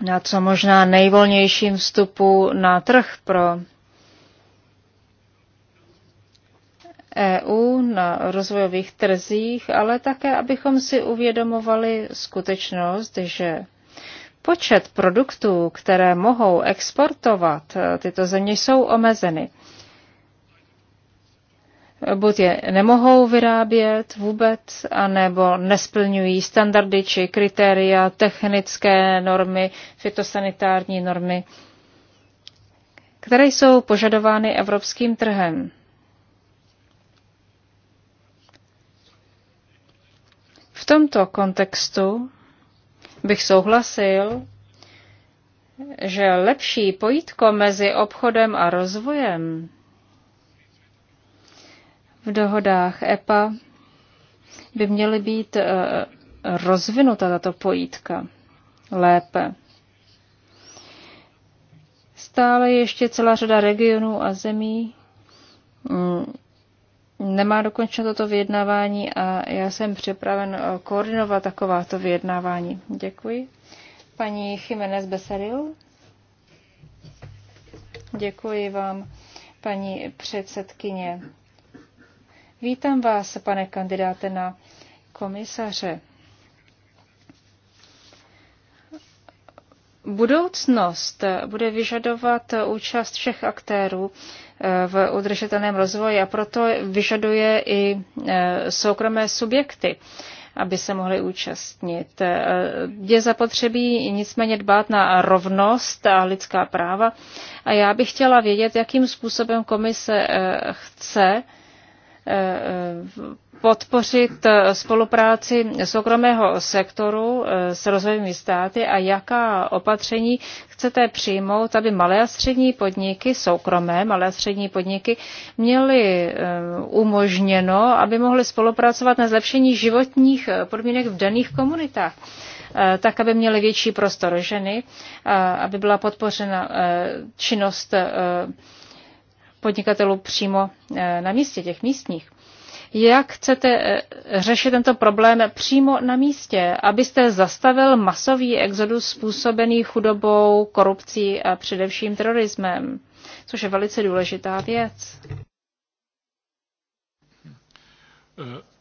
na co možná nejvolnějším vstupu na trh pro EU na rozvojových trzích, ale také, abychom si uvědomovali skutečnost, že počet produktů, které mohou exportovat eh, tyto země, jsou omezeny. Buď je nemohou vyrábět vůbec, anebo nesplňují standardy či kritéria, technické normy, fitosanitární normy, které jsou požadovány evropským trhem. tomto kontextu bych souhlasil, že lepší pojítko mezi obchodem a rozvojem v dohodách EPA by měly být e, rozvinuta tato pojítka lépe. Stále ještě celá řada regionů a zemí mm, nemá dokončeno toto vyjednávání a já jsem připraven eh, koordinovat takováto vyjednávání. Děkuji. Paní Jiménez Beseril. Děkuji vám, paní předsedkyně. Vítám vás, pane kandidáte na komisaře. Budoucnost bude vyžadovat účast všech aktérů v udržitelném rozvoji a proto vyžaduje i e, soukromé subjekty aby se mohli účastnit. E, je zapotřebí nicméně dbát na rovnost a lidská práva a já bych chtěla vědět, jakým způsobem komise e, chce Eh, podpořit eh, spolupráci soukromého sektoru eh, s rozvojovými státy a jaká opatření chcete přijmout, aby malé a střední podniky, soukromé malé a střední podniky, měly umožněno, aby mohly spolupracovat na zlepšení životních podmínek v daných komunitách tak, aby měly větší prostor ženy, aby byla podpořena činnost podnikatelů přímo eh, na místě, těch místních. Jak chcete eh, řešit tento problém přímo na místě, abyste zastavil masový exodus způsobený chudobou, korupcí a především terorismem, což je velice důležitá věc? Eh,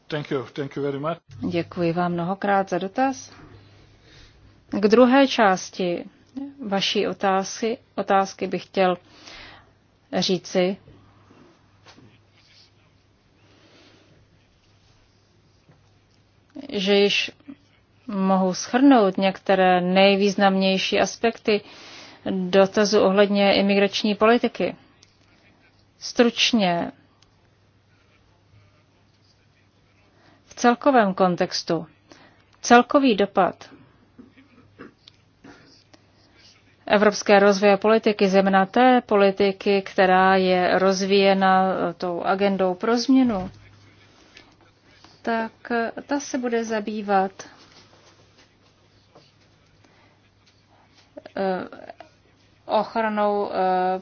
thank you. Thank you very much. Děkuji vám mnohokrát za dotaz. K druhé části vaší otázky, otázky bych chtěl říci, že již mohu schrnout některé nejvýznamnější aspekty dotazu ohledně imigrační politiky. Stručně v celkovém kontextu celkový dopad evropské rozvoje politiky, zejména té politiky, která je rozvíjena tou agendou pro změnu, tak ta se bude zabývat eh, ochranou eh,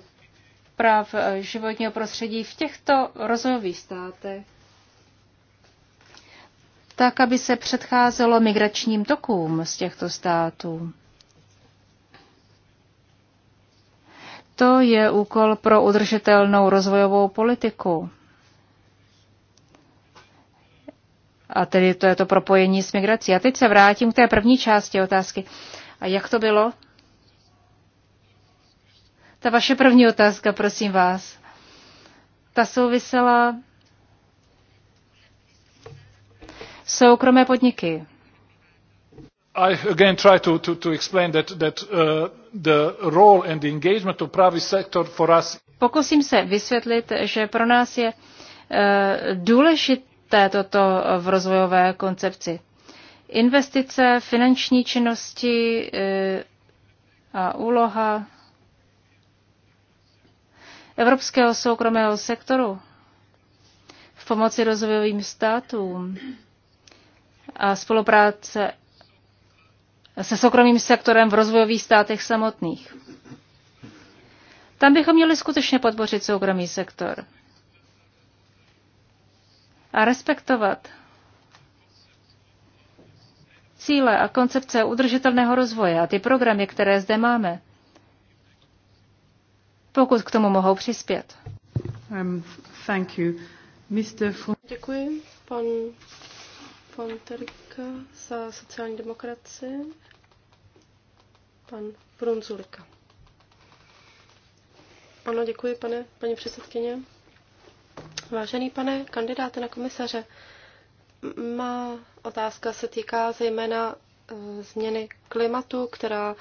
práv životního prostředí v těchto rozvojových státech, tak aby se předcházelo migračním tokům z těchto států. To je úkol pro udržitelnou rozvojovou politiku. A tedy to je to propojení s migrací. A teď se vrátím k té první části otázky. A jak to bylo? Ta vaše první otázka, prosím vás. Ta souvisela soukromé podniky. I again try to, to, to explain that, that uh, the role and the engagement of private sector for us. Pokusím se vysvětlit, že pro nás je eh, důležité toto v rozvojové koncepci. Investice, finanční činnosti eh, a úloha evropského soukromého sektoru v pomoci rozvojovým státům a spolupráce se soukromým sektorem v rozvojových státech samotných. Tam bychom měli skutečně podpořit soukromý sektor a respektovat cíle a koncepce udržitelného rozvoje a ty programy, které zde máme, pokud k tomu mohou přispět. Um, thank you. Mr. Děkuji, pan Terry. Zpravodajka za sociální demokracii, pan Brunzulika. Ano, děkuji, pane, paní předsedkyně. Vážený pane kandidáte na komisaře, má otázka se týká zejména e, změny klimatu, která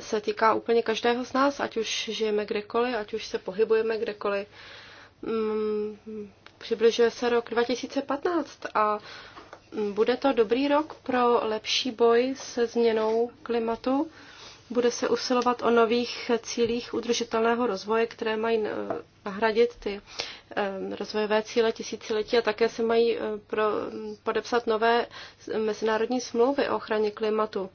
se týká úplně každého z nás, ať už žijeme kdekoliv, ať už se pohybujeme kdekoliv. Přibližuje se rok 2015 a bude to dobrý rok pro lepší boj se změnou klimatu. Bude se usilovat o nových cílích udržitelného rozvoje, které mají eh, nahradit ty eh, rozvojové cíle tisíciletí a také se mají eh, pro, podepsat nové mezinárodní smlouvy o ochraně klimatu.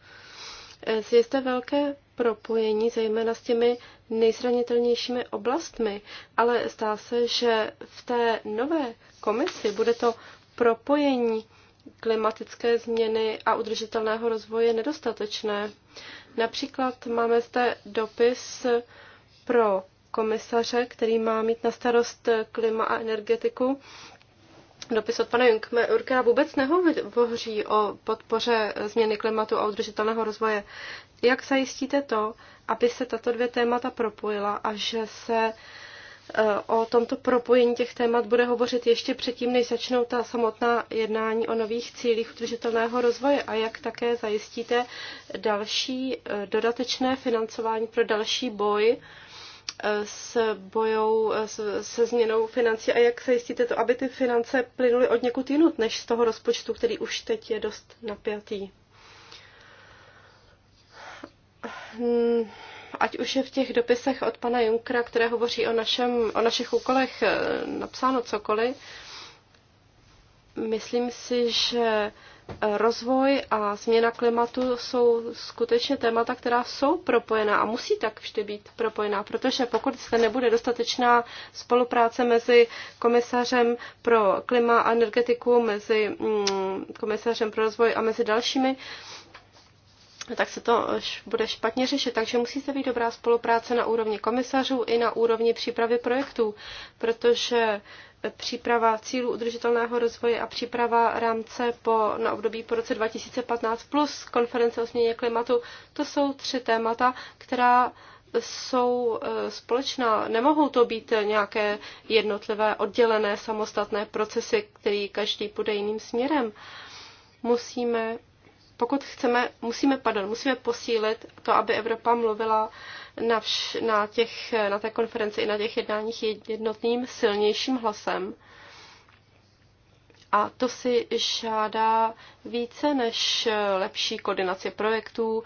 Je zde velké propojení, zejména s těmi nejzranitelnějšími oblastmi, ale zdá se, že v té nové komisi bude to propojení klimatické změny a udržitelného rozvoje nedostatečné. Například máme zde dopis pro komisaře, který má mít na starost klima a energetiku. Dopis od pana Junckera vůbec nehovoří o podpoře změny klimatu a udržitelného rozvoje. Jak zajistíte to, aby se tato dvě témata propojila a že se uh, o tomto propojení těch témat bude hovořit ještě předtím, než začnou ta samotná jednání o nových cílích udržitelného rozvoje a jak také zajistíte další eh, dodatečné financování pro další boj eh, s bojou, eh, se změnou financí a jak zajistíte to, aby ty finance plynuly od někud jinut, než z toho rozpočtu, který už teď je dost napjatý. Hmm ať už je v těch dopisech od pana Junkra, které hovoří o, našem, o našich úkolech, eh, napsáno cokoliv, myslím si, že rozvoj a změna klimatu jsou skutečně témata, která jsou propojená a musí tak vždy být propojená, protože pokud se nebude dostatečná spolupráce mezi komisařem pro klima a energetiku, mezi mm, komisařem pro rozvoj a mezi dalšími, tak se to bude špatně řešit. Takže musí se být dobrá spolupráce na úrovni komisařů i na úrovni přípravy projektů, protože příprava cílů udržitelného rozvoje a příprava rámce po, na období po roce 2015 plus konference o změně klimatu, to jsou tři témata, která jsou e, společná. Nemohou to být nějaké jednotlivé, oddělené, samostatné procesy, který každý půjde jiným směrem. Musíme pokud chceme, musíme, pardon, musíme posílit to, aby Evropa mluvila na, vš, na, těch, na té konferenci i na těch jednáních jednotným silnějším hlasem. A to si žádá více než lepší koordinaci projektů,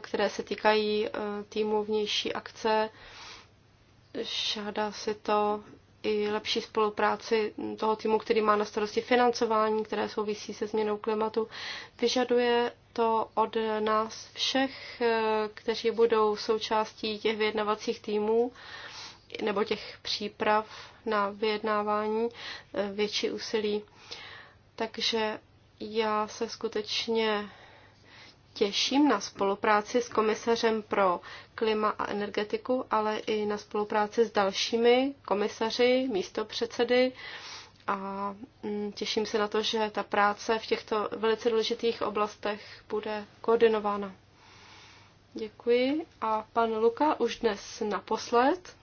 které se týkají eh, týmu vnější akce. Žádá si to i lepší spolupráci toho týmu, který má na starosti financování, které souvisí se změnou klimatu. Vyžaduje to od nás všech, eh, kteří budou součástí těch vyjednavacích týmů nebo těch příprav na vyjednávání eh, větší úsilí. Takže já se skutečně těším na spolupráci s komisařem pro klima a energetiku, ale i na spolupráci s dalšími komisaři, místopředsedy a mm, těším se na to, že ta práce v těchto velice důležitých oblastech bude koordinována. Děkuji. A pan Luka už dnes naposled.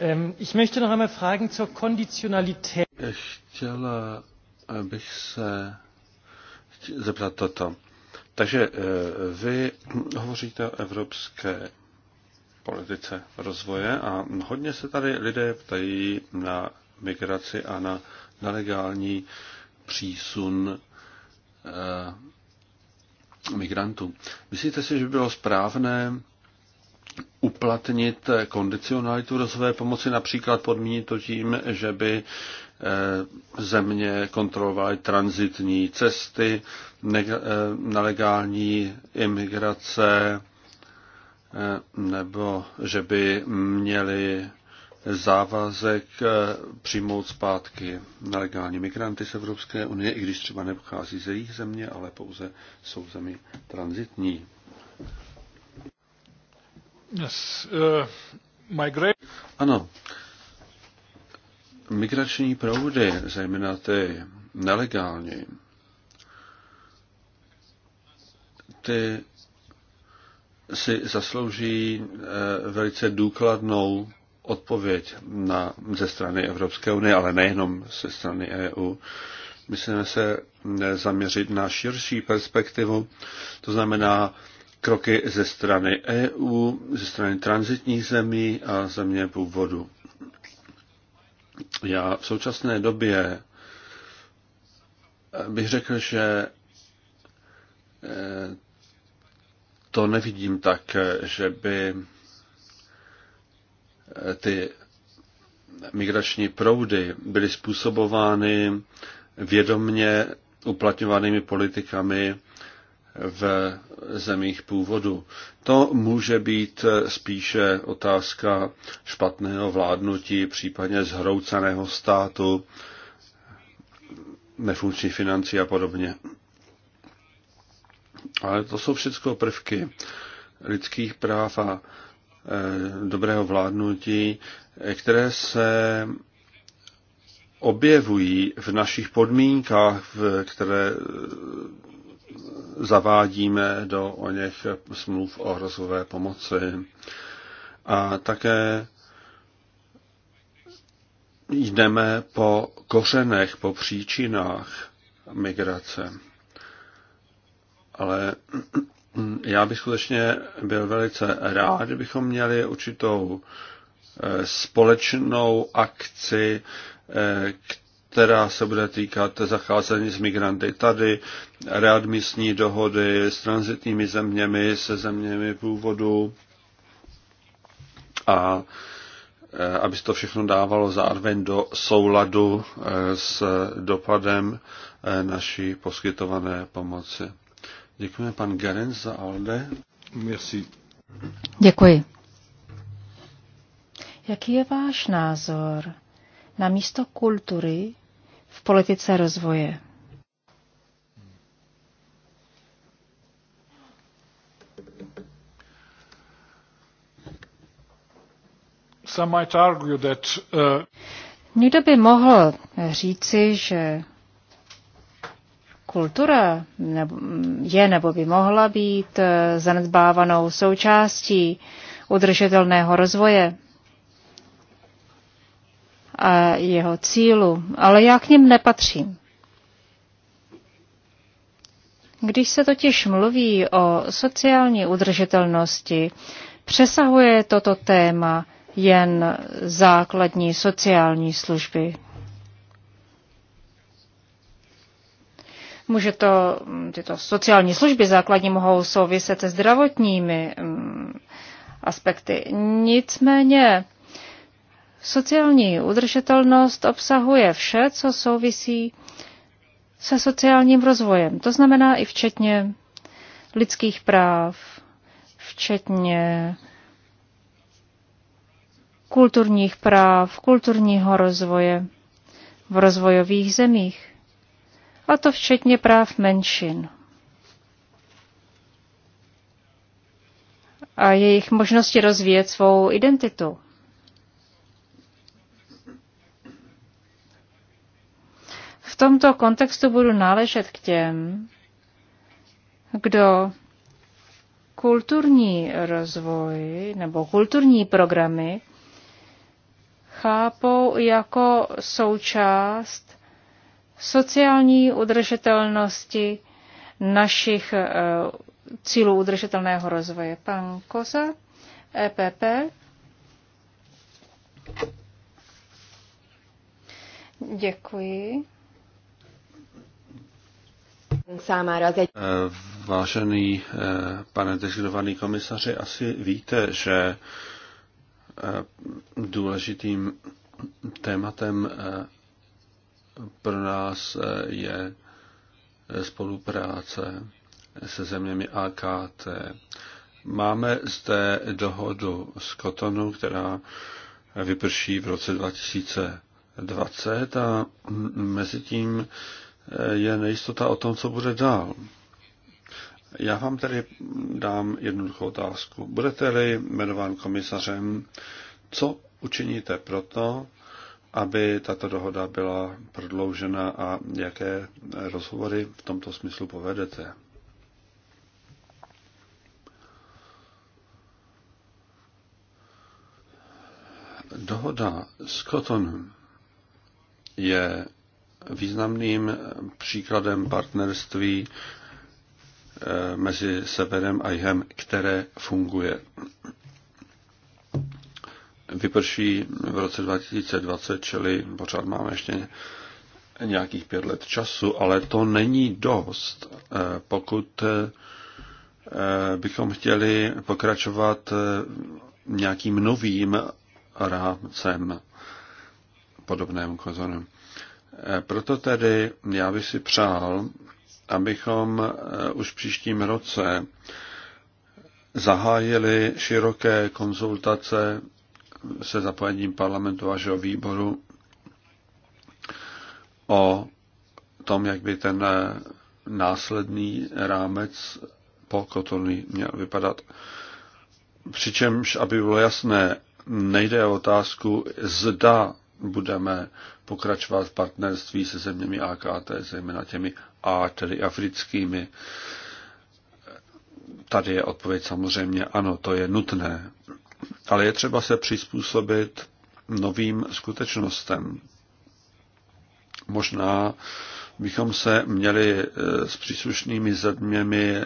Ähm, ich möchte noch einmal fragen zur Konditionalität. Chtěla bych se zeptat toto. Takže eh, vy hovoříte o evropské politice rozvoje a hodně se tady lidé ptají na migraci a na nelegální přísun eh, migrantů. Myslíte si, že by bylo správné uplatnit kondicionalitu rozvoje pomoci, například podmínit to tím, že by eh, země kontrolovaly transitní cesty, eh, nelegální imigrace, eh, nebo že by měli závazek přijmout zpátky nelegální migranty z Evropské unie, i když třeba nepochází ze jejich země, ale pouze jsou zemi transitní. Uh, ano. Migrační proudy, zejména ty nelegální, ty si zaslouží eh, velice důkladnou odpověď na, ze strany Evropské unie, ale nejenom ze strany EU. Myslíme se eh, zaměřit na širší perspektivu, to znamená kroky ze strany EU, ze strany transitních zemí a země původu. Já v současné době bych řekl, že eh, to nevidím tak, že by eh, ty migrační proudy byly způsobovány vědomně uplatňovanými politikami v zemích původu. To může být spíše otázka špatného vládnutí, případně zhrouceného státu, nefunkčních financí a podobně. Ale to jsou všechno prvky lidských práv a e, dobrého vládnutí, které se objevují v našich podmínkách, v které zavádíme do o něch smluv o rozvojové pomoci. A také jdeme po kořenech, po příčinách migrace. Ale já bych skutečně byl velice rád, kdybychom měli určitou eh, společnou akci, eh, která se bude týkat zacházení s migranty tady, readmisní dohody s transitními zeměmi, se zeměmi původu a eh, aby se to všechno dávalo zároveň do souladu eh, s dopadem eh, naší poskytované pomoci. Děkujeme pan Gerenz za ALDE. Merci. Děkuji. Jaký je váš názor na místo kultury politice rozvoje. Uh, Někdo by mohl říci, že kultura je nebo by mohla být uh, zanedbávanou součástí udržitelného rozvoje a jeho cílu, ale já k ním nepatřím. Když se totiž mluví o sociální udržitelnosti, přesahuje toto téma jen základní sociální služby. Může to, mm, tyto sociální služby základní mohou souviset se zdravotními mm, aspekty. Nicméně Sociální udržitelnost obsahuje vše, co souvisí se sociálním rozvojem. To znamená i včetně lidských práv, včetně kulturních práv, kulturního rozvoje v rozvojových zemích, a to včetně práv menšin a jejich možnosti rozvíjet svou identitu. tomto kontextu budu náležet k těm, kdo kulturní rozvoj nebo kulturní programy chápou jako součást sociální udržitelnosti našich eh, cílů udržitelného rozvoje. Pan Koza, EPP. Děkuji. Eh, vážený eh, pane designovaný komisaři, asi víte, že eh, důležitým tématem pro nás je spolupráce se zeměmi AKT. Máme zde dohodu s Kotonu, která vyprší v roce 2020 a mezi tím je nejistota o tom, co bude dál. Já vám tedy dám jednoduchou otázku. Budete-li jmenován komisařem, co učiníte proto, aby tato dohoda byla prodloužena a jaké rozhovory v tomto smyslu povedete? Dohoda s Kotonem je významným příkladem partnerství eh, mezi severem a jihem, které funguje. Vyprší v roce 2020, čili pořád máme ještě nějakých pět let času, ale to není dost, eh, pokud eh, bychom chtěli pokračovat nějakým novým rámcem podobnému kozonu. Proto tedy já bych si přál, abychom eh, už v příštím roce zahájili široké konzultace se zapojením parlamentu vašeho výboru o tom, jak by ten eh, následný rámec po Kotony měl vypadat. Přičemž, aby bylo jasné, nejde o otázku, zda budeme pokračovat v partnerství se zeměmi AKT, zejména těmi A, tedy africkými. Tady je odpověď samozřejmě ano, to je nutné. Ale je třeba se přizpůsobit novým skutečnostem. Možná bychom se měli eh, s příslušnými zeměmi eh,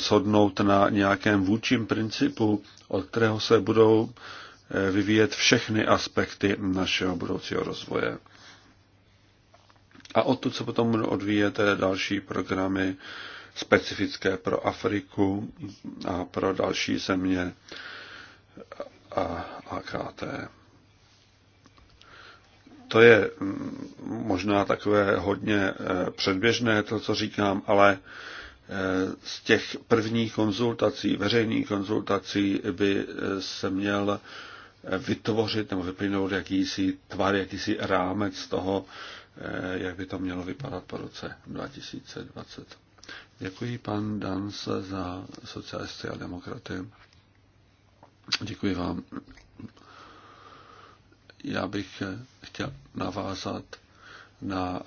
shodnout na nějakém vůčím principu, od kterého se budou Eh, vyvíjet všechny aspekty našeho budoucího rozvoje. A odtud se potom budou odvíjet další programy specifické pro Afriku a pro další země a AKT. To je mm, možná takové hodně eh, předběžné, to, co říkám, ale eh, z těch prvních konzultací, veřejných konzultací by se měl vytvořit nebo vyplynout jakýsi tvar, jakýsi rámec toho, eh, jak by to mělo vypadat po roce 2020. Děkuji pan Dans za socialisty a demokraty. Děkuji vám. Já bych chtěl navázat na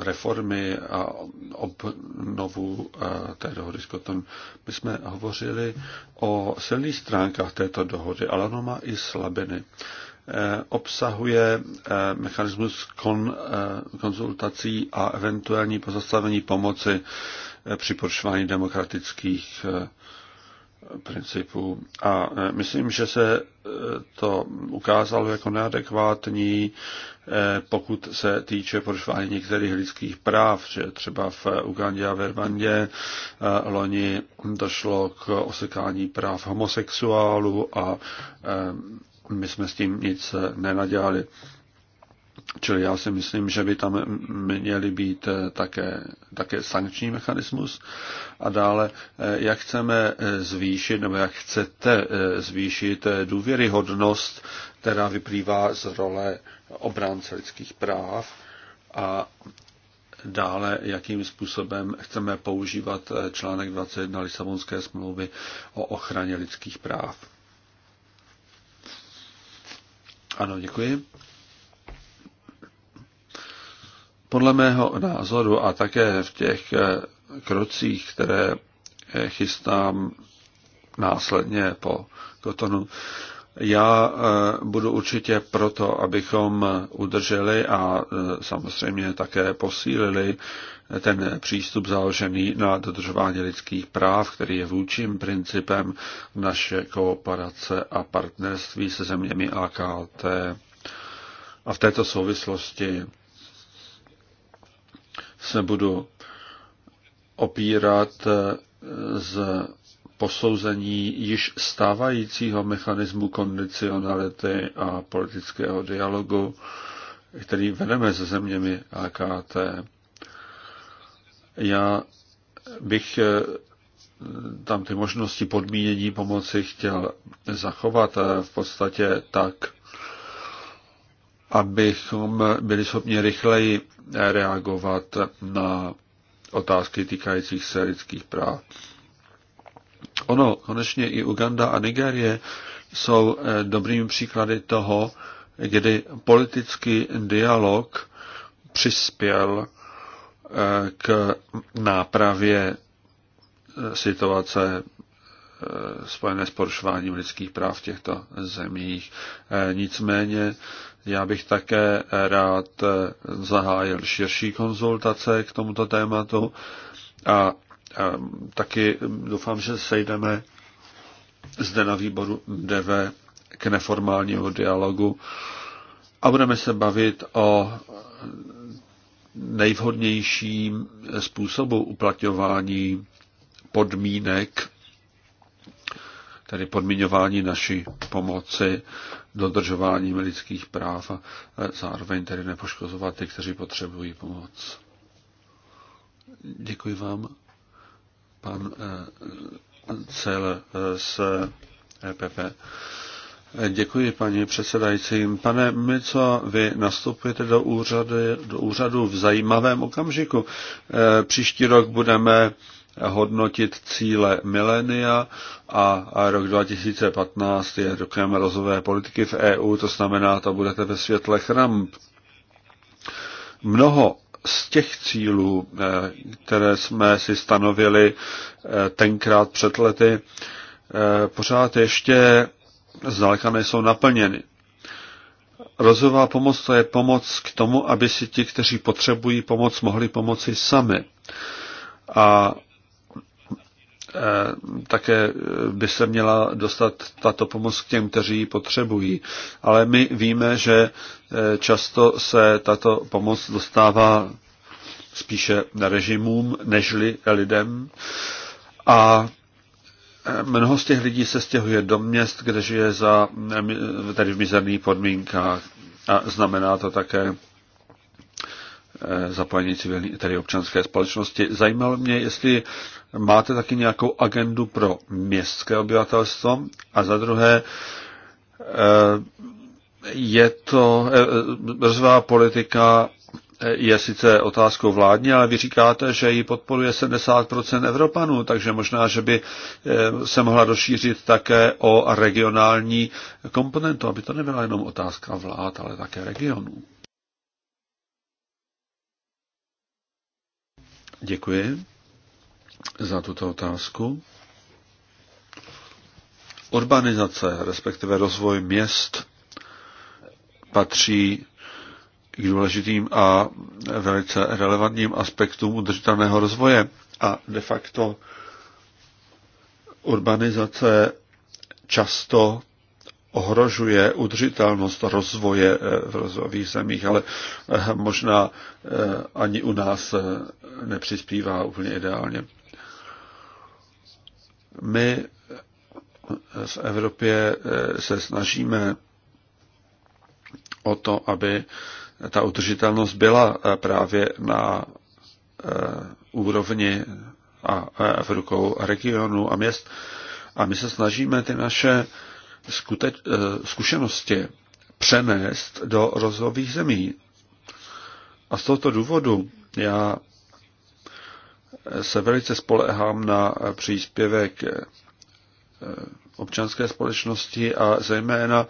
reformy a obnovu té dohody s Koton. My jsme hovořili o silných stránkách této dohody, ale ono má i slabiny. E, obsahuje e, mechanismus kon, e, konzultací a eventuální pozastavení pomoci při porušování demokratických Principu A e, myslím, že se e, to ukázalo jako neadekvátní, e, pokud se týče porušování některých lidských práv, že třeba v Ugandě a Vervandě loni došlo k osekání práv homosexuálů a my jsme s tím nic nenadělali. Čili já si myslím, že by tam měly být eh, také, také sankční mechanismus. A dále, eh, jak chceme eh, zvýšit, nebo jak chcete zvýšit důvěryhodnost, která vyplývá z role obránce lidských práv a dále, jakým způsobem chceme používat článek 21 Lisabonské smlouvy o ochraně lidských práv. Ano, děkuji. Podle mého názoru a také v těch eh, krocích, které eh, chystám následně po Kotonu, já eh, budu určitě proto, abychom udrželi a samozřejmě také posílili ten přístup založený na dodržování lidských práv, který je vůčím principem naše kooperace a partnerství se zeměmi AKT. A v této souvislosti se budu opírat eh, z posouzení již stávajícího mechanismu kondicionality a politického dialogu, který vedeme se zeměmi AKT. Já bych eh, tam ty možnosti podmínění pomoci chtěl zachovat eh, v podstatě tak, abychom byli schopni rychleji reagovat na otázky týkajících se lidských práv. Ono, konečně i Uganda a Nigérie jsou eh, dobrými příklady toho, kdy politický dialog přispěl eh, k nápravě eh, situace spojené s porušováním lidských práv v těchto zemích. Nicméně já bych také rád eh, zahájil širší konzultace k tomuto tématu a taky hm, doufám, že sejdeme zde na výboru DV k neformálnímu dialogu a budeme se bavit o nejvhodnějším způsobu uplatňování podmínek tedy podmiňování naší pomoci dodržováním lidských práv a zároveň tedy nepoškozovat ty, kteří potřebují pomoc. Děkuji vám, pan eh, Cel eh, z EPP. Děkuji, paní předsedající. Pane Mico, vy nastupujete do úřady, do úřadu v zajímavém okamžiku. Eh, příští rok budeme hodnotit cíle milénia a rok 2015 je rokem rozové politiky v EU, to znamená, to budete ve světle ramp. Mnoho z těch cílů, eh, které jsme si stanovili eh, tenkrát před lety, eh, pořád ještě zdaleka nejsou naplněny. Rozová pomoc to je pomoc k tomu, aby si ti, kteří potřebují pomoc, mohli pomoci sami. A Eh, také eh, by se měla dostat tato pomoc k těm, kteří ji potřebují. Ale my víme, že eh, často se tato pomoc dostává spíše režimům nežli lidem. A mnoho z těch lidí se stěhuje do měst, kde žije za, tady v mizerných podmínkách. A znamená to také zapojení civilní, tedy občanské společnosti. Zajímalo mě, jestli máte taky nějakou agendu pro městské obyvatelstvo a za druhé eh, je to eh, rozvá politika eh, je sice otázkou vládní, ale vy říkáte, že ji podporuje 70% Evropanů, takže možná, že by se mohla rozšířit také o regionální komponentu, aby to nebyla jenom otázka vlád, ale také regionů. Děkuji za tuto otázku. Urbanizace, respektive rozvoj měst, patří k důležitým a velice relevantním aspektům udržitelného rozvoje. A de facto urbanizace často ohrožuje udržitelnost rozvoje eh, v rozvojových zemích, ale eh, možná eh, ani u nás nepřispívá úplně ideálně. My v Evropě eh, se snažíme o to, aby ta udržitelnost byla eh, právě na eh, úrovni a v rukou regionu a měst. A my se snažíme ty naše skuteč, zkušenosti přenést do rozvojových zemí. A z tohoto důvodu já se velice spolehám na příspěvek eh, občanské společnosti a zejména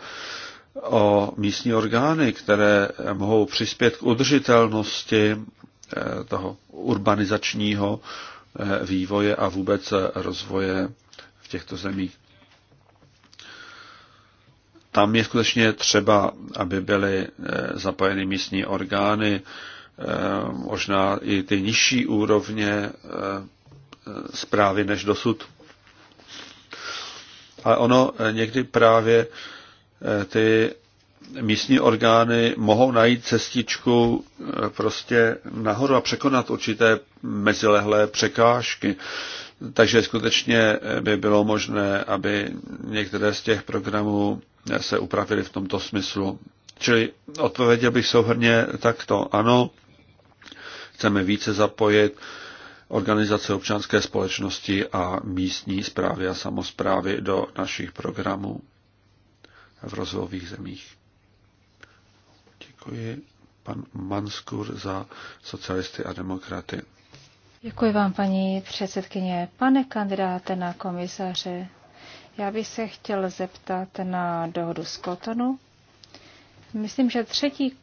o místní orgány, které mohou přispět k udržitelnosti eh, toho urbanizačního eh, vývoje a vůbec rozvoje v těchto zemích. Tam je skutečně třeba, aby byly zapojeny místní orgány, Eh, možná i ty nižší úrovně eh, zprávy než dosud. Ale ono eh, někdy právě ty místní orgány mohou najít cestičku prostě nahoru a překonat určité mezilehlé překážky. Takže skutečně by bylo možné, aby některé z těch programů se upravili v tomto smyslu. Čili odpověděl bych souhrně takto. Ano, chceme více zapojit organizace občanské společnosti a místní zprávy a samozprávy do našich programů v rozvojových zemích. Děkuji pan Manskur za socialisty a demokraty. Děkuji vám, paní předsedkyně. Pane kandidáte na komisaře, já bych se chtěl zeptat na dohodu z Kotonu. Myslím, že třetí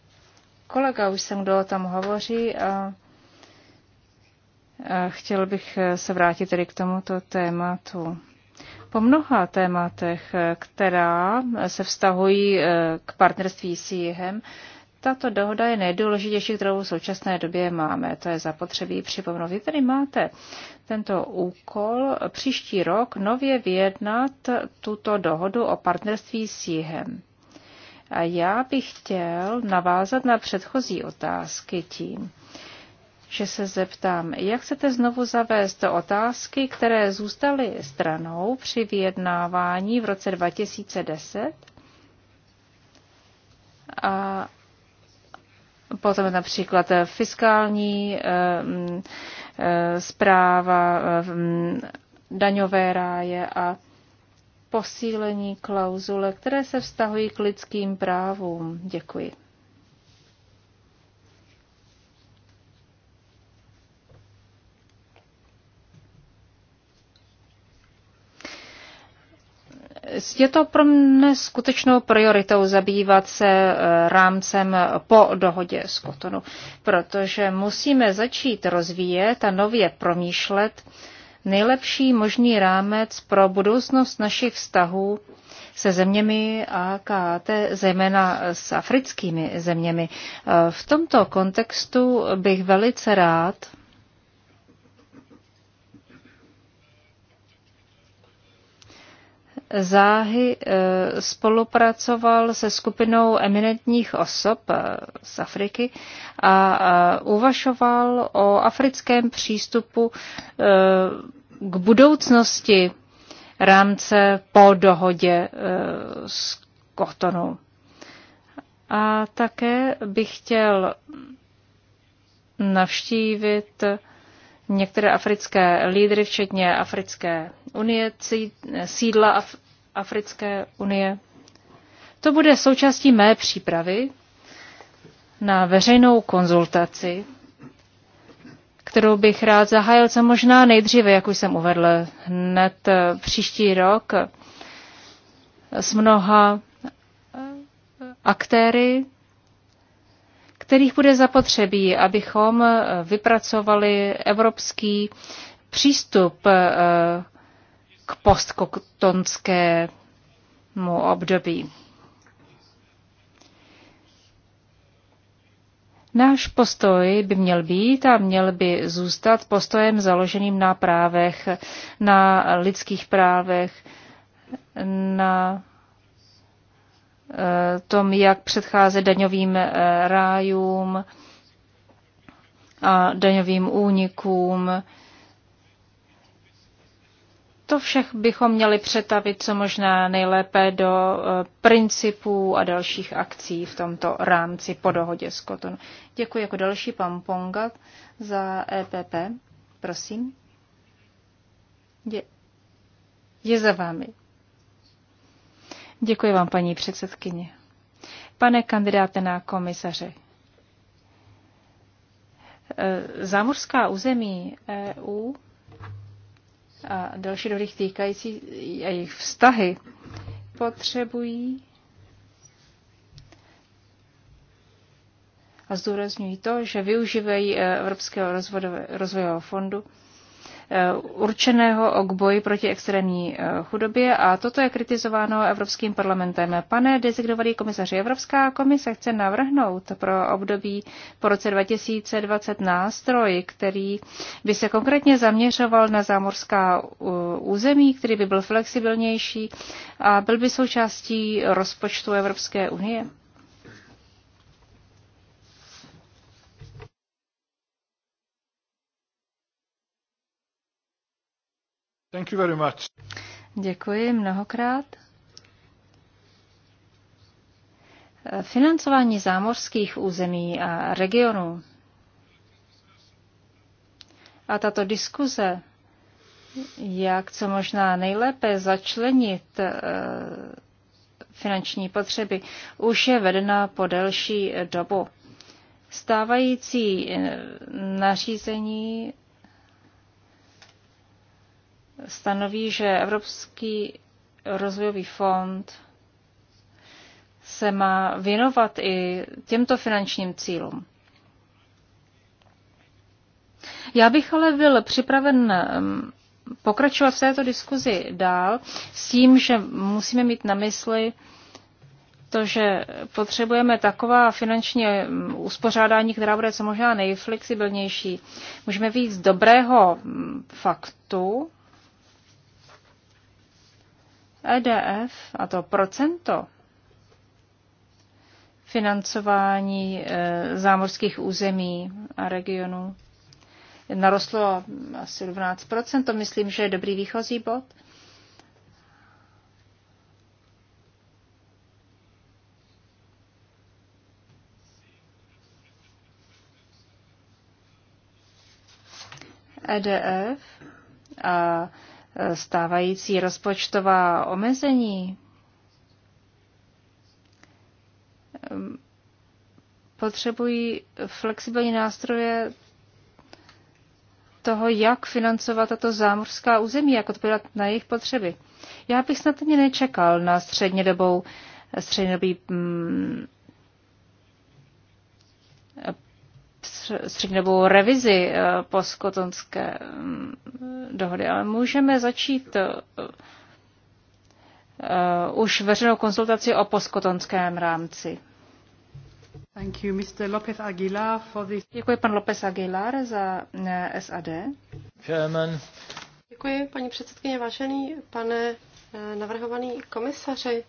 kolega už jsem, kdo o tom hovoří a Eh, chtěl bych eh, se vrátit tedy k tomuto tématu. Po mnoha tématech, eh, která se vztahují k partnerství s jihem, tato dohoda je nejdůležitější, kterou v současné době máme. To je zapotřebí připomenout. Vy tedy máte tento úkol příští rok nově vyjednat tuto dohodu o partnerství s jihem. A já bych chtěl navázat na předchozí otázky tím, že se zeptám, jak chcete znovu zavést otázky, které zůstaly stranou při vyjednávání v roce 2010? A potom například fiskální eh, mm, eh, zpráva, eh, mm, daňové ráje a posílení klauzule, které se vztahují k lidským právům. Děkuji. Je to pro mne skutečnou prioritou zabývat se eh, rámcem po dohodě z Kotonu, protože musíme začít rozvíjet a nově promýšlet nejlepší možný rámec pro budoucnost našich vztahů se zeměmi AKT, zejména s africkými zeměmi. Eh, v tomto kontextu bych velice rád záhy eh, spolupracoval se skupinou eminentních osob eh, z Afriky a eh, uvažoval o africkém přístupu k budoucnosti rámce po dohodě s Kotonou. A také bych chtěl navštívit Některé africké lídry, včetně Africké unie, sídla Af- Africké unie. To bude součástí mé přípravy na veřejnou konzultaci, kterou bych rád zahájil co možná nejdříve, jak už jsem uvedl, hned eh, příští rok s mnoha eh, aktéry kterých bude zapotřebí, abychom eh, vypracovali evropský přístup eh, k postkotonskému období. Náš postoj by měl být a měl by zůstat postojem založeným na právech, na lidských právech, na Eh, tom, jak předcházet daňovým eh, rájům a daňovým únikům. To všech bychom měli přetavit co možná nejlépe do eh, principů a dalších akcí v tomto rámci po dohodě s Koton. Děkuji jako další pan Ponga za EPP. Prosím. Je, je za vámi. Děkuji vám, paní předsedkyně. Pane kandidáte na komisaře, eh, zámořská území EU a další dohody týkající a jejich vztahy potřebují a zdůrazňují to, že využívají eh, Evropského rozvojového fondu Eh, určeného k boji proti extrémní eh, chudobě a toto je kritizováno Evropským parlamentem. Pane designovaný komisaři, Evropská komise chce navrhnout pro období po roce 2020 nástroj, který by se konkrétně zaměřoval na zámořská eh, území, který by byl flexibilnější a byl by součástí rozpočtu Evropské unie. Thank you very much. Děkuji mnohokrát. Financování zámořských území a regionů a tato diskuze, jak co možná nejlépe začlenit eh, finanční potřeby, už je vedena po delší dobu. Stávající eh, nařízení stanoví, že Evropský rozvojový fond se má věnovat i těmto finančním cílům. Já bych ale byl připraven mm, pokračovat v této diskuzi dál s tím, že musíme mít na mysli to, že potřebujeme taková finanční mm, uspořádání, která bude co možná nejflexibilnější. Můžeme víc dobrého mm, faktu, EDF a to procento financování e, zámořských území a regionů narostlo asi 12%, to myslím, že je dobrý výchozí bod. EDF a stávající rozpočtová omezení. Potřebují flexibilní nástroje toho, jak financovat tato zámořská území, jak odpovědat na jejich potřeby. Já bych snad ani nečekal na střednědobou, střednědobý mm, střednědobou revizi eh, postkotonské mm, dohody, ale můžeme začít eh, eh, už veřejnou konsultaci o postkotonském rámci. Thank you, Mr. López Aguilar for this. Děkuji pan López Aguilar za SAD. Chairman. Děkuji, paní předsedkyně, vážený pane navrhovaný komisaři.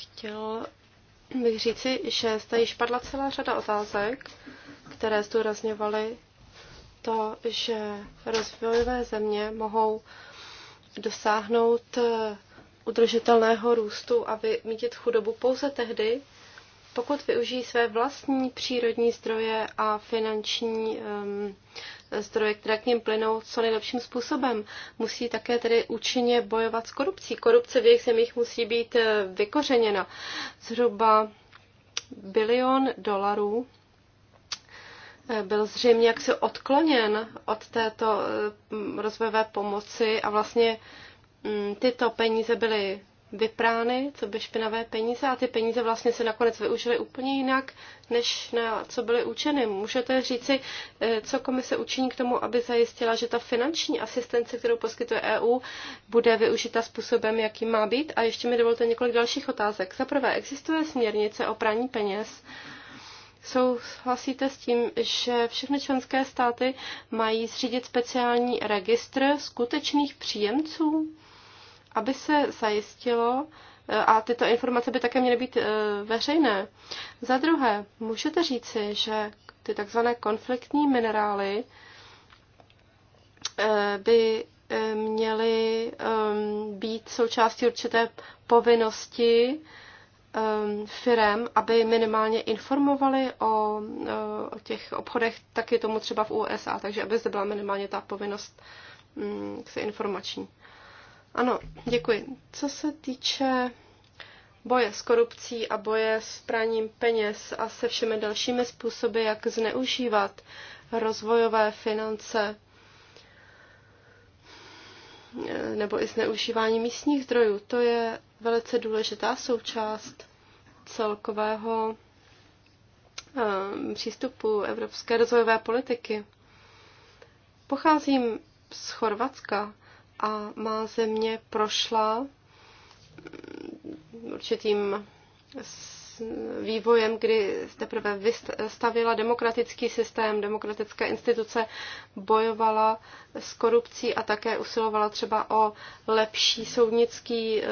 Chtěl bych říci, že zde již padla celá řada otázek, které zdůrazňovaly to, že rozvojové země mohou dosáhnout eh, udržitelného růstu a vymítit chudobu pouze tehdy, pokud využijí své vlastní přírodní zdroje a finanční um, zdroje, které k ním plynou co nejlepším způsobem. Musí také tedy účinně bojovat s korupcí. Korupce v jejich zemích musí být eh, vykořeněna. Zhruba bilion dolarů byl zřejmě jaksi odkloněn od této mm, rozvojové pomoci a vlastně mm, tyto peníze byly vyprány, co by špinavé peníze a ty peníze vlastně se nakonec využily úplně jinak, než na co byly učeny. Můžete říci, eh, co komise učiní k tomu, aby zajistila, že ta finanční asistence, kterou poskytuje EU, bude využita způsobem, jaký má být? A ještě mi dovolte několik dalších otázek. Za prvé, existuje směrnice o praní peněz, Souhlasíte s tím, že všechny členské státy mají zřídit speciální registr skutečných příjemců, aby se zajistilo, eh, a tyto informace by také měly být eh, veřejné. Za druhé, můžete říci, že ty takzvané konfliktní minerály eh, by měly ehm, být součástí určité povinnosti Um, firem, aby minimálně informovali o, uh, o těch obchodech, tak je tomu třeba v USA, takže aby zde byla minimálně ta povinnost mm, se informační. Ano, děkuji. Co se týče boje s korupcí a boje s praním peněz a se všemi dalšími způsoby, jak zneužívat rozvojové finance nebo i zneužívání místních zdrojů, to je velice důležitá součást celkového eh, přístupu evropské rozvojové politiky. Pocházím z Chorvatska a má země prošla mm, určitým vývojem, kdy teprve vystavila demokratický systém, demokratické instituce, bojovala s korupcí a také usilovala třeba o lepší soudnický, eh,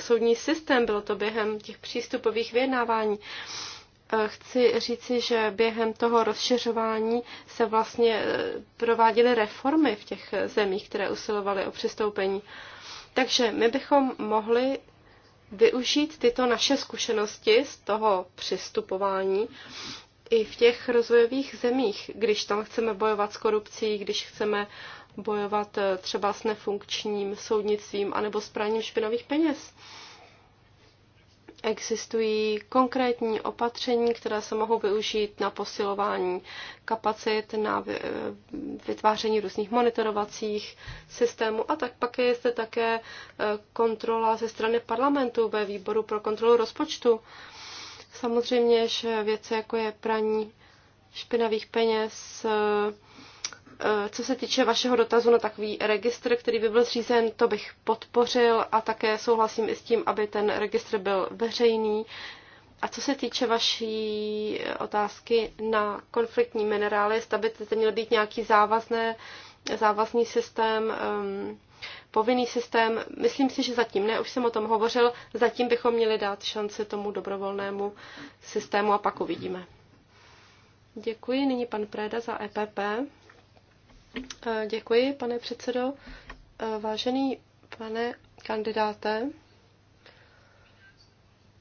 soudní systém. Bylo to během těch přístupových vyjednávání eh, chci říci, že během toho rozšiřování se vlastně eh, prováděly reformy v těch zemích, které usilovaly o přistoupení. Takže my bychom mohli využít tyto naše zkušenosti z toho přistupování i v těch rozvojových zemích, když tam chceme bojovat s korupcí, když chceme bojovat eh, třeba s nefunkčním soudnictvím anebo s praním špinavých peněz existují konkrétní opatření, která se mohou využít na posilování kapacit, na vytváření různých monitorovacích systémů. A tak pak je zde také e, kontrola ze strany parlamentu ve výboru pro kontrolu rozpočtu. Samozřejmě, že věci jako je praní špinavých peněz, e, Eh, co se týče vašeho dotazu na takový registr, který by byl zřízen, to bych podpořil a také souhlasím i s tím, aby ten registr byl veřejný. A co se týče vaší eh, otázky na konfliktní minerály, zda by to měl být nějaký závazné, závazný systém, um, povinný systém, myslím si, že zatím ne, už jsem o tom hovořil, zatím bychom měli dát šanci tomu dobrovolnému systému a pak uvidíme. Děkuji. Nyní pan Preda za EPP. Eh, děkuji, pane předsedo. Eh, vážený pane kandidáte,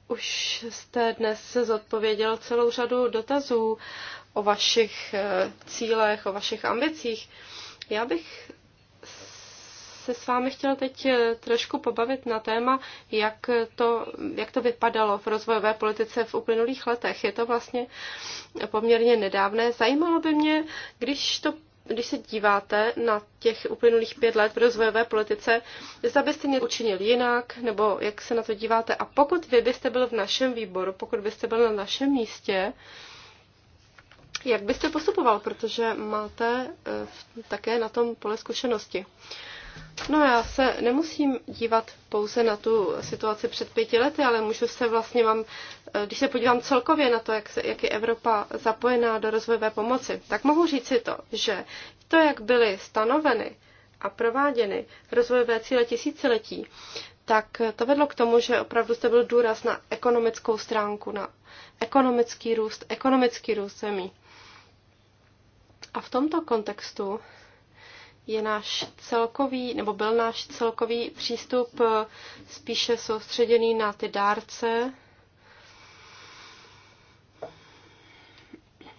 už jste dnes zodpověděl celou řadu dotazů o vašich eh, cílech, o vašich ambicích. Já bych se s vámi chtěla teď trošku pobavit na téma, jak to, jak to vypadalo v rozvojové politice v uplynulých letech. Je to vlastně poměrně nedávné. Zajímalo by mě, když to když se díváte na těch uplynulých pět let v rozvojové politice, zda byste mě učinil jinak, nebo jak se na to díváte. A pokud vy byste byl v našem výboru, pokud byste byl na našem místě, jak byste postupoval, protože máte eh, také na tom pole zkušenosti. No já se nemusím dívat pouze na tu situaci před pěti lety, ale můžu se vlastně mám, eh, když se podívám celkově na to, jak, se, jak je Evropa zapojená do rozvojové pomoci, tak mohu říct si to, že to, jak byly stanoveny a prováděny rozvojové cíle tisíciletí, tak eh, to vedlo k tomu, že opravdu jste byl důraz na ekonomickou stránku, na ekonomický růst, ekonomický růst zemí. A v tomto kontextu je náš celkový, nebo byl náš celkový přístup eh, spíše soustředěný na ty dárce,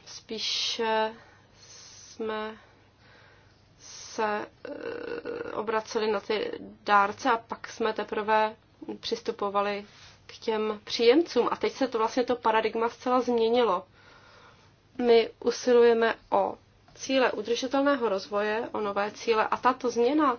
spíše jsme se eh, obraceli na ty dárce a pak jsme teprve přistupovali k těm příjemcům. A teď se to vlastně to paradigma zcela změnilo. My usilujeme o cíle udržitelného rozvoje, o nové cíle. A tato změna,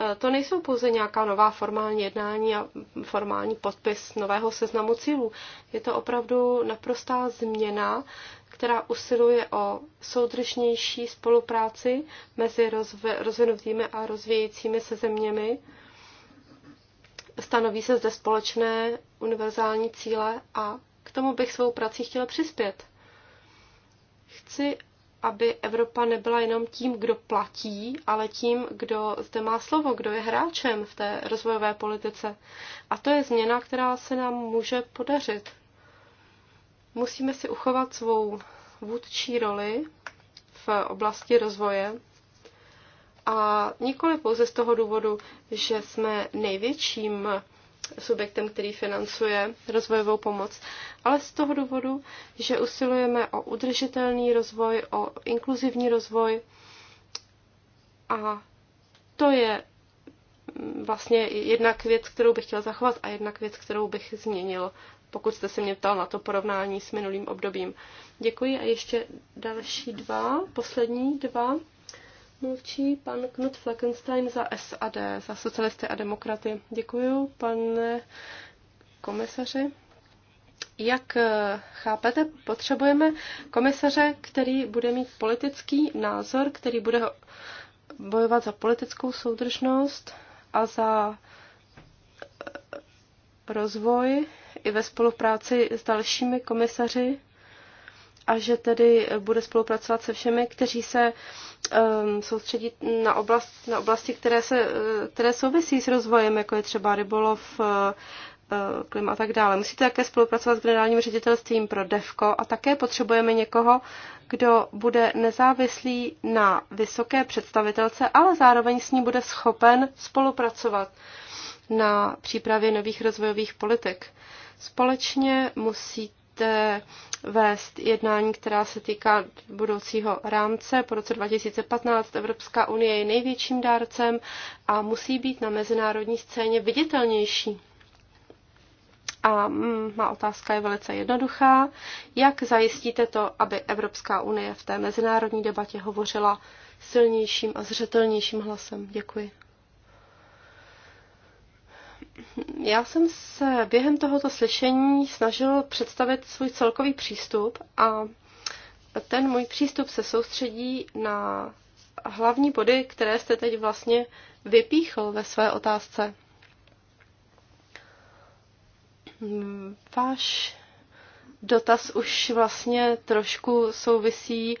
eh, to nejsou pouze nějaká nová formální jednání a formální podpis nového seznamu cílů. Je to opravdu naprostá změna, která usiluje o soudržnější spolupráci mezi rozvinutými a rozvíjejícími se zeměmi. Stanoví se zde společné univerzální cíle a k tomu bych svou prací chtěla přispět. Chci, aby Evropa nebyla jenom tím, kdo platí, ale tím, kdo zde má slovo, kdo je hráčem v té rozvojové politice. A to je změna, která se nám může podařit. Musíme si uchovat svou vůdčí roli v oblasti rozvoje a nikoli pouze z toho důvodu, že jsme největším subjektem, který financuje rozvojovou pomoc, ale z toho důvodu, že usilujeme o udržitelný rozvoj, o inkluzivní rozvoj a to je vlastně jednak věc, kterou bych chtěl zachovat a jednak věc, kterou bych změnil, pokud jste se mě ptal na to porovnání s minulým obdobím. Děkuji a ještě další dva, poslední dva mluvčí, pan Knut Fleckenstein za SAD, za socialisty a demokraty. Děkuji, pane komisaři. Jak eh, chápete, potřebujeme komisaře, který bude mít politický názor, který bude bojovat za politickou soudržnost a za eh, rozvoj i ve spolupráci s dalšími komisaři a že tedy bude spolupracovat se všemi, kteří se um, soustředí na, oblast, na oblasti, které, se, uh, které souvisí s rozvojem, jako je třeba rybolov, uh, uh, klima a tak dále. Musíte také spolupracovat s generálním ředitelstvím pro DEVKO a také potřebujeme někoho, kdo bude nezávislý na vysoké představitelce, ale zároveň s ní bude schopen spolupracovat na přípravě nových rozvojových politik. Společně musí budete eh, vést jednání, která se týká budoucího rámce. Po roce 2015 Evropská unie je největším dárcem a musí být na mezinárodní scéně viditelnější. A mm, má otázka je velice jednoduchá. Jak zajistíte to, aby Evropská unie v té mezinárodní debatě hovořila silnějším a zřetelnějším hlasem? Děkuji. Já jsem se během tohoto slyšení snažil představit svůj celkový přístup a ten můj přístup se soustředí na hlavní body, které jste teď vlastně vypíchl ve své otázce. Váš dotaz už vlastně trošku souvisí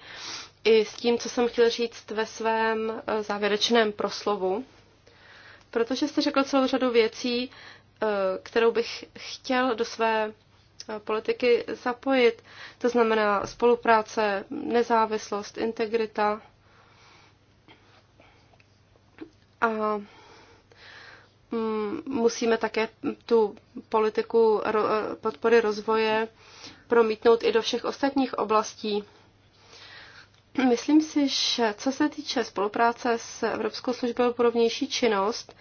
i s tím, co jsem chtěl říct ve svém eh, závěrečném proslovu protože jste řekl celou řadu věcí, eh, kterou bych chtěl do své eh, politiky zapojit. To znamená spolupráce, nezávislost, integrita. A mm, musíme také tu politiku eh, podpory rozvoje promítnout i do všech ostatních oblastí myslím si, že co se týče spolupráce s Evropskou službou pro vnější činnost,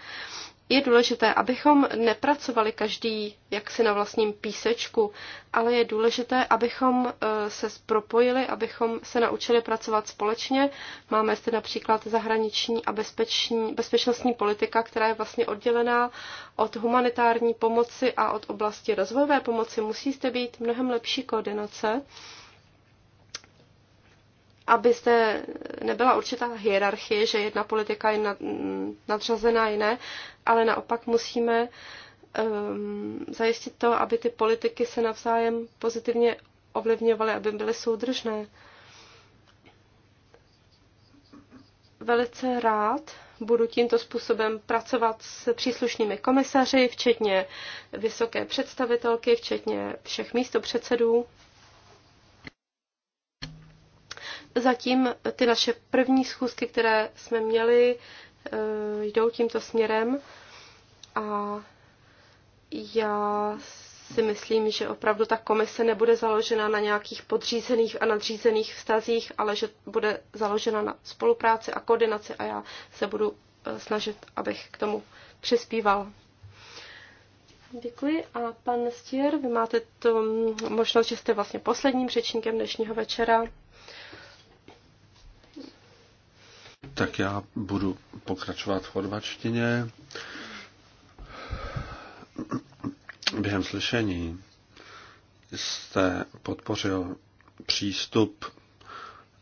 je důležité, abychom nepracovali každý jaksi na vlastním písečku, ale je důležité, abychom eh, se propojili, abychom se naučili pracovat společně. Máme zde například zahraniční a bezpeční, bezpečnostní politika, která je vlastně oddělená od humanitární pomoci a od oblasti rozvojové pomoci. Musí zde být mnohem lepší koordinace aby nebyla určitá hierarchie, že jedna politika je nadřazená jiné, ale naopak musíme um, zajistit to, aby ty politiky se navzájem pozitivně ovlivňovaly, aby byly soudržné. Velice rád budu tímto způsobem pracovat s příslušnými komisaři, včetně vysoké představitelky, včetně všech místopředsedů. zatím ty naše první schůzky, které jsme měli, eh, jdou tímto směrem a já si myslím, že opravdu ta komise nebude založena na nějakých podřízených a nadřízených vztazích, ale že bude založena na spolupráci a koordinaci a já se budu eh, snažit, abych k tomu přispíval. Děkuji. A pan Stier, vy máte tu mm, možnost, že jste vlastně posledním řečníkem dnešního večera. Tak já budu pokračovat v chorvačtině. Během slyšení jste podpořil přístup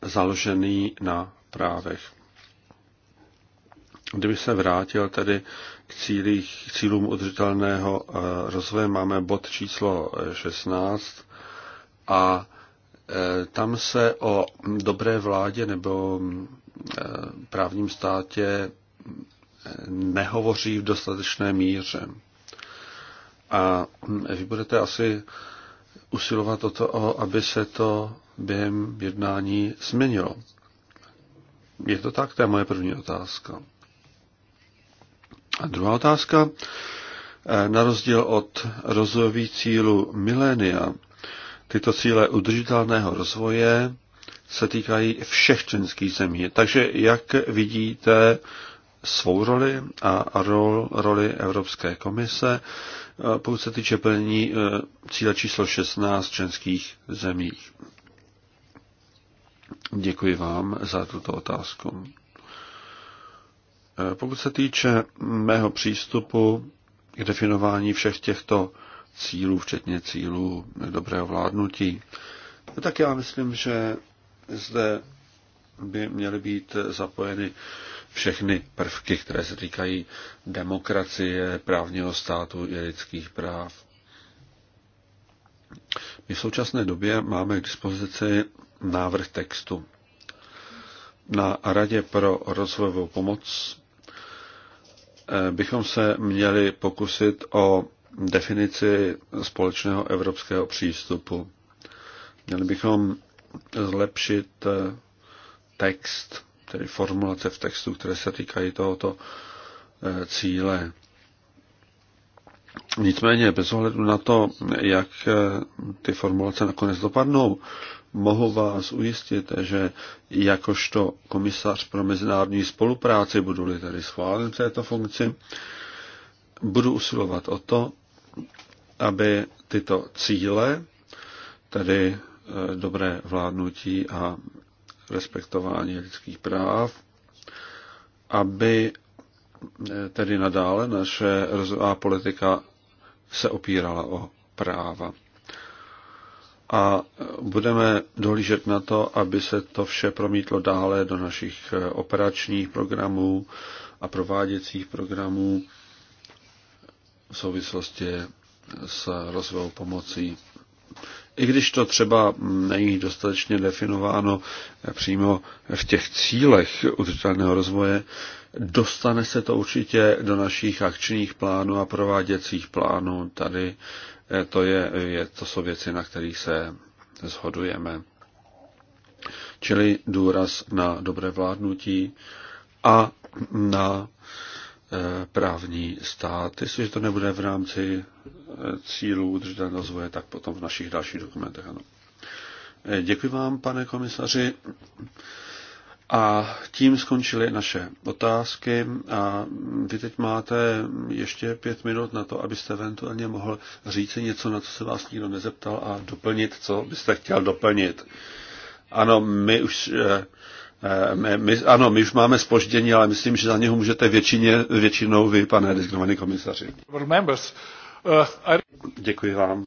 založený na právech. Kdyby se vrátil tedy k, cílích, k cílům udržitelného eh, rozvoje, máme bod číslo 16 eh, a eh, tam se o dobré vládě nebo mm, Eh, právním státě nehovoří v dostatečné míře. A vy budete asi usilovat o to, aby se to během jednání změnilo. Je to tak? To je moje první otázka. A druhá otázka. Eh, na rozdíl od rozvojových cílů milénia, tyto cíle udržitelného rozvoje se týkají všech členských zemí. Takže jak vidíte svou roli a rol, roli Evropské komise, eh, pokud se týče plnění eh, cíle číslo 16 členských zemí. Děkuji vám za tuto otázku. Eh, pokud se týče mého přístupu k definování všech těchto cílů, včetně cílů dobrého vládnutí, tak já myslím, že zde by měly být zapojeny všechny prvky, které se týkají demokracie, právního státu i lidských práv. My v současné době máme k dispozici návrh textu. Na Radě pro rozvojovou pomoc eh, bychom se měli pokusit o definici společného evropského přístupu. Měli bychom zlepšit eh, text, tedy formulace v textu, které se týkají tohoto eh, cíle. Nicméně, bez ohledu na to, jak eh, ty formulace nakonec dopadnou, mohu vás ujistit, že jakožto komisař pro mezinárodní spolupráci, budu-li tady schválen v této funkci, budu usilovat o to, aby tyto cíle, tedy Eh, dobré vládnutí a respektování lidských práv, aby eh, tedy nadále naše rozvojová politika se opírala o práva. A budeme dohlížet na to, aby se to vše promítlo dále do našich eh, operačních programů a prováděcích programů v souvislosti s rozvojovou pomocí i když to třeba není dostatečně definováno přímo v těch cílech udržitelného rozvoje, dostane se to určitě do našich akčních plánů a prováděcích plánů. Tady eh, to, je, je, to jsou věci, na kterých se shodujeme. Čili důraz na dobré vládnutí a na Eh, právní stát. Jestliže to nebude v rámci eh, cílů udržitelného rozvoje, tak potom v našich dalších dokumentech ano. Eh, děkuji vám, pane komisaři. A tím skončily naše otázky a vy teď máte ještě pět minut na to, abyste eventuálně mohl říct něco, na co se vás nikdo nezeptal a doplnit, co byste chtěl doplnit. Ano, my už Eh, my, ano, my už máme spoždění, ale myslím, že za něho můžete většině, většinou vy, pane designovaný komisaři. Eh, Děkuji vám.